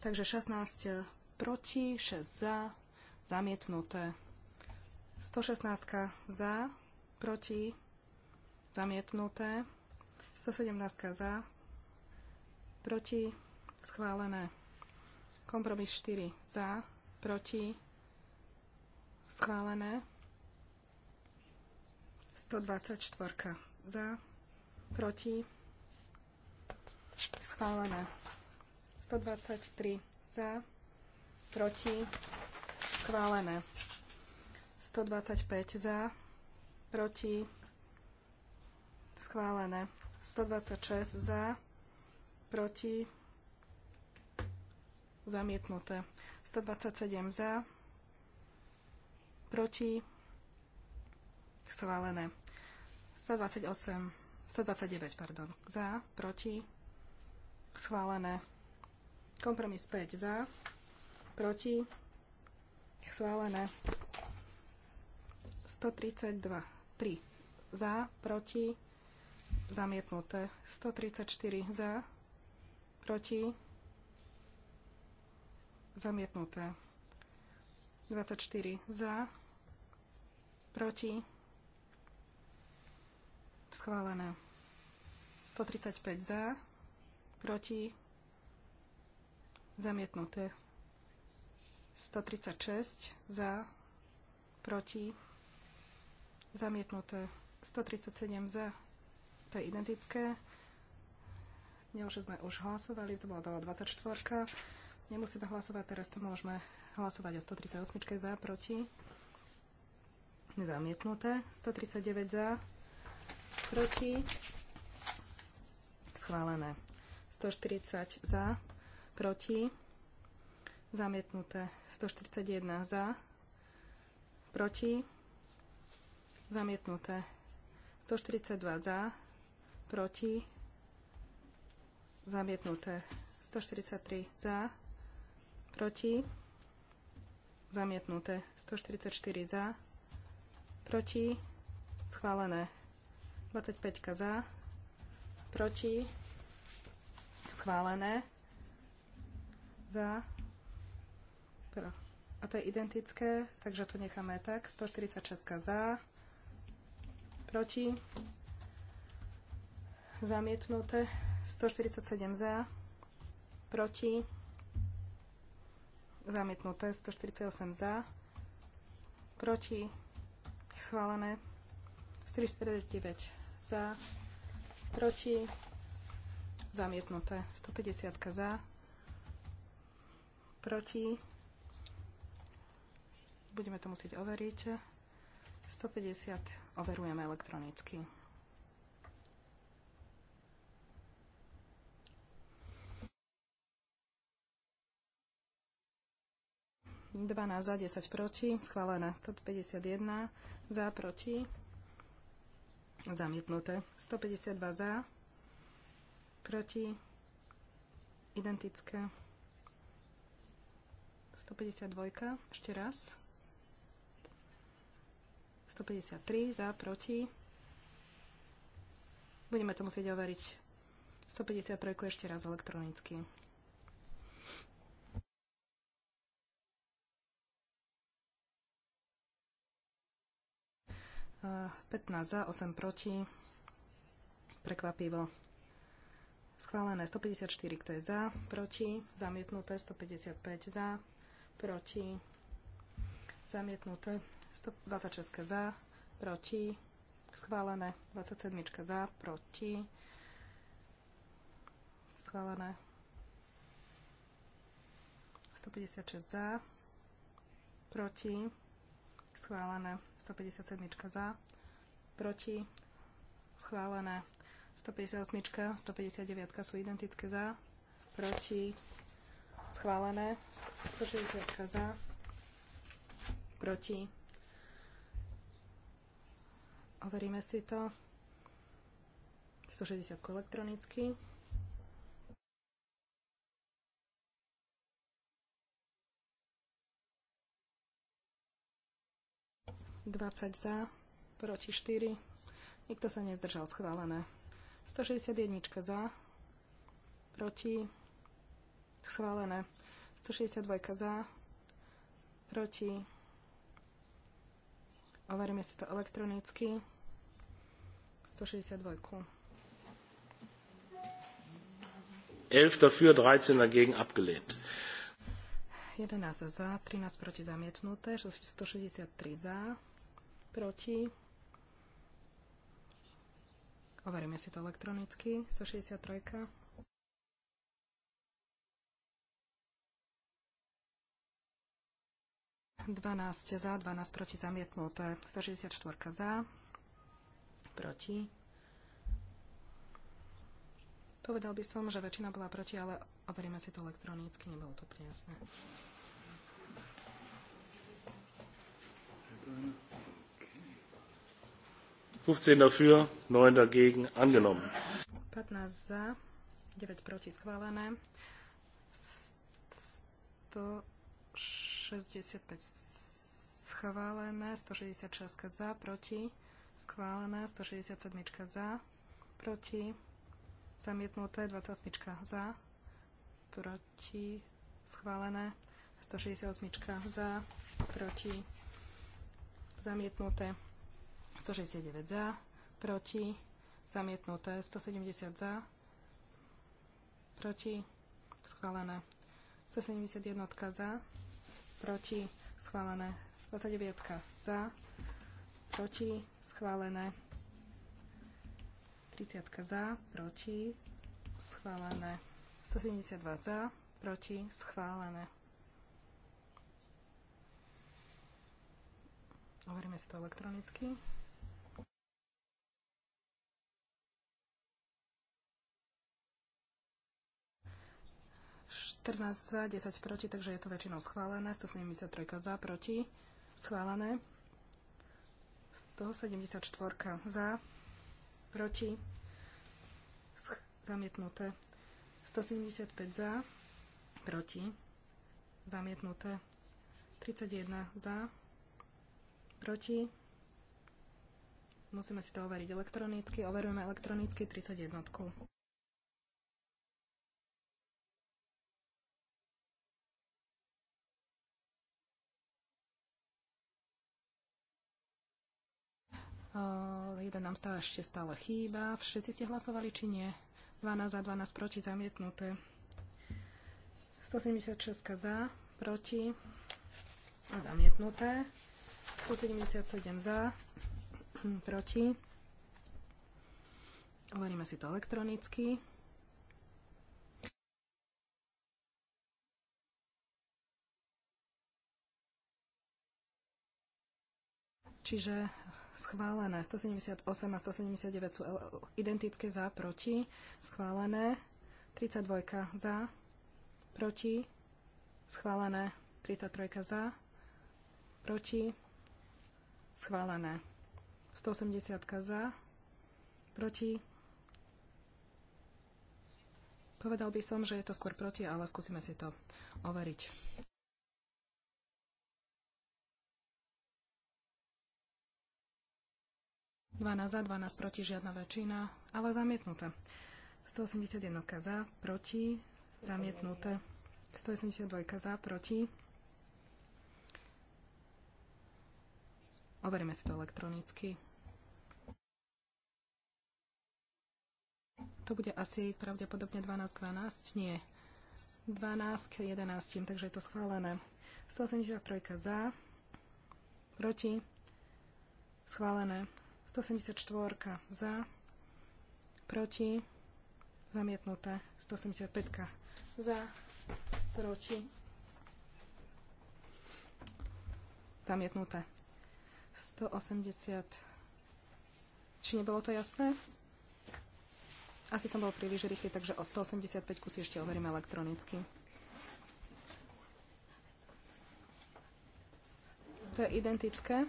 Takže 16 e, proti, 6 za, zamietnuté. 116 za, proti, zamietnuté. 117 za, proti, schválené. Kompromis 4 za, proti, schválené. 124 za, proti, schválené. 123 za, proti, schválené. 125 za, proti, schválené. 126 za, proti, zamietnuté. 127 za, proti, schválené. 128, 129, pardon, za, proti, schválené. Kompromis 5 za, proti, schválené. 132, 3 za, proti, zamietnuté. 134 za, proti, zamietnuté. 24 za, proti, schválené. 135 za, proti, Zamietnuté. 136 za, proti, zamietnuté. 137 za, to je identické. Ďalšie sme už hlasovali, to bola 24. Nemusíme hlasovať, teraz to môžeme hlasovať o 138 za, proti. Zamietnuté. 139 za, proti. Schválené. 140 za, proti, zamietnuté. 141 za, proti, zamietnuté. 142 za, proti, zamietnuté. 143 za, proti, zamietnuté. 144 za, proti, schválené. 25 za, proti, schválené za. Teda, a to je identické, takže to necháme tak. 146 za, proti, zamietnuté. 147 za, proti, zamietnuté. 148 za, proti, schválené. 149 za, proti, zamietnuté. 150 za, proti. Budeme to musieť overiť. 150 overujeme elektronicky. na za, 10 proti, schválená 151 za, proti, zamietnuté 152 za, proti, identické 152, ešte raz. 153 za, proti. Budeme to musieť overiť. 153 ešte raz elektronicky. Uh, 15 za, 8 proti. Prekvapivo. Schválené 154, kto je za, proti. Zamietnuté 155 za, proti, zamietnuté 126 za, proti, schválené 27 za, proti, schválené 156 za, proti, schválené 157 za, proti, schválené 158, 159 sú identické za, proti, schválené. 160 za, proti. Overíme si to. 160 elektronicky. Dvadsať za, proti 4. Nikto sa nezdržal schválené. 161 za, proti Schválené. 162 za, proti. Overíme si to elektronicky. 162. 11 dafür, 13 dagegen abgelehnt. 11 za, 13 proti zamietnuté, 163 za, proti. Overíme si to elektronicky. 163. 12 za, 12 proti zamietnuté. 164 za, proti. Povedal by som, že väčšina bola proti, ale overíme si to elektronicky, nebolo to úplne jasné. dafür, 9 dagegen, angenommen. 15 za, 9 proti, schválené. 106 65 schválené, 166 za, proti, schválené, 167 za, proti, zamietnuté, 28 za, proti, schválené, 168 za, proti, zamietnuté, 169 za, proti, zamietnuté, 170 za, proti, schválené, 171 za, proti, schválené. 29 za, proti, schválené. 30 za, proti, schválené. 172 za, proti, schválené. Hovoríme si to elektronicky. 14 za, 10 proti, takže je to väčšinou schválené. 173 za, proti, schválené. 174 za, proti, zamietnuté. 175 za, proti, zamietnuté. 31 za, proti. Musíme si to overiť elektronicky. Overujeme elektronicky 31. Jeden nám stále ešte stále chýba. Všetci ste hlasovali, či nie? 12 za 12 proti zamietnuté. 176 za, proti a zamietnuté. 177 za, hm, proti. Overíme si to elektronicky. Čiže schválené. 178 a 179 sú identické za, proti, schválené. 32 za, proti, schválené. 33 za, proti, schválené. 180 za, proti. Povedal by som, že je to skôr proti, ale skúsime si to overiť. 12 za, 12 proti, žiadna väčšina, ale zamietnuté. 181 za, proti, zamietnuté. 182 za, proti. Overíme si to elektronicky. To bude asi pravdepodobne 12 12, nie. 12 k 11, takže je to schválené. 183 za, proti, schválené. 174 za, proti, zamietnuté. 175 za, proti, zamietnuté. 180. Či nebolo to jasné? Asi som bol príliš rýchly, takže o 185 kus ešte overím elektronicky. To je identické.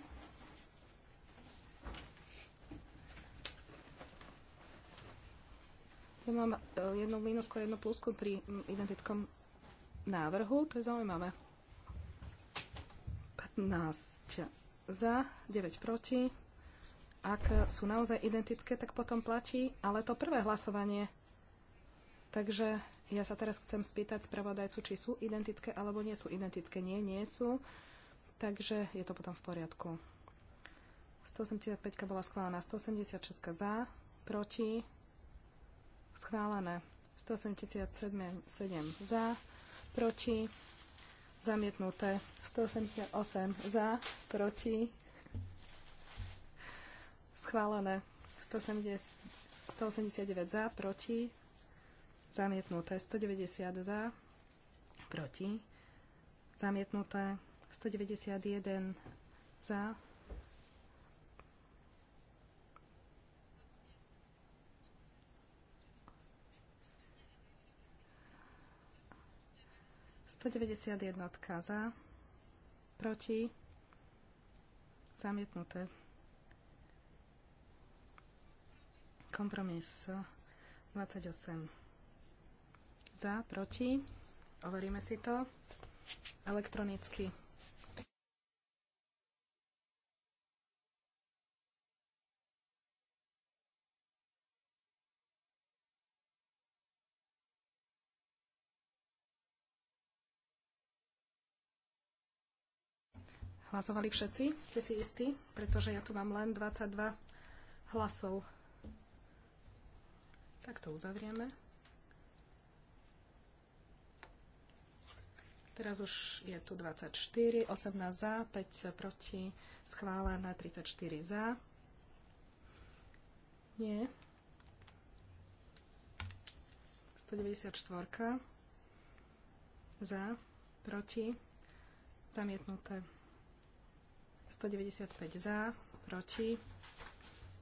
Ja mám e, jednu a jednu plusku pri identickom návrhu, to je zaujímavé. 15 za, 9 proti. Ak sú naozaj identické, tak potom platí, ale to prvé hlasovanie. Takže ja sa teraz chcem spýtať spravodajcu, či sú identické alebo nie sú identické. Nie, nie sú. Takže je to potom v poriadku. 185 bola schválená, 186 za, proti, schválené. 187 za, proti, zamietnuté. 188 za, proti, schválené. 189 za, proti, zamietnuté. 190 za, proti, zamietnuté. 191 za, 191 za, proti, zamietnuté. Kompromis 28 za, proti, overíme si to elektronicky. Hlasovali všetci? Ste si istí? Pretože ja tu mám len 22 hlasov. Tak to uzavrieme. Teraz už je tu 24, 18 za, 5 proti, schválené 34 za. Nie. 194 za, proti, zamietnuté 195 za, proti,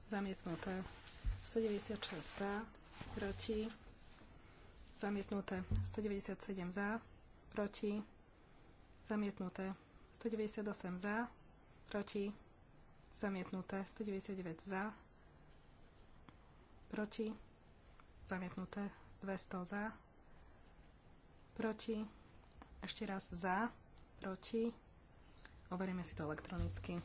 zamietnuté. 196 za, proti, zamietnuté. 197 za, proti, zamietnuté. 198 za, proti, zamietnuté. 199 za, proti, zamietnuté. 200 za, proti, ešte raz za, proti, Overíme si to elektronicky.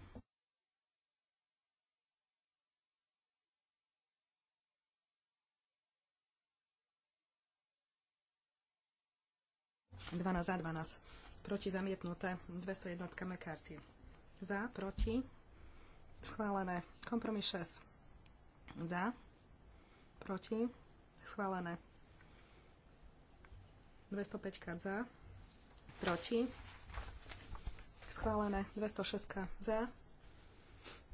Dvanásť za 12. Proti zamietnuté. 201 McCarthy. Za, proti. Schválené. Kompromis 6. Za. Proti. Schválené. 205 za. Proti schválené 206 za,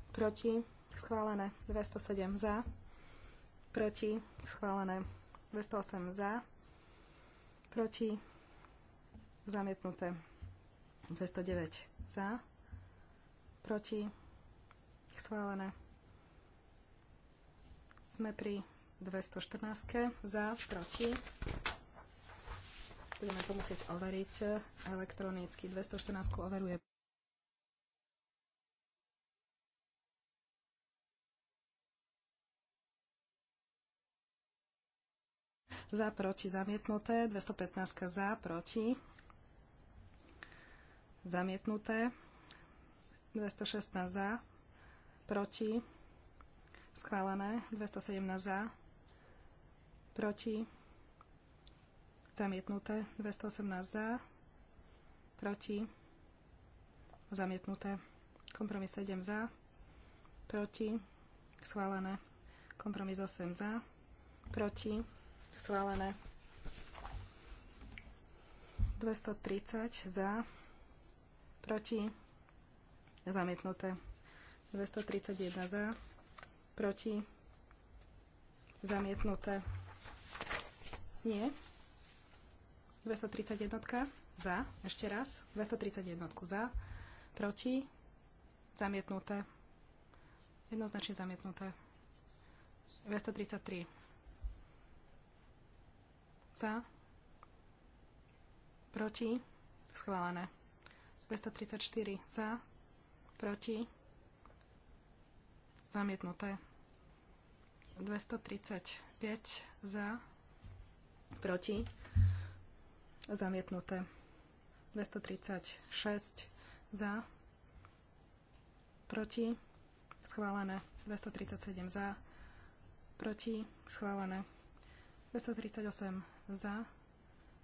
proti, schválené 207 za, proti, schválené 208 za, proti, zamietnuté 209 za, proti, schválené. Sme pri 214 za, proti, Budeme to musieť overiť elektronicky. 214 overuje. Za, proti, zamietnuté. 215 za, proti. Zamietnuté. 216 za, proti. Schválené. 217 za, proti Zamietnuté. 218 za. Proti. Zamietnuté. Kompromis 7 za. Proti. Schválené. Kompromis 8 za. Proti. Schválené. 230 za. Proti. Zamietnuté. 231 za. Proti. Zamietnuté. Nie. 231 za, ešte raz, 231 za, proti, zamietnuté, jednoznačne zamietnuté, 233 za, proti, schválené, 234 za, proti, zamietnuté, 235 za, proti, Zamietnuté. 236 za. Proti. Schválené. 237 za. Proti. Schválené. 238 za.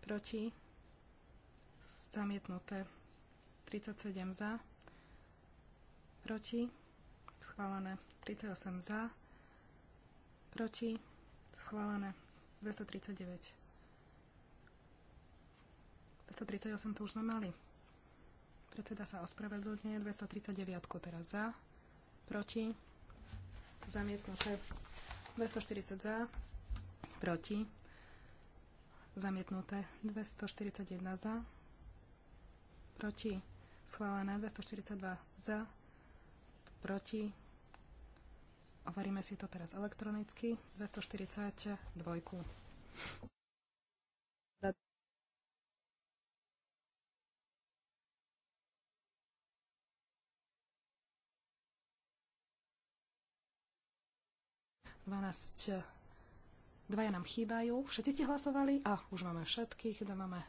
Proti. Zamietnuté. 37 za. Proti. Schválené. 38 za. Proti. Schválené. 239 238 tu už sme mali. Predseda sa ospravedlňuje. 239 teraz za. Proti. Zamietnuté. 240 za. Proti. Zamietnuté. 241 za. Proti. Schválené. 242 za. Proti. Overíme si to teraz elektronicky. 242. 12. Dvaja nám chýbajú. Všetci ste hlasovali? A, už máme všetkých. kde teda máme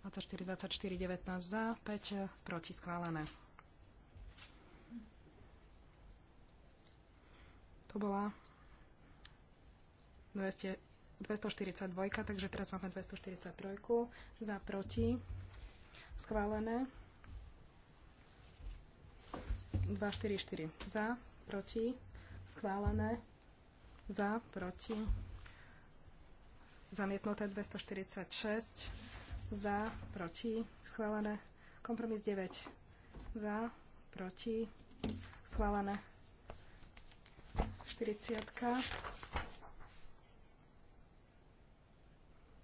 24, 24, 19 za, 5 proti schválené. To bola 200, 242, takže teraz máme 243 za, proti schválené. 244 za, proti schválené za, proti, zamietnuté 246, za, proti, schválené, kompromis 9, za, proti, schválené, 40,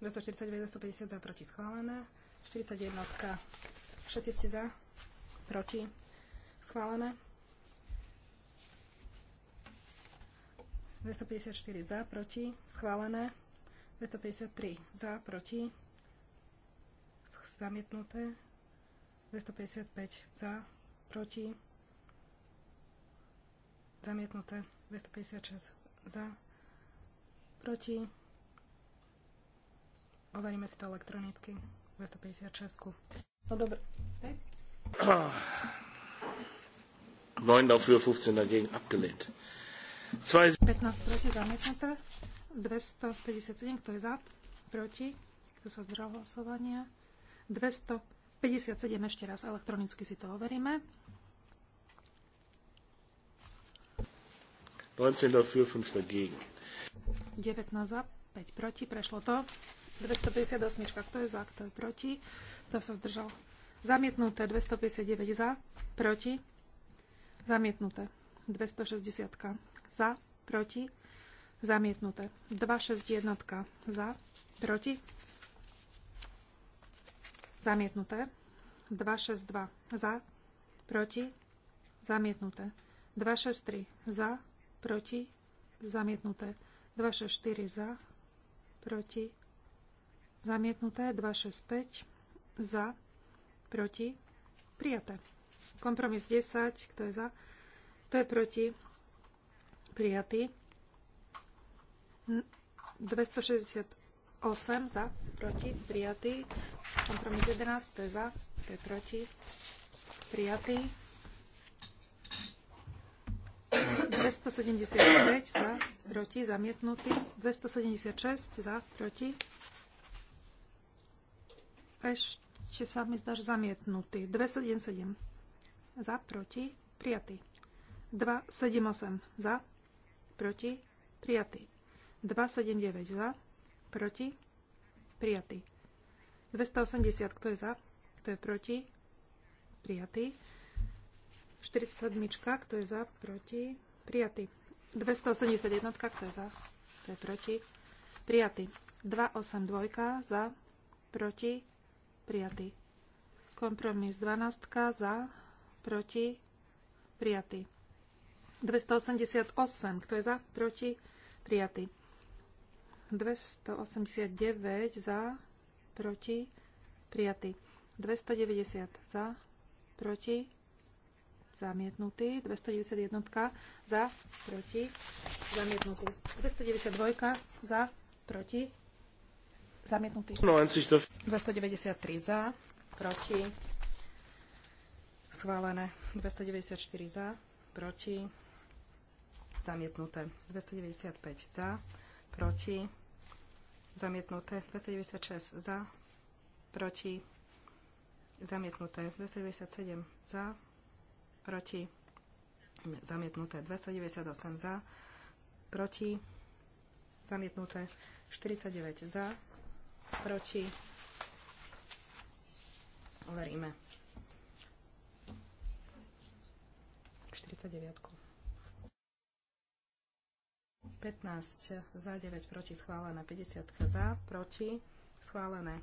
249, 150 za, proti, schválené, 41, všetci ste za, proti, schválené, 254 za, proti, schválené. 253 za, proti, zamietnuté. 255 za, proti, zamietnuté. 256 za, proti. Overíme si to elektronicky. 256. No dobre. Hey. 9 dafür, 15 dagegen abgelehnt. 15 proti zamietnuté. 257, kto je za? Proti? Kto sa zdržal hlasovania? 257 ešte raz, elektronicky si to overíme. 19 dafür, 19 za, 5 proti, prešlo to. 258, kto je za, kto je proti? Kto sa zdržal? Zamietnuté 259 za, proti. Zamietnuté. 260 za, proti, zamietnuté. 261 za, proti, zamietnuté. 262 za, proti, zamietnuté. 263 za, proti, zamietnuté. 264 za, proti, zamietnuté. 265 za, proti, prijaté. Kompromis 10, kto je za, kto je proti? Prijatý. 268 za, proti, prijatý. Kompromis 11, to je za, to je proti, prijatý. 275 za, proti, zamietnutý. 276 za, proti. Ešte sa mi zdá, že zamietnutý. 277 za, proti, prijatý. 2, 7, 8 za, proti, prijatý. 2, 7, 9 za, proti, prijatý. 280, kto je za, kto je proti, prijatý. 47, kto je za, proti, prijatý. 281, kto je za, kto je proti, prijatý. 282 za, proti, prijatý. Kompromis 12 za, proti, prijatý. 288. Kto je za? Proti? Prijatý. 289 za, proti, prijatý. 290 za, proti, zamietnutý. 291 za, proti, zamietnutý. 292 za, proti, zamietnutý. 293 za, proti, schválené. 294 za, proti, zamietnuté. 295 za, proti, zamietnuté. 296 za, proti, zamietnuté. 297 za, proti, zamietnuté. 298 za, proti, zamietnuté. 49 za, proti, overíme. 49. 15 za, 9 proti, schválené. 50 za, proti, schválené.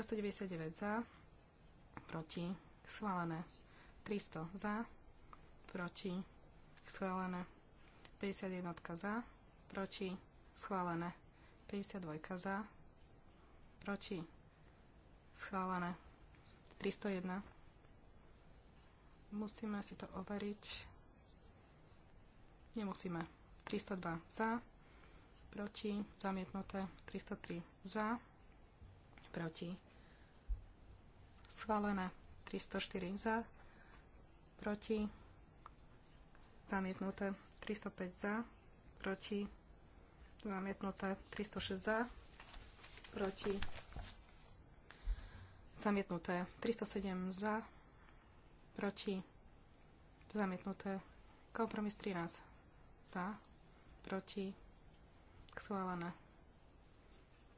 199 za, proti, schválené. 300 za, proti, schválené. 51 za, proti, schválené. 52 za, proti, schválené. 301. Musíme si to overiť. Nemusíme. 302 za, proti, zamietnuté 303 za, proti, schválené 304 za, proti, zamietnuté 305 za, proti, zamietnuté 306 za, proti, zamietnuté 307 za, proti, zamietnuté kompromis 13 za, proti, schválené.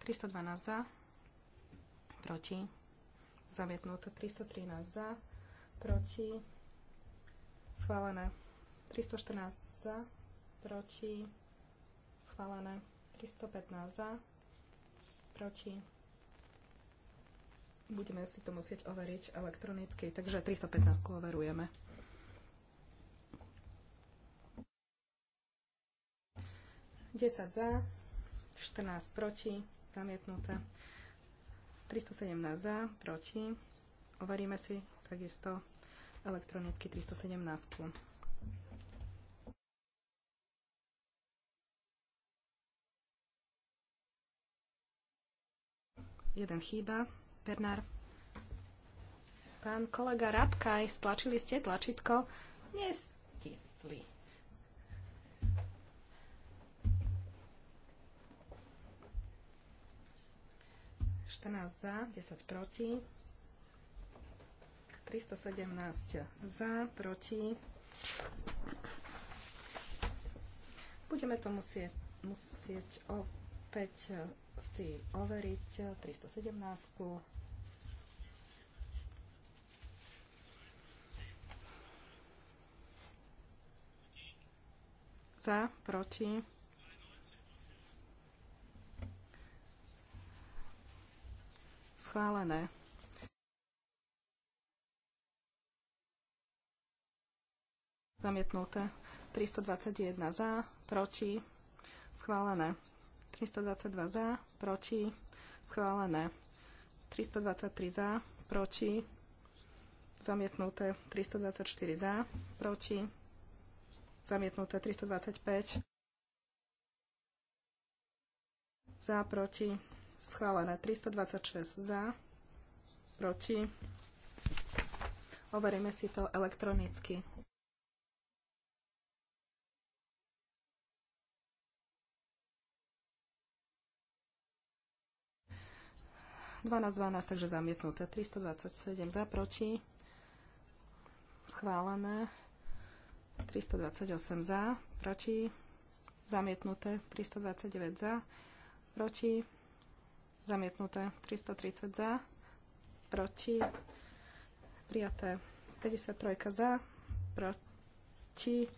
312 za, proti, zamietnuté. 313 za, proti, schválené. 314 za, proti, schválené. 315 za, proti. Budeme si to musieť overiť elektronicky, takže 315 overujeme. 10 za, 14 proti, zamietnuté. 317 za, proti. Overíme si takisto elektronicky 317. Jeden chýba. Bernard. Pán kolega Rabkaj, stlačili ste tlačítko? Nestisli. 14 za, 10 proti. 317 za, proti. Budeme to musieť, musieť opäť si overiť 317. -ku. Za, proti. Schválené. Zamietnuté. 321 za, proti. Schválené. 322 za, proti. Schválené. 323 za, proti. Zamietnuté 324 za, proti. Zamietnuté 325 za, proti schválené 326 za, proti. Overíme si to elektronicky. Dvanásť, dvanásť, takže zamietnuté. 327 za, proti. Schválené. 328 za, proti. Zamietnuté. 329 za, proti zamietnuté. 330 za, proti, prijaté. 53 za, proti,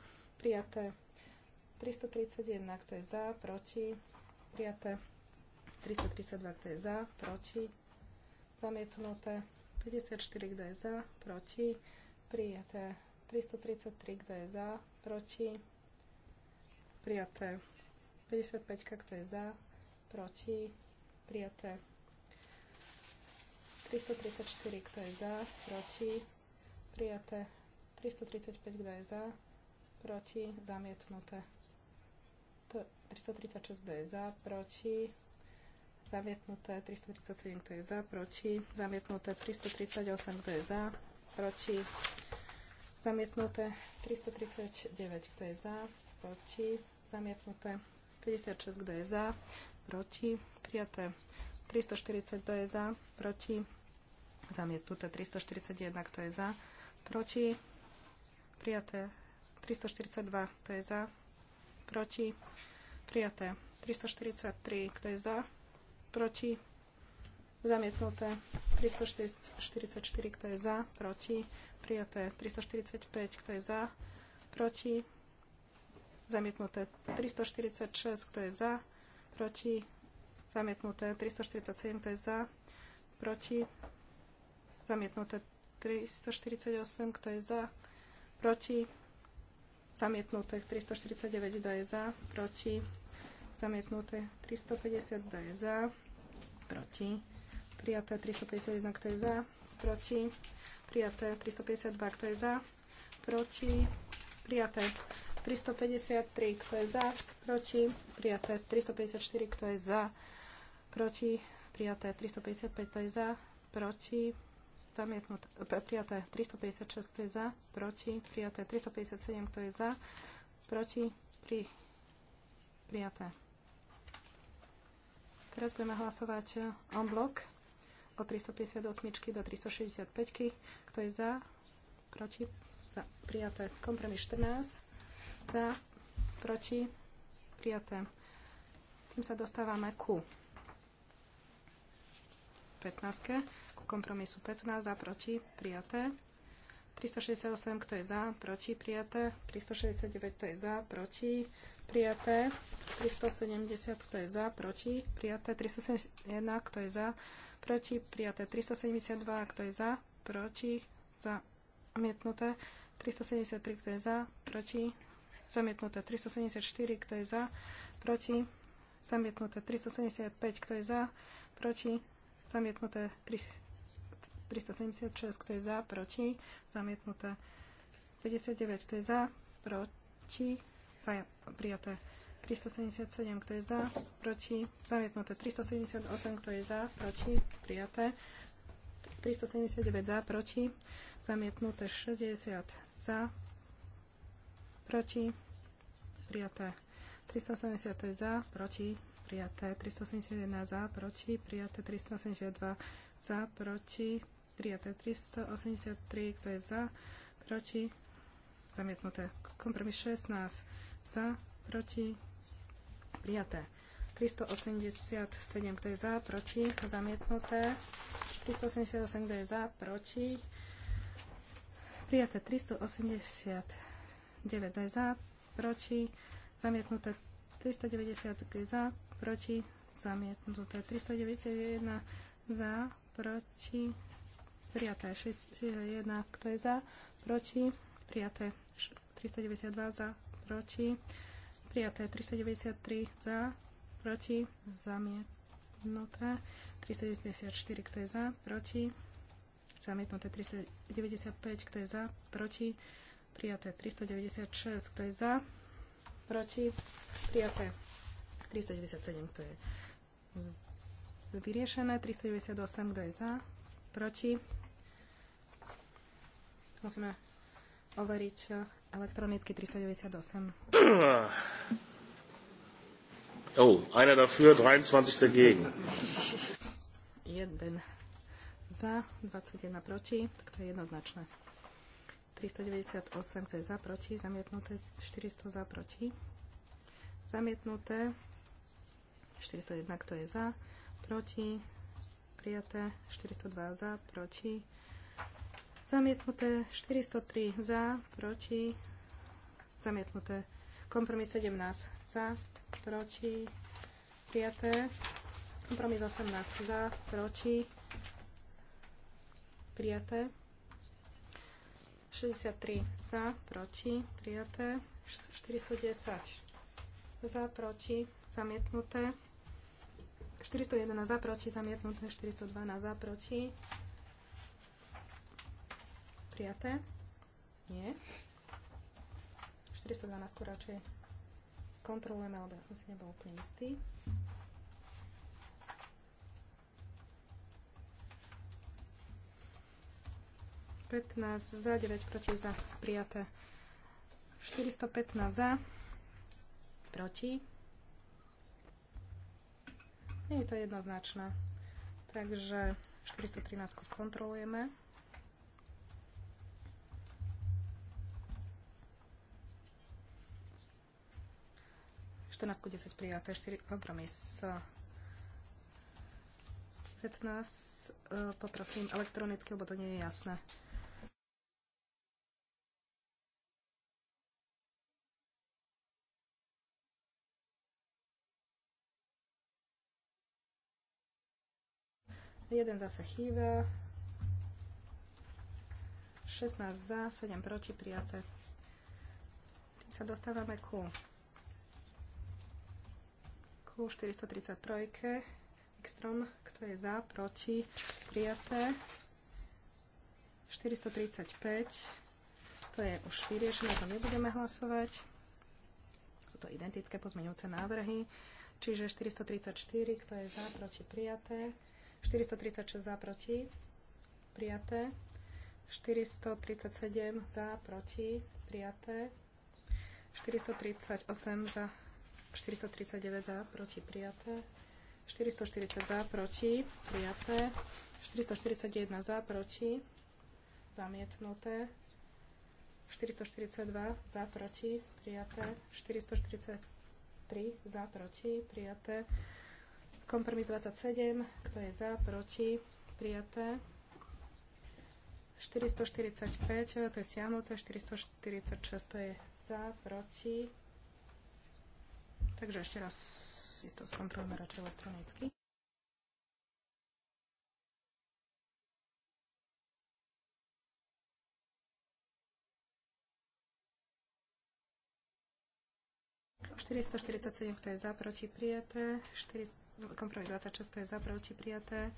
prijaté. 331, kto je za, proti, prijaté. 332, kto je za, proti, zamietnuté. 54, kto je za, proti, prijaté. 333, kto je za, proti, prijaté. 55, kto je za, proti, prijaté. 334, kto je za, proti, prijaté. 335, kto je za, proti, zamietnuté. 336, kto je za, proti, zamietnuté. 337, kto je za, proti, zamietnuté. 338, kto je za, proti, zamietnuté. 339, kto je za, proti, zamietnuté. 56, kto je za, proti, prijaté. 340, kto je za, proti, zamietnuté. 341, kto je za, proti, prijaté. 342, kto je za, proti, prijaté. 343, kto je za, proti, zamietnuté. 344, kto je za, proti, prijaté. 345, kto je za, proti, zamietnuté. 346, kto je za, proti, Zamietnuté 347, kto je za, proti. Zamietnuté 348, kto je za, proti. Zamietnuté 349, kto je za, proti. Zamietnuté 350, kto je za, proti. Prijaté 351, kto je za, proti. Prijaté 352, kto je za, proti. Prijaté 353, kto je za, proti. Prijaté 354, kto je za, proti, prijaté 355, to je za, proti, zamietnuté, prijaté 356, to je za, proti, prijaté 357, kto je za, proti, pri, prijaté. Teraz budeme hlasovať en blok od 358 do 365, kto je za, proti, za, prijaté kompromis 14, za, proti, prijaté. Tým sa dostávame ku 15, ku kompromisu 15 za, proti, prijaté. 368, kto je za, proti, prijaté. 369, kto je za, proti, prijaté. 370, kto je za, proti, prijaté. 371, kto je za, proti, prijaté. 372, kto je za, proti, zamietnuté. 373, kto je za, proti, zamietnuté. 374, kto je za, proti, zamietnuté. 375, kto je za, proti, Zamietnuté 376, kto je za, proti. Zamietnuté 59, kto je za, proti. Za, prijaté 377, kto je za, proti. Zamietnuté 378, kto je za, proti. Prijaté 379 za, proti. Zamietnuté 60 za, proti. Prijaté 370 to je za, proti prijaté 381 za, proti, prijaté 382 za, proti, prijaté 383, kto je za, proti, zamietnuté. Kompromis 16 za, proti, prijaté. 387, kto je za, proti, zamietnuté. 388, kto je za, proti, prijaté. 389, kto je za, proti, zamietnuté. 390 kto je za, proti, zamietnuté 391 za, proti, prijaté 61, kto je za, proti, prijaté 392 za, proti, prijaté 393 za, proti, zamietnuté 394, kto je za, proti, zamietnuté 395, kto je za, proti, prijaté 396, kto je za, proti, prijaté 397, kto je vyriešené. 398, kto je za, proti. Musíme overiť elektronicky 398. Oh, einer dafür, 23 dagegen. Jeden za, 21 proti, tak to je jednoznačné. 398, kto je za, proti, zamietnuté, 400 za, proti. Zamietnuté, 401, kto je za, proti, prijaté, 402 za, proti, zamietnuté, 403 za, proti, zamietnuté, kompromis 17 za, proti, prijaté, kompromis 18 za, proti, prijaté, 63 za, proti, prijaté, 410 za, proti, zamietnuté, 401 za proti, zamietnuté 402 za proti. Prijaté? Nie. 412 radšej skontrolujeme, lebo ja som si nebol úplne istý. za, 9 proti za, prijaté. 415 za, proti. Nie je to jednoznačné. Takže 413 skontrolujeme. Štrnáctku 10 prijaté, 4 kompromis. 15 eh, poprosím elektronicky, lebo to nie je jasné. Jeden zase chýba. 16 za, 7 proti, prijaté. Tým sa dostávame ku ku 433 Ekstrom, kto je za, proti, prijaté. 435 to je už vyriešené, to nebudeme hlasovať. Sú to identické pozmeňujúce návrhy. Čiže 434, kto je za, proti prijaté. 436 za, proti, prijaté. 437 za, proti, prijaté. 438 za, 439 za, proti, prijaté. 440 za, proti, prijaté. 441 za, proti, zamietnuté. 442 za, proti, prijaté. 443 za, proti, prijaté. Kompromis 27, kto je za, proti, prijaté. 445, to je stiahnuté, 446, to je za, proti. Takže ešte raz si to skontrolujeme radšej elektronicky. 447, kto je za, proti, prijaté. 400 kompromis 26, to je za, proti, prijaté.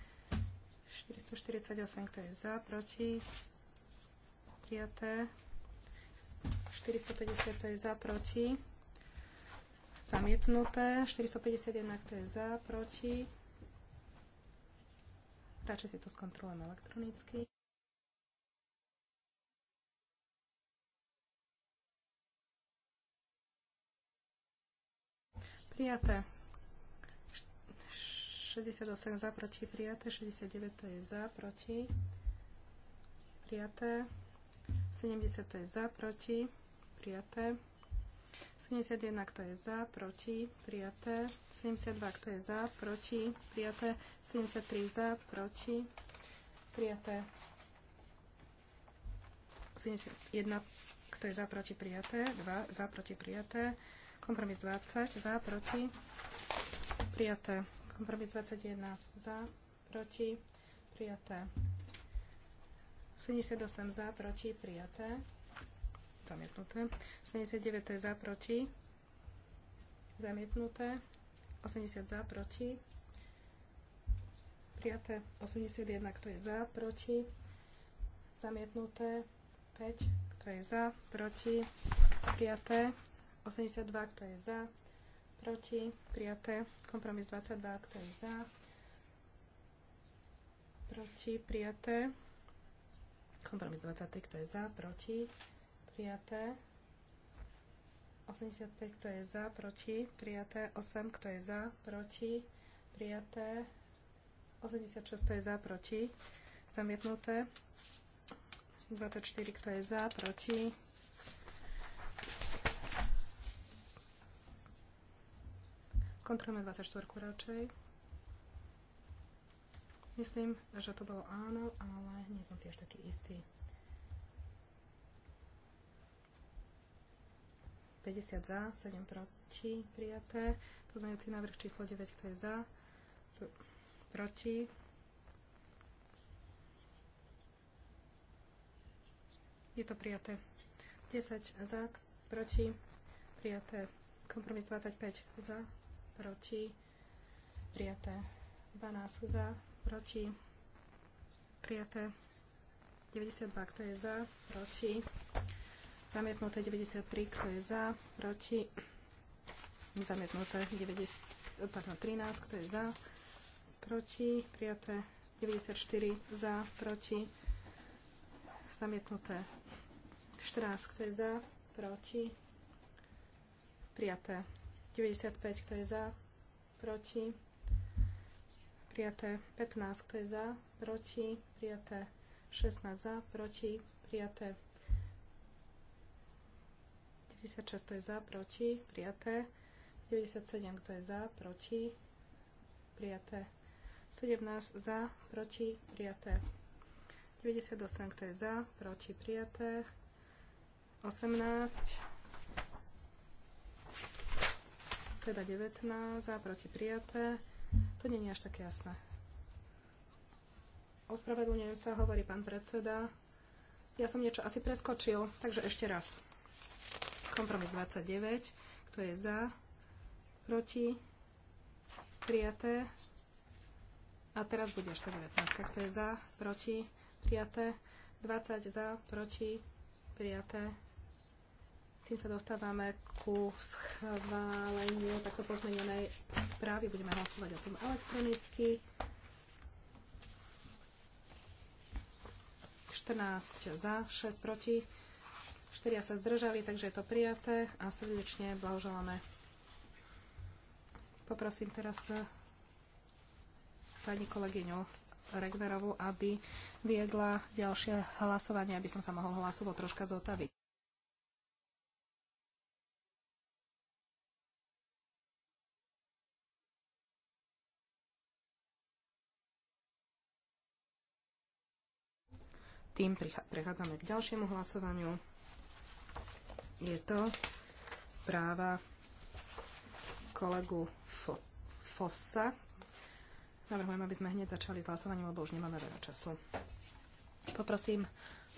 448, kto je za, proti, prijaté. 450, to je za, proti, zamietnuté. 451, kto je za, proti. Radšej si to skontrolujem elektronicky. Prijaté. 68 za, proti, prijaté. 69 to je za, proti, prijaté. 70 to je za, proti, prijaté. 71 kto je za, proti, prijaté. 72 kto je za, proti, prijaté. 73 za, proti, prijaté. 71 kto je za, proti, prijaté. 2 za, proti, prijaté. Kompromis 20 za, proti, prijaté. Kompromis 21 za, proti, prijaté. 78 za, proti, prijaté. Zamietnuté. 79 to je za, proti. Zamietnuté. 80 za, proti. Prijaté. 81, kto je za, proti. Zamietnuté. 5, kto je za, proti. Prijaté. 82, kto je za, proti, prijaté. Kompromis 22, kto je za, proti, prijaté. Kompromis 23, kto je za, proti, prijaté. 85, kto je za, proti, prijaté. 8, kto je za, proti, prijaté. 86, kto je za, proti, zamietnuté. 24, kto je za, proti, Skontrolujeme 24 radšej. Myslím, že to bolo áno, ale nie som si až taký istý. 50 za, 7 proti, prijaté. Pozmeňujúci návrh číslo 9, kto je za, proti. Je to prijaté. 10 za, proti, prijaté. Kompromis 25 za, proti, prijaté. 12 za, proti, prijaté. 92, kto je za, proti, zamietnuté 93, kto je za, proti, zamietnuté 90, pardon, 13, kto je za, proti, prijaté 94, za, proti, zamietnuté 14, kto je za, proti, prijaté 95, kto je za, proti, prijaté 15, kto je za, proti, prijaté 16 za, proti, prijaté 96, kto je za, proti, prijaté 97, kto je za, proti, prijaté 17 za, proti, prijaté 98, kto je za, proti, prijaté 18 teda 19 za, proti prijaté. To nie je až tak jasné. Ospravedlňujem sa, hovorí pán predseda. Ja som niečo asi preskočil, takže ešte raz. Kompromis 29, kto je za, proti, prijaté. A teraz bude ešte 19, kto je za, proti, prijaté. 20 za, proti, prijaté. Tým sa dostávame ku schváleniu takto pozmenenej správy. Budeme hlasovať o tom elektronicky. 14 za, 6 proti, 4 sa zdržali, takže je to prijaté a srdečne blahoželáme. Poprosím teraz eh, pani kolegyňu Regverovu, aby viedla ďalšie hlasovanie, aby som sa mohol hlasovo troška zotaviť. tým prechádzame k ďalšiemu hlasovaniu. Je to správa kolegu Fossa. Navrhujem, aby sme hneď začali s hlasovaním, lebo už nemáme veľa času. Poprosím,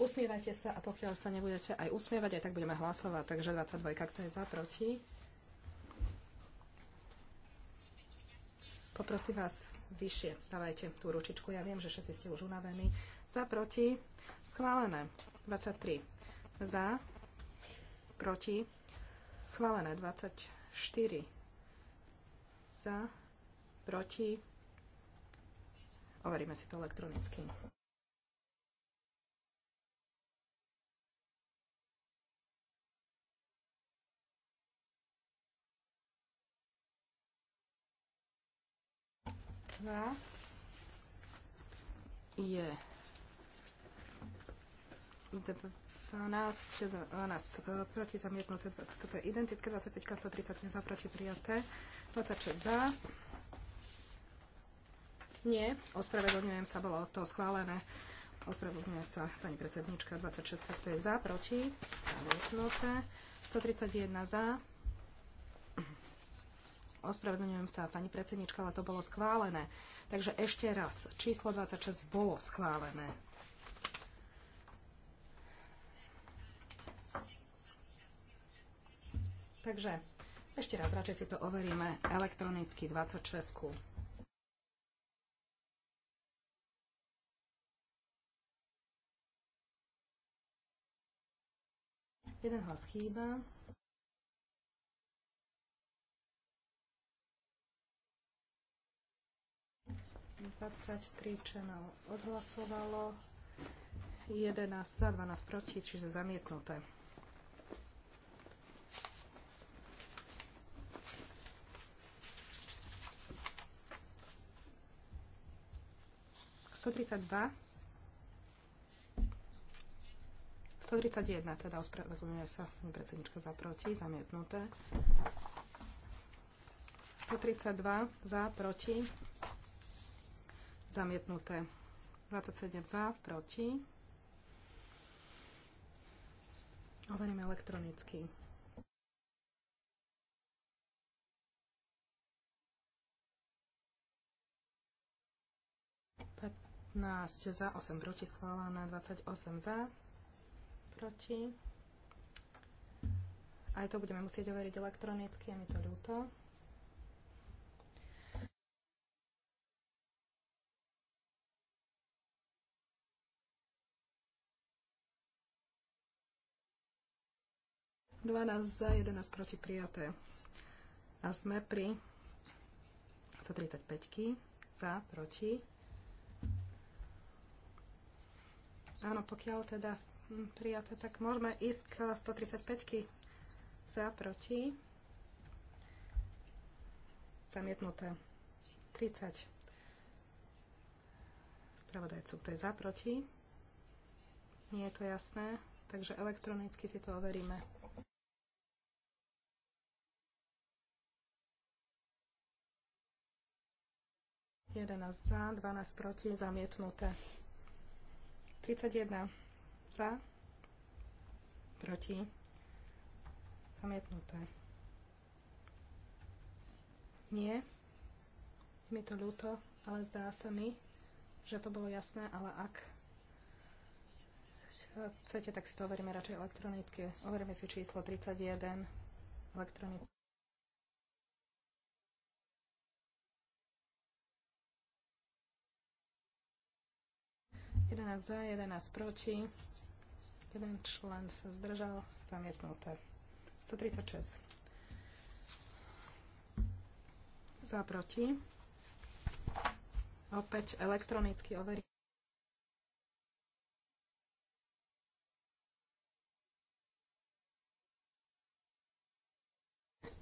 usmievajte sa a pokiaľ sa nebudete aj usmievať, aj tak budeme hlasovať. Takže 22, kto je za, proti? Poprosím vás vyššie, dávajte tú ručičku. Ja viem, že všetci ste už unavení. Za, proti? Schválené. 23. Za. Proti. Schválené. 24. Za. Proti. Overíme si to elektronicky. Dva je 12, 12 e, proti zamietnuté, toto je identické, 25, 130 za proti prijaté, 26 za. Nie, ospravedlňujem sa, bolo to schválené. Ospravedlňuje sa pani predsednička 26, to je za, proti, zamietnuté, 131 za. Ospravedlňujem sa, pani predsednička, ale to bolo schválené. Takže ešte raz, číslo 26 bolo schválené. Takže ešte raz, radšej si to overíme elektronicky 26. Jeden hlas chýba. tri členov odhlasovalo, 11 za, 12 proti, čiže zamietnuté. 132. 131, teda ospravedlňuje sa predsednička za proti, zamietnuté. 132 za, proti, zamietnuté. 27 za, proti. Overíme elektronicky. 15 za, 8 proti, schválené 28 za, proti. Aj to budeme musieť overiť elektronicky, je mi to ľúto. Dvanásť za, 11 proti prijaté. A sme pri 135 za, proti Áno, pokiaľ teda hm, prijaté, tak môžeme ísť k 135 za, proti. Zamietnuté. 30. Spravodajcu, kto je za, proti. Nie je to jasné, takže elektronicky si to overíme. Jedenáct za, 12 proti, zamietnuté. 31 za, proti, zamietnuté. Nie, mi to ľúto, ale zdá sa mi, že to bolo jasné, ale ak chcete, tak si to overíme radšej elektronicky. Overíme si číslo 31 elektronicky. 11 za, 11 proti. Jeden člen sa zdržal. Zamietnuté. 136. Za, proti. Opäť elektronicky overí.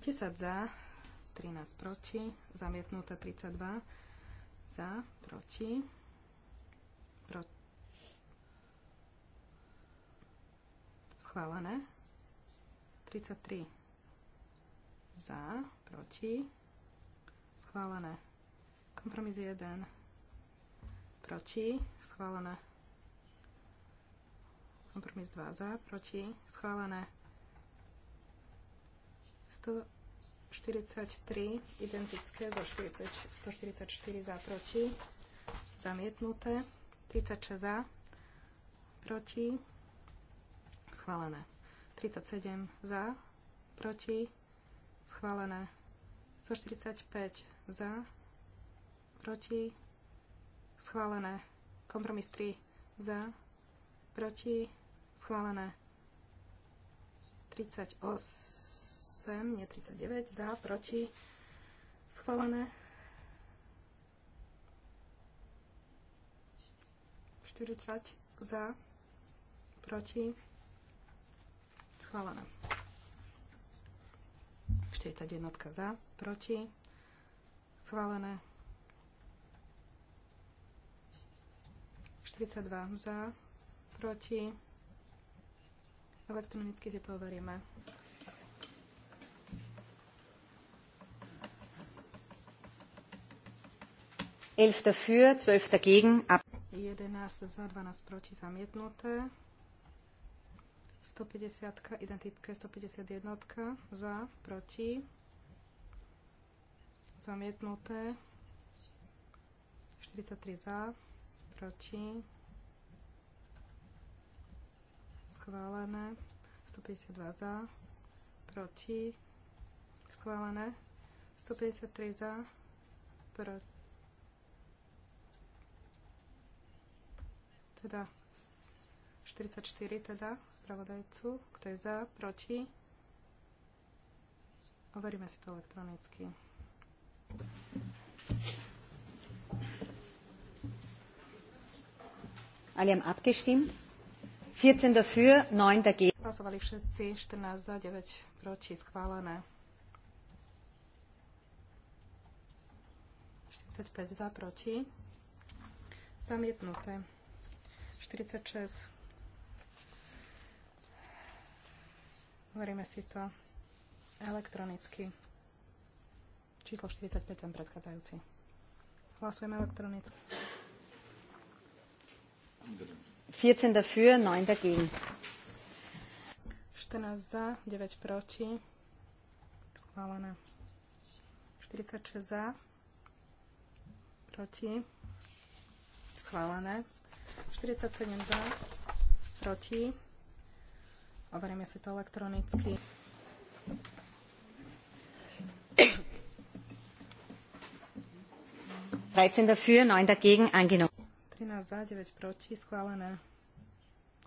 Desať za, 13 proti, zamietnuté 32 za, proti, proti Schválené. 33 za, proti. Schválené. Kompromis 1 proti. Schválené. Kompromis 2 za, proti. Schválené. 143 identické zo 40, 144 za, proti. Zamietnuté. 36 za, proti Schválené. 37 za, proti, schválené. 145 za, proti, schválené. Kompromis 3 za, proti, schválené. 38, nie 39, za, proti, schválené. 40 za, proti, schválená. 41 za, proti. Schválené. 42 za, proti. Elektronicky si to overíme. Elf dafür, 12 dagegen. 11 za, 12 proti, zamietnuté. 150, identické 151, za, proti, zamietnuté, 43 za, proti, schválené, 152 za, proti, schválené, 153 za, proti, teda 44 teda, spravodajcu. Kto je za, proti? Overíme si to elektronicky. Alle haben abgestimmt. 14 dafür, 9 dagegen. Hlasovali všetci, 14 za, 9 proti, schválené. 45 za, proti. Zamietnuté. 46 Overíme si to elektronicky. Číslo 45, ten predchádzajúci. Hlasujeme elektronicky. 14 dafür, 9 dagegen. 14 za, 9 proti. Schválené. 46 za, proti. Schválené. 47 za, proti Overíme si to elektronicky. dafür, 9 dagegen, angenommen. 13 za, 9 proti, schválené.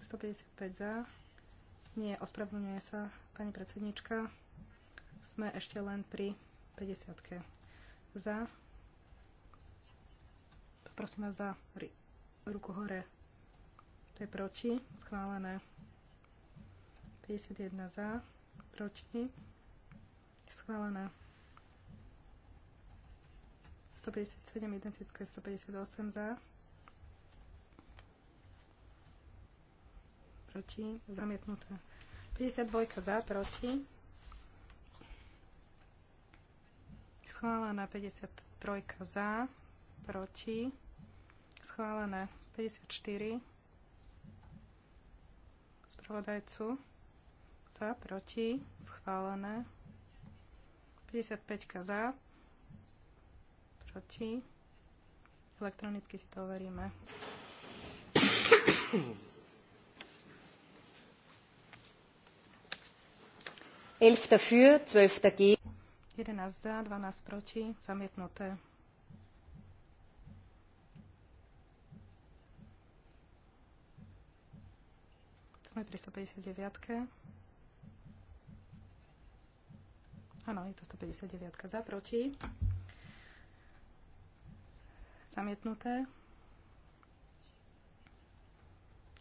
155 za. Nie, ospravedlňuje sa pani predsednička. Sme ešte len pri 50 Za. Poprosím vás za ruku hore. To je proti, schválené. 51 za, proti, schválená. 157 identické, 158 za, proti, zamietnuté. 52 za, proti, schválená. 53 za, proti, schválené. 54 spravodajcu sa, proti, schválené. 55 za, proti. Elektronicky si to overíme. Elf dafür, 12 dagegen. 11 za, 12 proti, zamietnuté. Sme pri 159. Áno, je to 159 za, proti. Zamietnuté.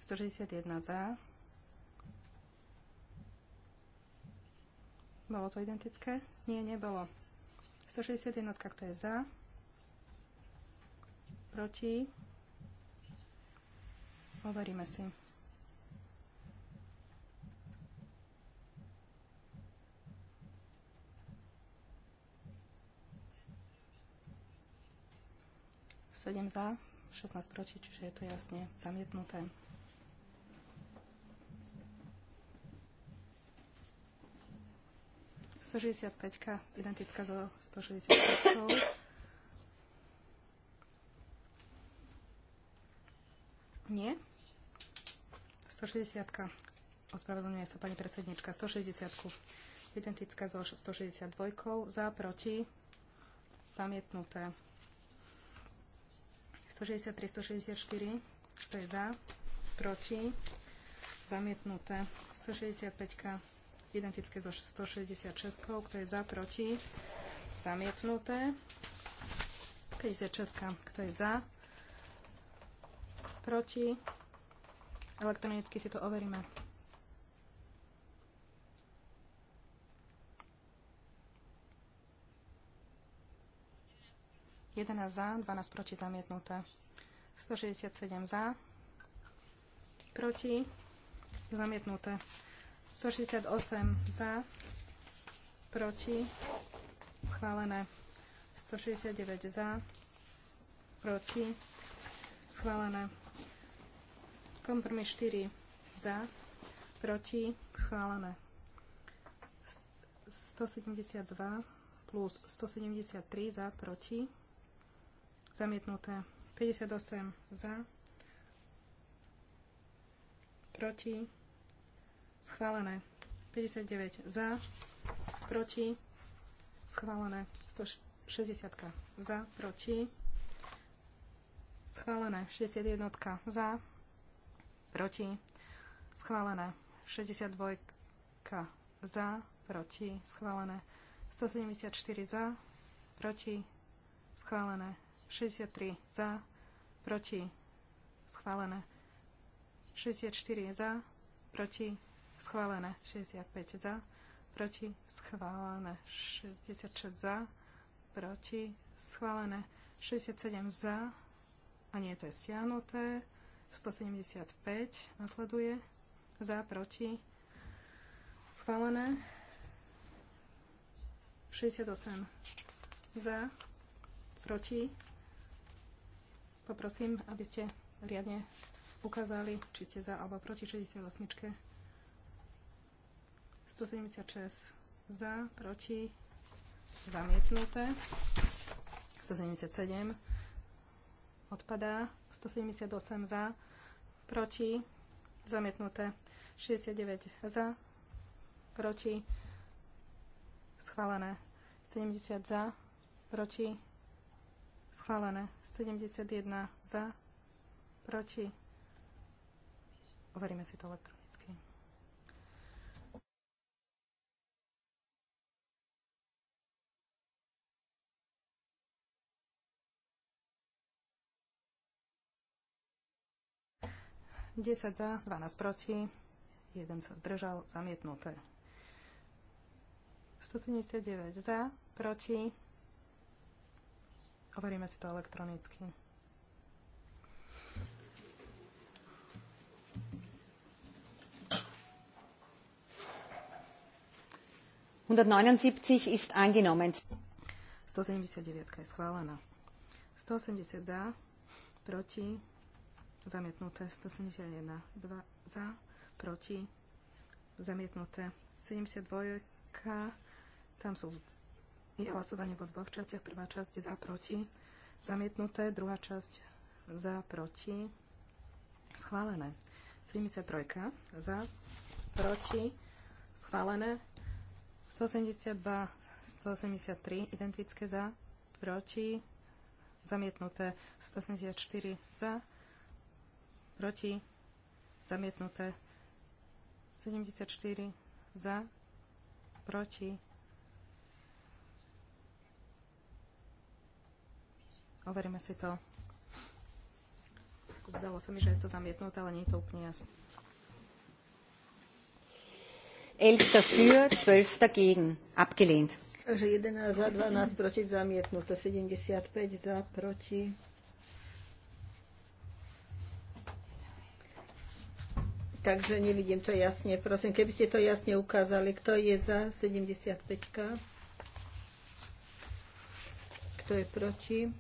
161 za. Bolo to identické? Nie, nebolo. 161, kto je za? Proti? Overíme si. 7 za, 16 proti, čiže je to jasne zamietnuté. So 65 identická so 166. Nie. 160. -ka. Ospravedlňuje sa pani predsednička. 160. -ku. Identická so 162. Za, proti. Zamietnuté. 163, 164, to je za, proti, zamietnuté. 165, identické so 166, kto je za, proti, zamietnuté. 56, kto je za, proti, elektronicky si to overíme. 11 za, 12 proti zamietnuté. 167 za, proti zamietnuté. 168 za, proti schválené. 169 za, proti schválené. Kompromis 4 za, proti schválené. 172 plus 173 za, proti Zamietnuté. 58 za. Proti. Schválené. 59 za. Proti. Schválené. 160 za. Proti. Schválené. 61 za. Proti. Schválené. 62 za. Proti. Schválené. 174 za. Proti. Schválené. 63 za, proti, schválené. 64 za, proti, schválené. 65 za, proti, schválené. 66 za, proti, schválené. 67 za, a nie, to je stiahnuté. 175 nasleduje, za, proti, schválené. 68 za, proti, Poprosím, aby ste riadne ukázali, či ste za alebo proti 68. 176 za, proti, zamietnuté. 177 odpadá, 178 za, proti, zamietnuté, 69 za, proti, schválené, 70 za, proti, Schválené. 71 za, proti. Overíme si to elektronicky. Desať za, 12 proti, jeden sa zdržal, zamietnuté. 179 za, proti, Overíme si to elektronicky. ist angenommen. 179 je schválená. 180 za, proti, zamietnuté. 171 2 za, proti, zamietnuté. 72 tam sú je hlasovanie po dvoch častiach. Prvá časť za proti. Zamietnuté. Druhá časť za proti. Schválené. 73. Za proti. Schválené. 172, 183 identické za proti. Zamietnuté. 174 za proti. Zamietnuté. 74 za proti Overíme si to. Zdalo sa mi, že je to zamietnuté, ale nie je to úplne jasné. 11 für, 12 dagegen. Abgelehnt. Takže 11 za, 12 proti, zamietnuté. 75 za, proti. Takže nevidím to jasne. Prosím, keby ste to jasne ukázali, kto je za 75 -ka? Kto je proti?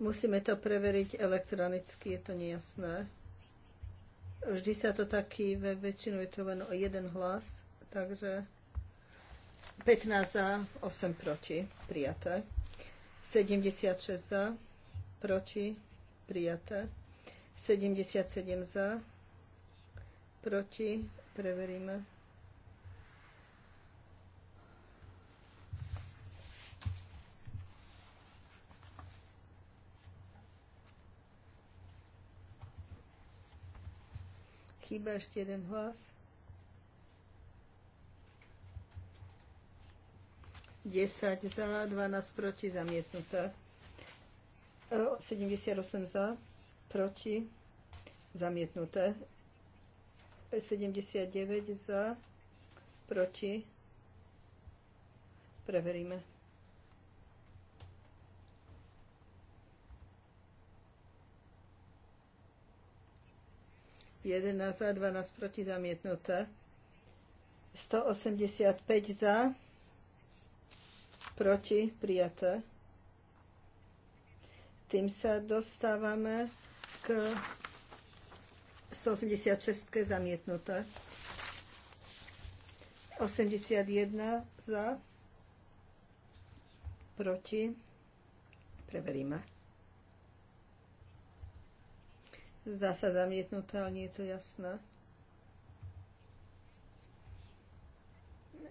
Musíme to preveriť elektronicky, je to nejasné. Vždy sa to taký, väčšinu je to len o jeden hlas, takže 15 za, 8 proti, prijaté. 76 za, proti, prijaté. 77 za, proti, preveríme. chýba ešte jeden hlas. 10 za, 12 proti, zamietnuté. 78 za, proti, zamietnuté. 79 za, proti, preveríme. 11 za, 12 proti zamietnuté. 185 za, proti prijaté. Tým sa dostávame k 186 zamietnuté. 81 za, proti. Preveríme. Zdá sa zamietnuté, ale nie je to jasné.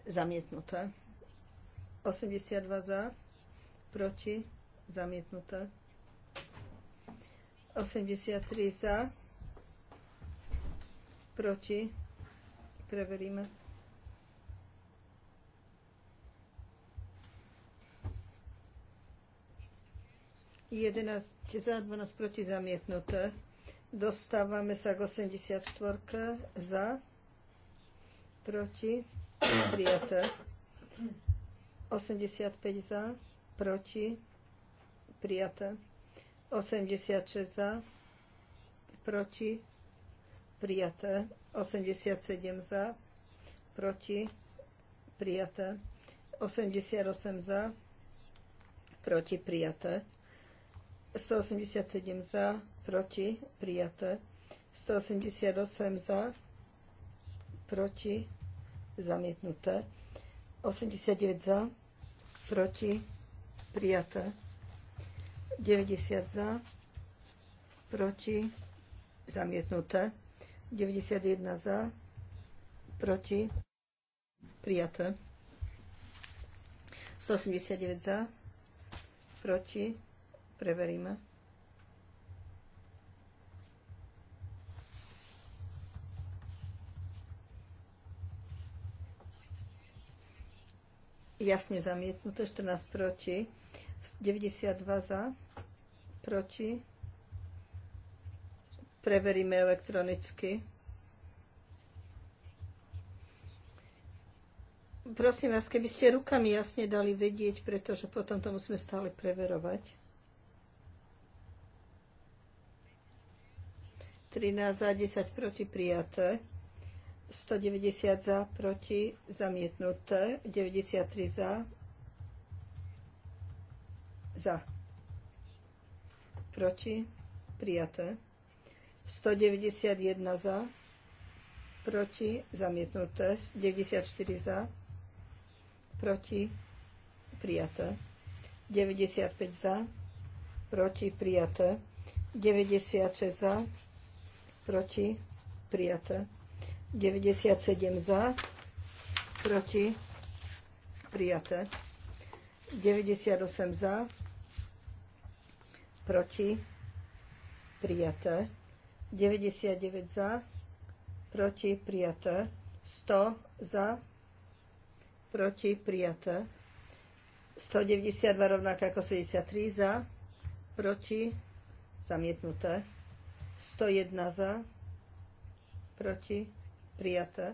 Zamietnuté. 82 za, proti, zamietnuté. 83 za, proti, preveríme. Jedenáct za, 12 proti, zamietnuté. Dostávame sa k 84 za, proti, prijaté. 85 za, proti, prijaté. 86 za, proti, prijaté. 87 za, proti, prijaté. 88 za, proti, prijaté. 187 za, proti, prijaté. 188 za, proti, zamietnuté. 89 za, proti, prijaté. 90 za, proti, zamietnuté. 91 za, proti, prijaté. 189 za, proti, preveríme. Jasne zamietnuté, 14 proti, 92 za, proti. Preveríme elektronicky. Prosím vás, keby ste rukami jasne dali vedieť, pretože potom to musíme stále preverovať. 13 za 10 proti prijaté. 190 za, proti, zamietnuté. 93 za, za, proti, prijaté. 191 za, proti, zamietnuté. 94 za, proti, prijaté. 95 za, proti, prijaté. 96 za, proti, prijaté. 97 za, proti, prijaté. 98 za, proti, prijaté. 99 za, proti, prijaté. 100 za, proti, prijaté. 192 rovnaké ako 63 za, proti, zamietnuté. 101 za, proti, prijaté.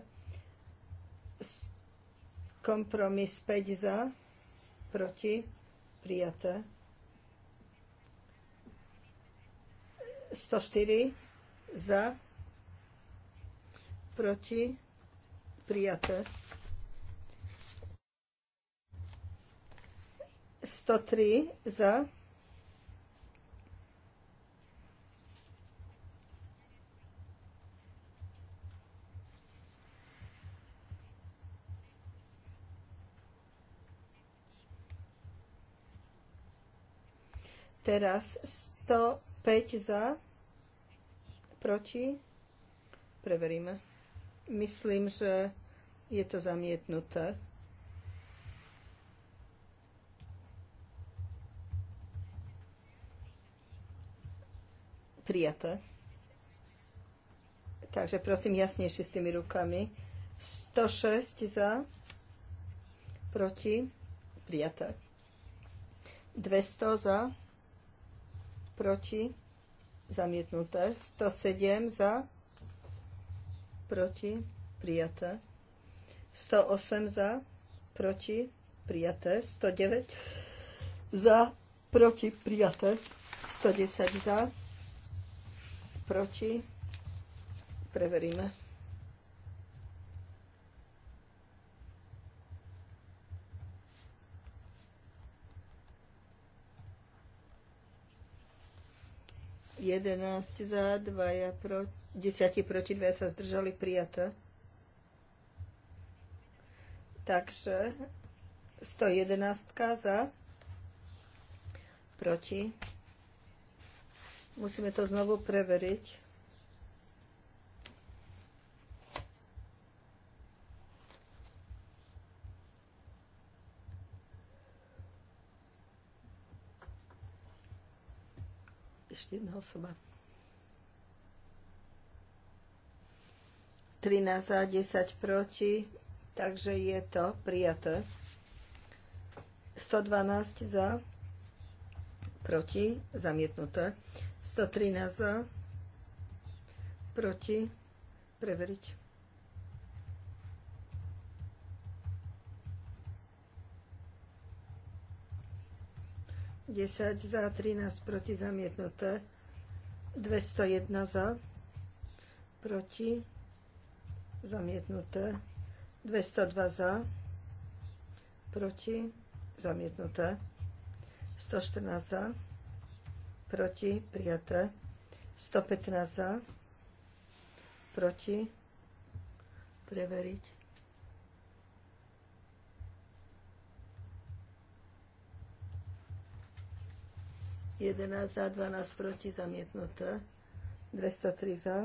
Kompromis 5 za, proti, prijaté. 104 za, proti, prijaté. 103 za, Teraz 105 za, proti. Preveríme. Myslím, že je to zamietnuté. Prijaté. Takže prosím jasnejšie s tými rukami. 106 za, proti, prijaté. 200 za, proti, zamietnuté. 107 za, proti, prijaté. 108 za, proti, prijaté. 109 za, proti, prijaté. 110 za, proti, preveríme. 11 za, 2 proti, 10 proti 2 sa zdržali prijaté. Takže 111 za, proti. Musíme to znovu preveriť. Ešte jedna osoba. 13 za, 10 proti, takže je to prijaté. 112 za, proti, zamietnuté. 113 za, proti, preveriť. 10 za, 13 proti zamietnuté. 201 za, proti zamietnuté. 202 za, proti zamietnuté. 114 za, proti prijaté. 115 za, proti preveriť. 11 za, 12 proti, zamietnuté. 203 za,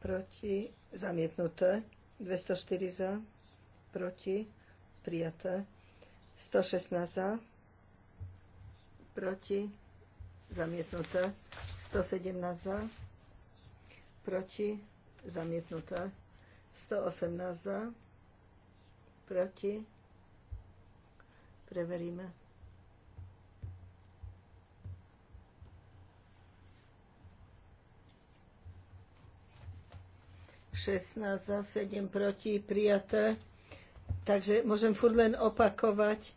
proti, zamietnuté. 204 za, proti, prijaté. 116 za, proti, zamietnuté. 117 za, proti, zamietnuté. 118 za, proti, preveríme. 16 za 7 proti prijaté. Takže môžem furt len opakovať,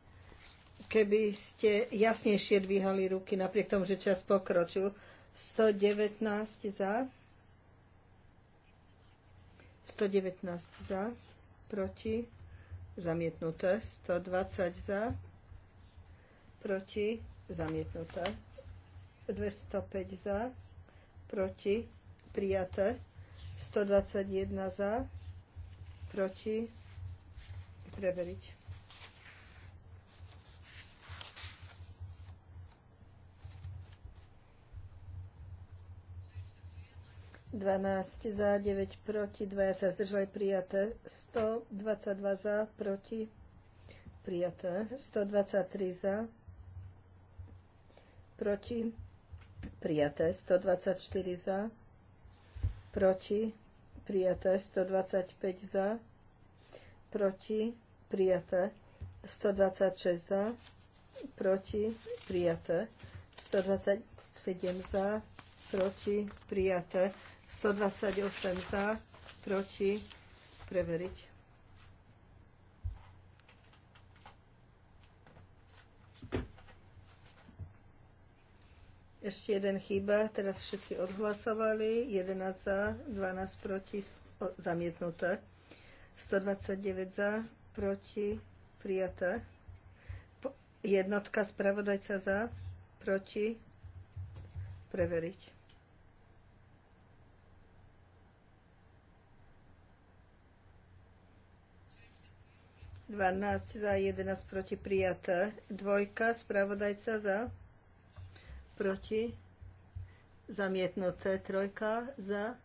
keby ste jasnejšie dvíhali ruky, napriek tomu, že čas pokročil. 119 za. 119 za. Proti. Zamietnuté. 120 za. Proti. Zamietnuté. 205 za. Proti. Prijaté. 121 za, proti, preveriť. Dvanásť za, 9 proti, dvaja sa zdržali prijaté, 122 za, proti, prijaté, 123 za, proti, prijaté, 124 za, proti, prijaté 125 za, proti, prijaté 126 za, proti, prijaté 127 za, proti, prijaté 128 za, proti, preveriť. Ešte jeden chyba, teraz všetci odhlasovali, 11 za, 12 proti, zamietnuté, 129 za, proti, prijaté, jednotka spravodajca za, proti, preveriť. Dvanásť za, 11 proti prijaté. Dvojka, spravodajca za proti, zamietnuté, trojka za,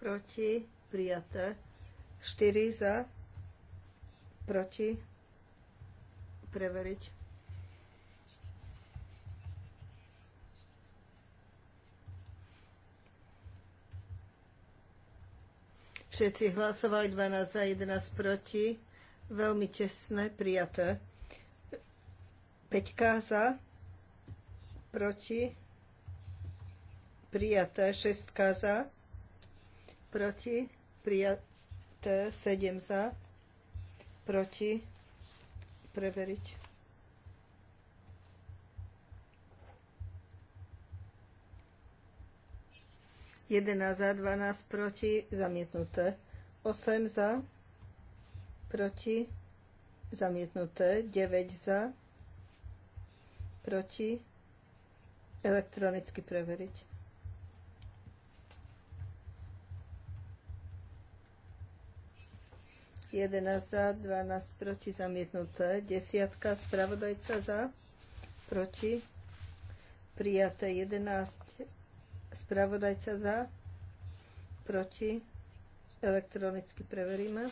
proti, prijaté, štyri za, proti, preveriť. Všetci hlasovali 12 za 11 proti. Veľmi tesné, prijaté. 5 za, proti, prijaté, 6 za, proti, prijaté, sedem za, proti, preveriť. Jedenáct za, 12 proti, zamietnuté. 8 za, proti, zamietnuté. 9 za, proti, elektronicky preveriť. Jedenáct za, dvanáct proti, zamietnuté. Desiatka, spravodajca za, proti. Prijaté jedenáct spravodajca za, proti. Elektronicky preveríme.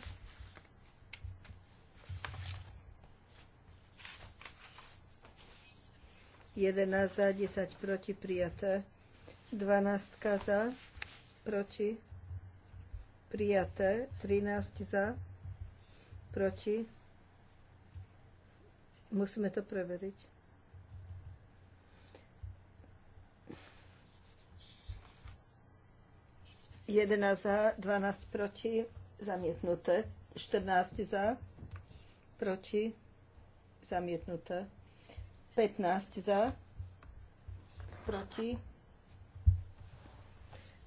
11 za, 10 proti prijaté. 12 za, proti prijaté. 13 za, proti. Musíme to preveriť. Jedenáct za, 12 proti, zamietnuté. 14 za, proti, zamietnuté. 15 za, proti,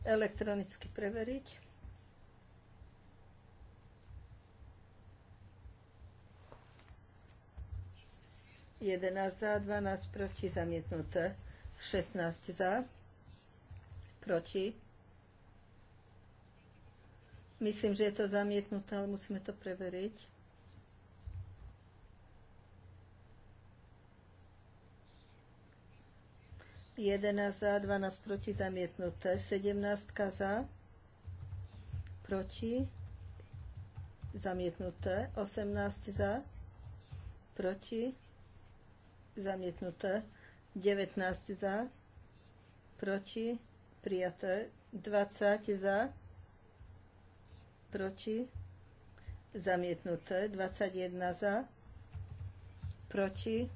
elektronicky preveriť. Jedenáct za, 12 proti, zamietnuté. 16 za, proti. Myslím, že je to zamietnuté, ale musíme to preveriť. 11 za, 12 proti zamietnuté, 17 za, proti zamietnuté, 18 za, proti zamietnuté, 19 za, proti prijaté, 20 za, proti zamietnuté, 21 za, proti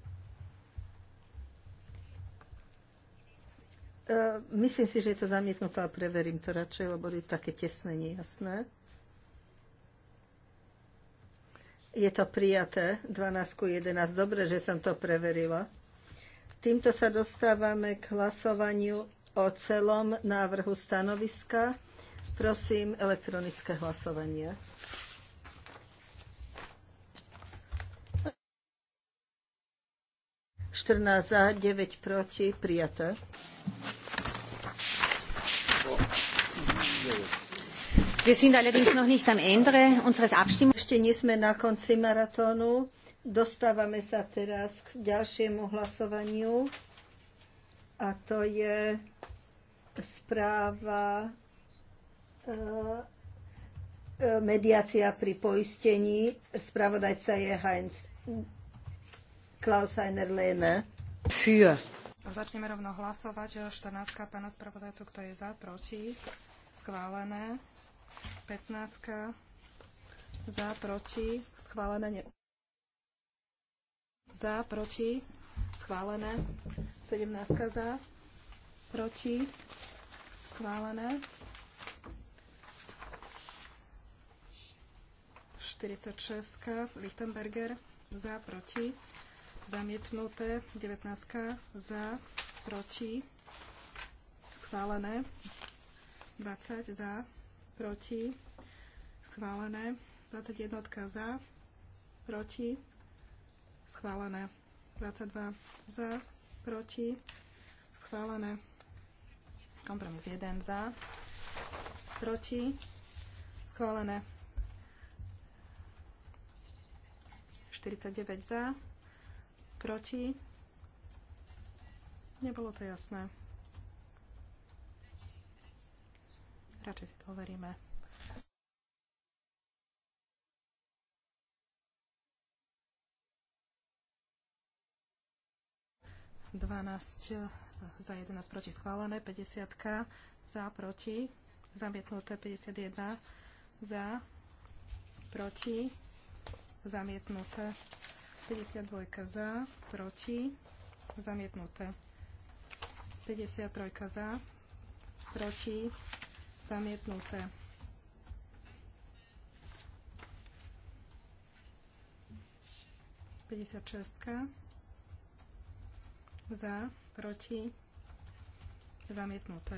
E, myslím si, že je to zamietnuté, ale preverím to radšej, lebo je také tesné, nejasné. Je to prijaté, 12 11. Dobre, že som to preverila. Týmto sa dostávame k hlasovaniu o celom návrhu stanoviska. Prosím, elektronické hlasovanie. Štrnáct za, 9 proti, prijaté. Wir sind allerdings noch nicht am Ende unseres Abstimmungs. Ešte nie sme na konci maratónu. Dostávame sa teraz k ďalšiemu hlasovaniu a to je správa e, e, mediácia pri poistení. Spravodajca je Heinz Klaus Heiner Lehne. Für. Začneme rovno hlasovať. 14. pána spravodajcu, kto je za, proti, schválené. 15 za, proti, schválené, ne... za, proti, schválené, 17 za, proti, schválené, 46 Lichtenberger, za, proti, zamietnuté, 19 za, proti, schválené, 20 za, proti, schválené. 21 za, proti, schválené. 22 za, proti, schválené. Kompromis 1 za, proti, schválené. 49 za, proti. Nebolo to jasné. či si to overíme. Dvanásť eh, za 11 proti schválené, 50 za proti, zamietnuté 51 za proti, zamietnuté 52 za proti, zamietnuté 53 za proti, zamietnuté. Päťdesiat šestka za, proti, zamietnuté.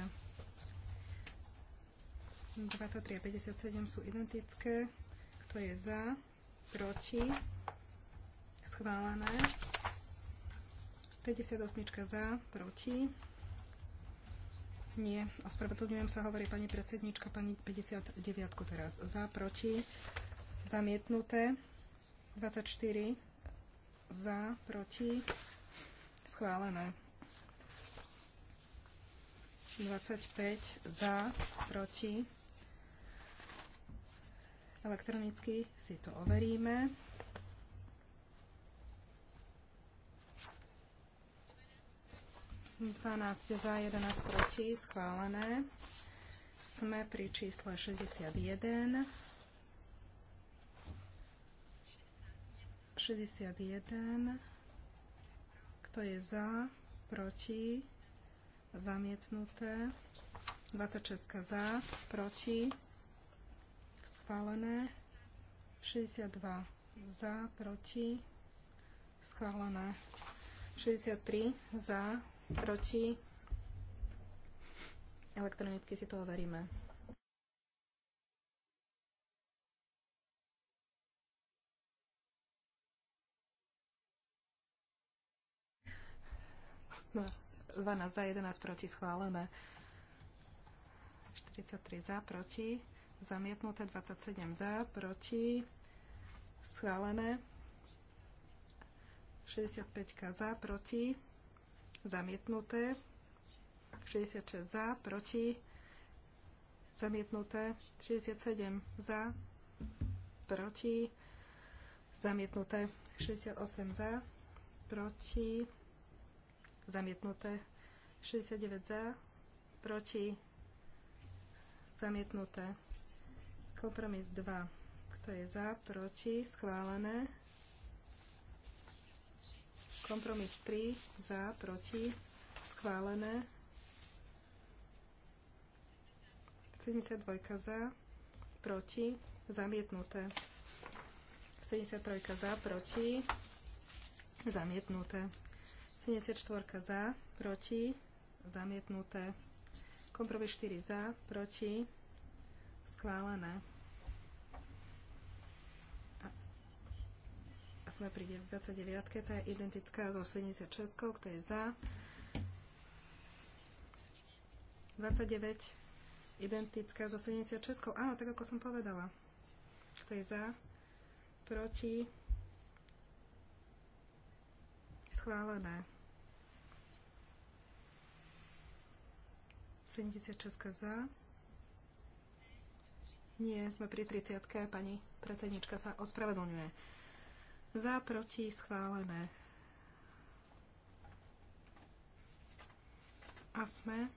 23 a 57 sú identické. Kto je za, proti, schválené. 58 za, proti, nie, ospravedlňujem sa, hovorí pani predsednička, pani 59 teraz. Za, proti, zamietnuté, 24, za, proti, schválené. 25 za, proti. Elektronicky si to overíme. 12 za, 11 proti, schválené. Sme pri čísle 61. 61. Kto je za, proti, zamietnuté. 26 za, proti, schválené. 62 za, proti, schválené. 63 za, proti. Elektronicky si to overíme. No, 12 za, 11 proti, schválené. 43 za, proti, zamietnuté, 27 za, proti, schválené. 65 za, proti, zamietnuté. 66 za, proti, zamietnuté. 67 za, proti, zamietnuté. 68 za, proti, zamietnuté. 69 za, proti, zamietnuté. Kompromis 2. Kto je za, proti, schválené. Kompromis 3 za, proti, schválené. 72 za, proti, zamietnuté. 73 za, proti, zamietnuté. 74 za, proti, zamietnuté. Kompromis 4 za, proti, schválené. sme pri 29, tá je identická so 76, kto je za. 29, identická so 76, áno, tak ako som povedala. Kto je za, proti, schválené. 76 za. Nie, sme pri 30. Pani predsednička sa ospravedlňuje. Za, proti, schválené. A sme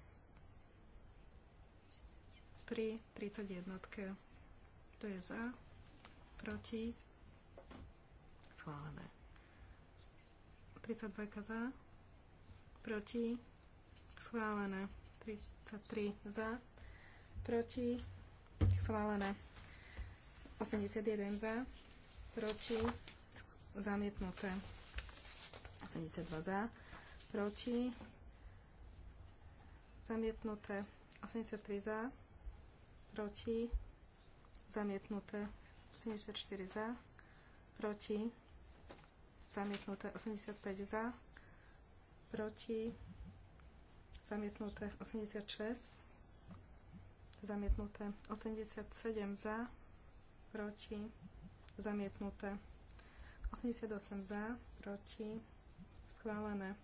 pri 31. to je za, proti, schválené. 32 za, proti, schválené. 33 za, proti, schválené. 81 za, proti, zamietnuté. 82 za, proti, zamietnuté. 83 za, proti, zamietnuté. 84 za, proti, zamietnuté. 85 za, proti, zamietnuté. 86 zamietnuté. 87 za, proti, zamietnuté. 88 za, proti, schválené.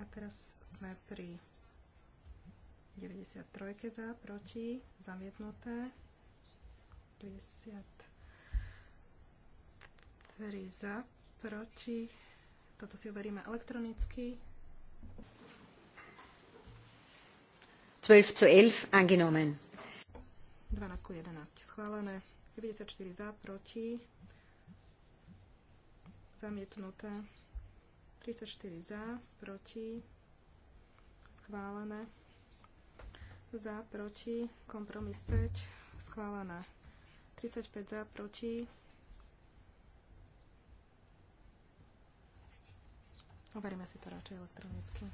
A teraz sme pri 93 za, proti, zamietnuté. 53 za, proti. Toto si overíme elektronicky. 12 zu 11 angenomen. 12 ku 11 schválené. 94 za, proti, zamietnuté. 34 za, proti, schválené. Za, proti, kompromis 5, schválené. 35 za, proti. Overíme si to radšej elektronicky.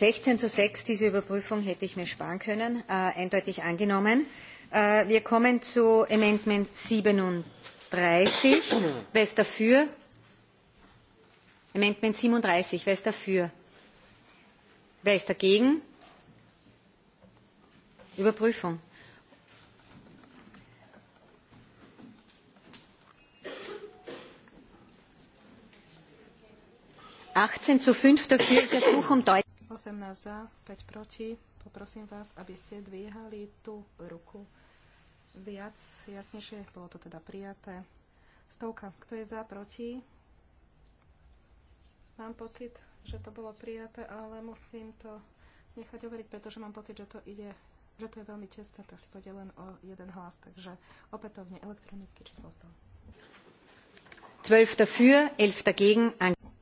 Sechzehn zu sechs diese Überprüfung hätte ich mir sparen können, äh, eindeutig angenommen. Äh, wir kommen zu Amendment siebenunddreißig. Wer ist dafür? Amendment siebenunddreißig Wer ist dafür? Wer ist dagegen? Überprüfung. achtzehn zu fünf dafür. Ich ersuche um 18 za, 5 proti. Poprosím vás, aby ste dvíhali tú ruku viac, jasnejšie, bolo to teda prijaté. Stovka, kto je za, proti? Mám pocit, že to bolo prijaté, ale musím to nechať overiť, pretože mám pocit, že to ide že to je veľmi tesné, tak si to ide len o jeden hlas. Takže opätovne elektronicky číslo 100. 12 dafür, 11 dagegen.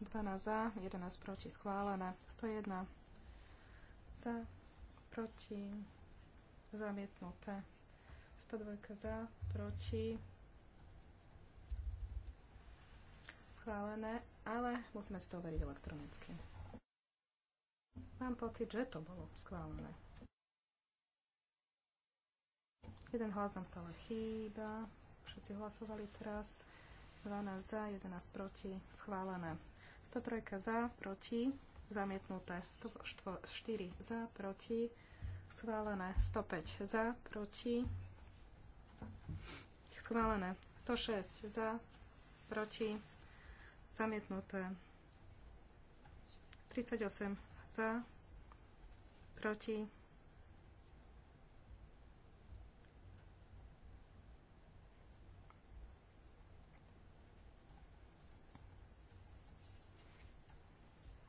12 za, 11 proti, schválené. 101 za, proti, zamietnuté. 102 za, proti, schválené, ale musíme si to overiť elektronicky. Mám pocit, že to bolo schválené. Jeden hlas nám stále chýba. Všetci hlasovali teraz. 12 za, 11 proti, schválené. 103 za, proti, zamietnuté 104 za, proti, schválené 105 za, proti, schválené 106 za, proti, zamietnuté 38 za, proti,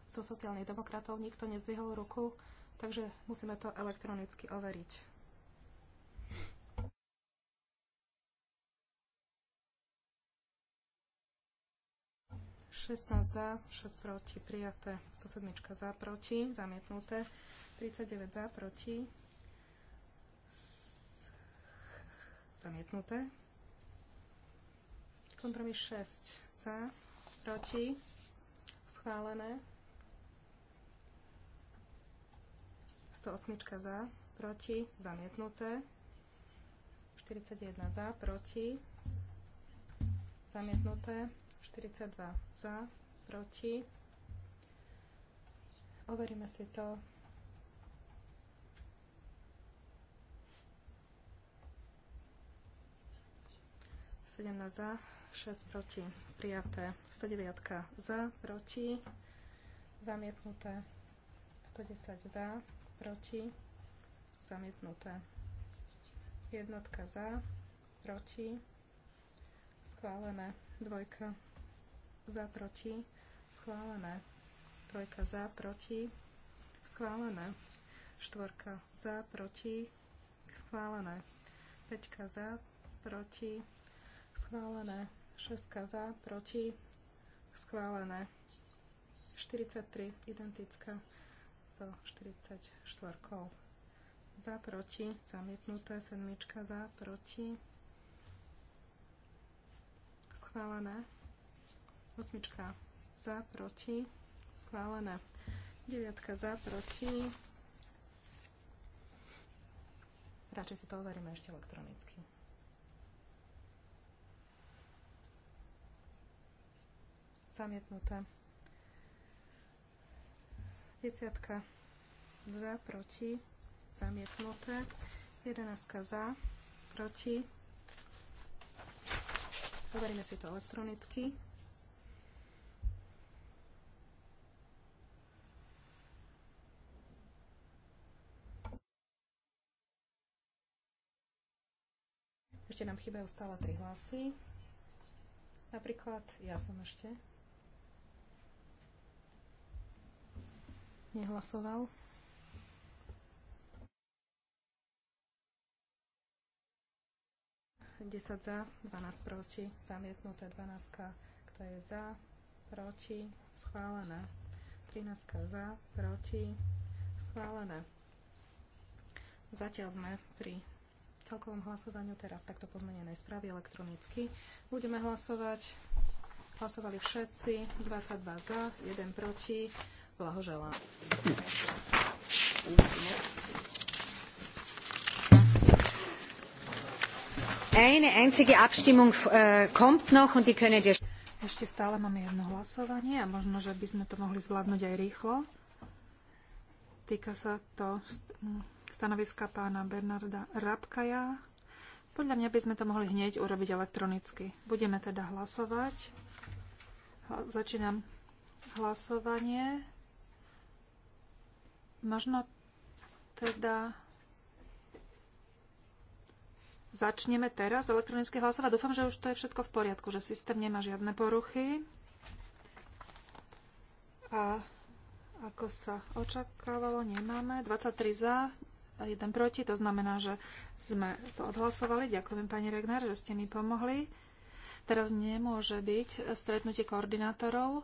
zo sociálnych demokratov nikto nezvihol ruku, takže musíme to elektronicky overiť. Šestnásť za, 6 proti, prijaté, 107 za, proti, zamietnuté, 39 za, proti, zamietnuté. Kompromis 6 za, proti, schválené. 108 za, proti, zamietnuté. 41 za, proti, zamietnuté. 42 za, proti. Overíme si to. Sedemnásť za, 6 proti, prijaté. 109 za, proti, zamietnuté. 110 za, proti, zamietnuté. Jednotka za, proti, schválené. Dvojka za, proti, schválené. Trojka za, proti, schválené. Štvorka za, proti, schválené. Peťka za, proti, schválené. Šestka za, proti, schválené. 43, identická. 44. Za, proti, zamietnuté, sedmička za, proti, schválené, osmička za, proti, schválené, deviatka za, proti, radšej si to overíme ešte elektronicky. Zamietnuté. Desiatka za, proti, zamietnuté. Jedenáctka za, proti. Zoberieme si to elektronicky. Ešte nám chýbajú stále tri hlasy. Napríklad ja som ešte nehlasoval. Desať za, 12 proti, zamietnuté 12, kto je za, proti, schválené. 13 za, proti, schválené. Zatiaľ sme pri celkovom hlasovaniu teraz takto pozmenenej správy elektronicky. Budeme hlasovať. Hlasovali všetci, 22 za, 1 proti. Blahoželám. Eine einzige Abstimmung äh, kommt noch und die können wir... Ešte stále máme jedno hlasovanie a možno, že by sme to mohli zvládnuť aj rýchlo. Týka sa to stanoviska pána Bernarda Rabkaja. Podľa mňa by sme to mohli hneď urobiť elektronicky. Budeme teda hlasovať. Začínam hlasovanie. Možno teda začneme teraz elektronické hlasovať. Dúfam, že už to je všetko v poriadku, že systém nemá žiadne poruchy. A ako sa očakávalo, nemáme. 23 za, jeden proti, to znamená, že sme to odhlasovali. Ďakujem pani Regner, že ste mi pomohli. Teraz nemôže byť stretnutie koordinátorov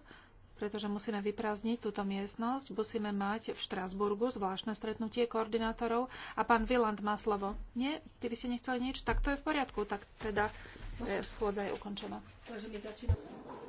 pretože musíme vyprázdniť túto miestnosť. Musíme mať v Štrasburgu zvláštne stretnutie koordinátorov. A pán Viland má slovo. Nie? Ty by ste nechceli nič? Tak to je v poriadku. Tak teda e, schôdza je ukončená. Takže my začíname.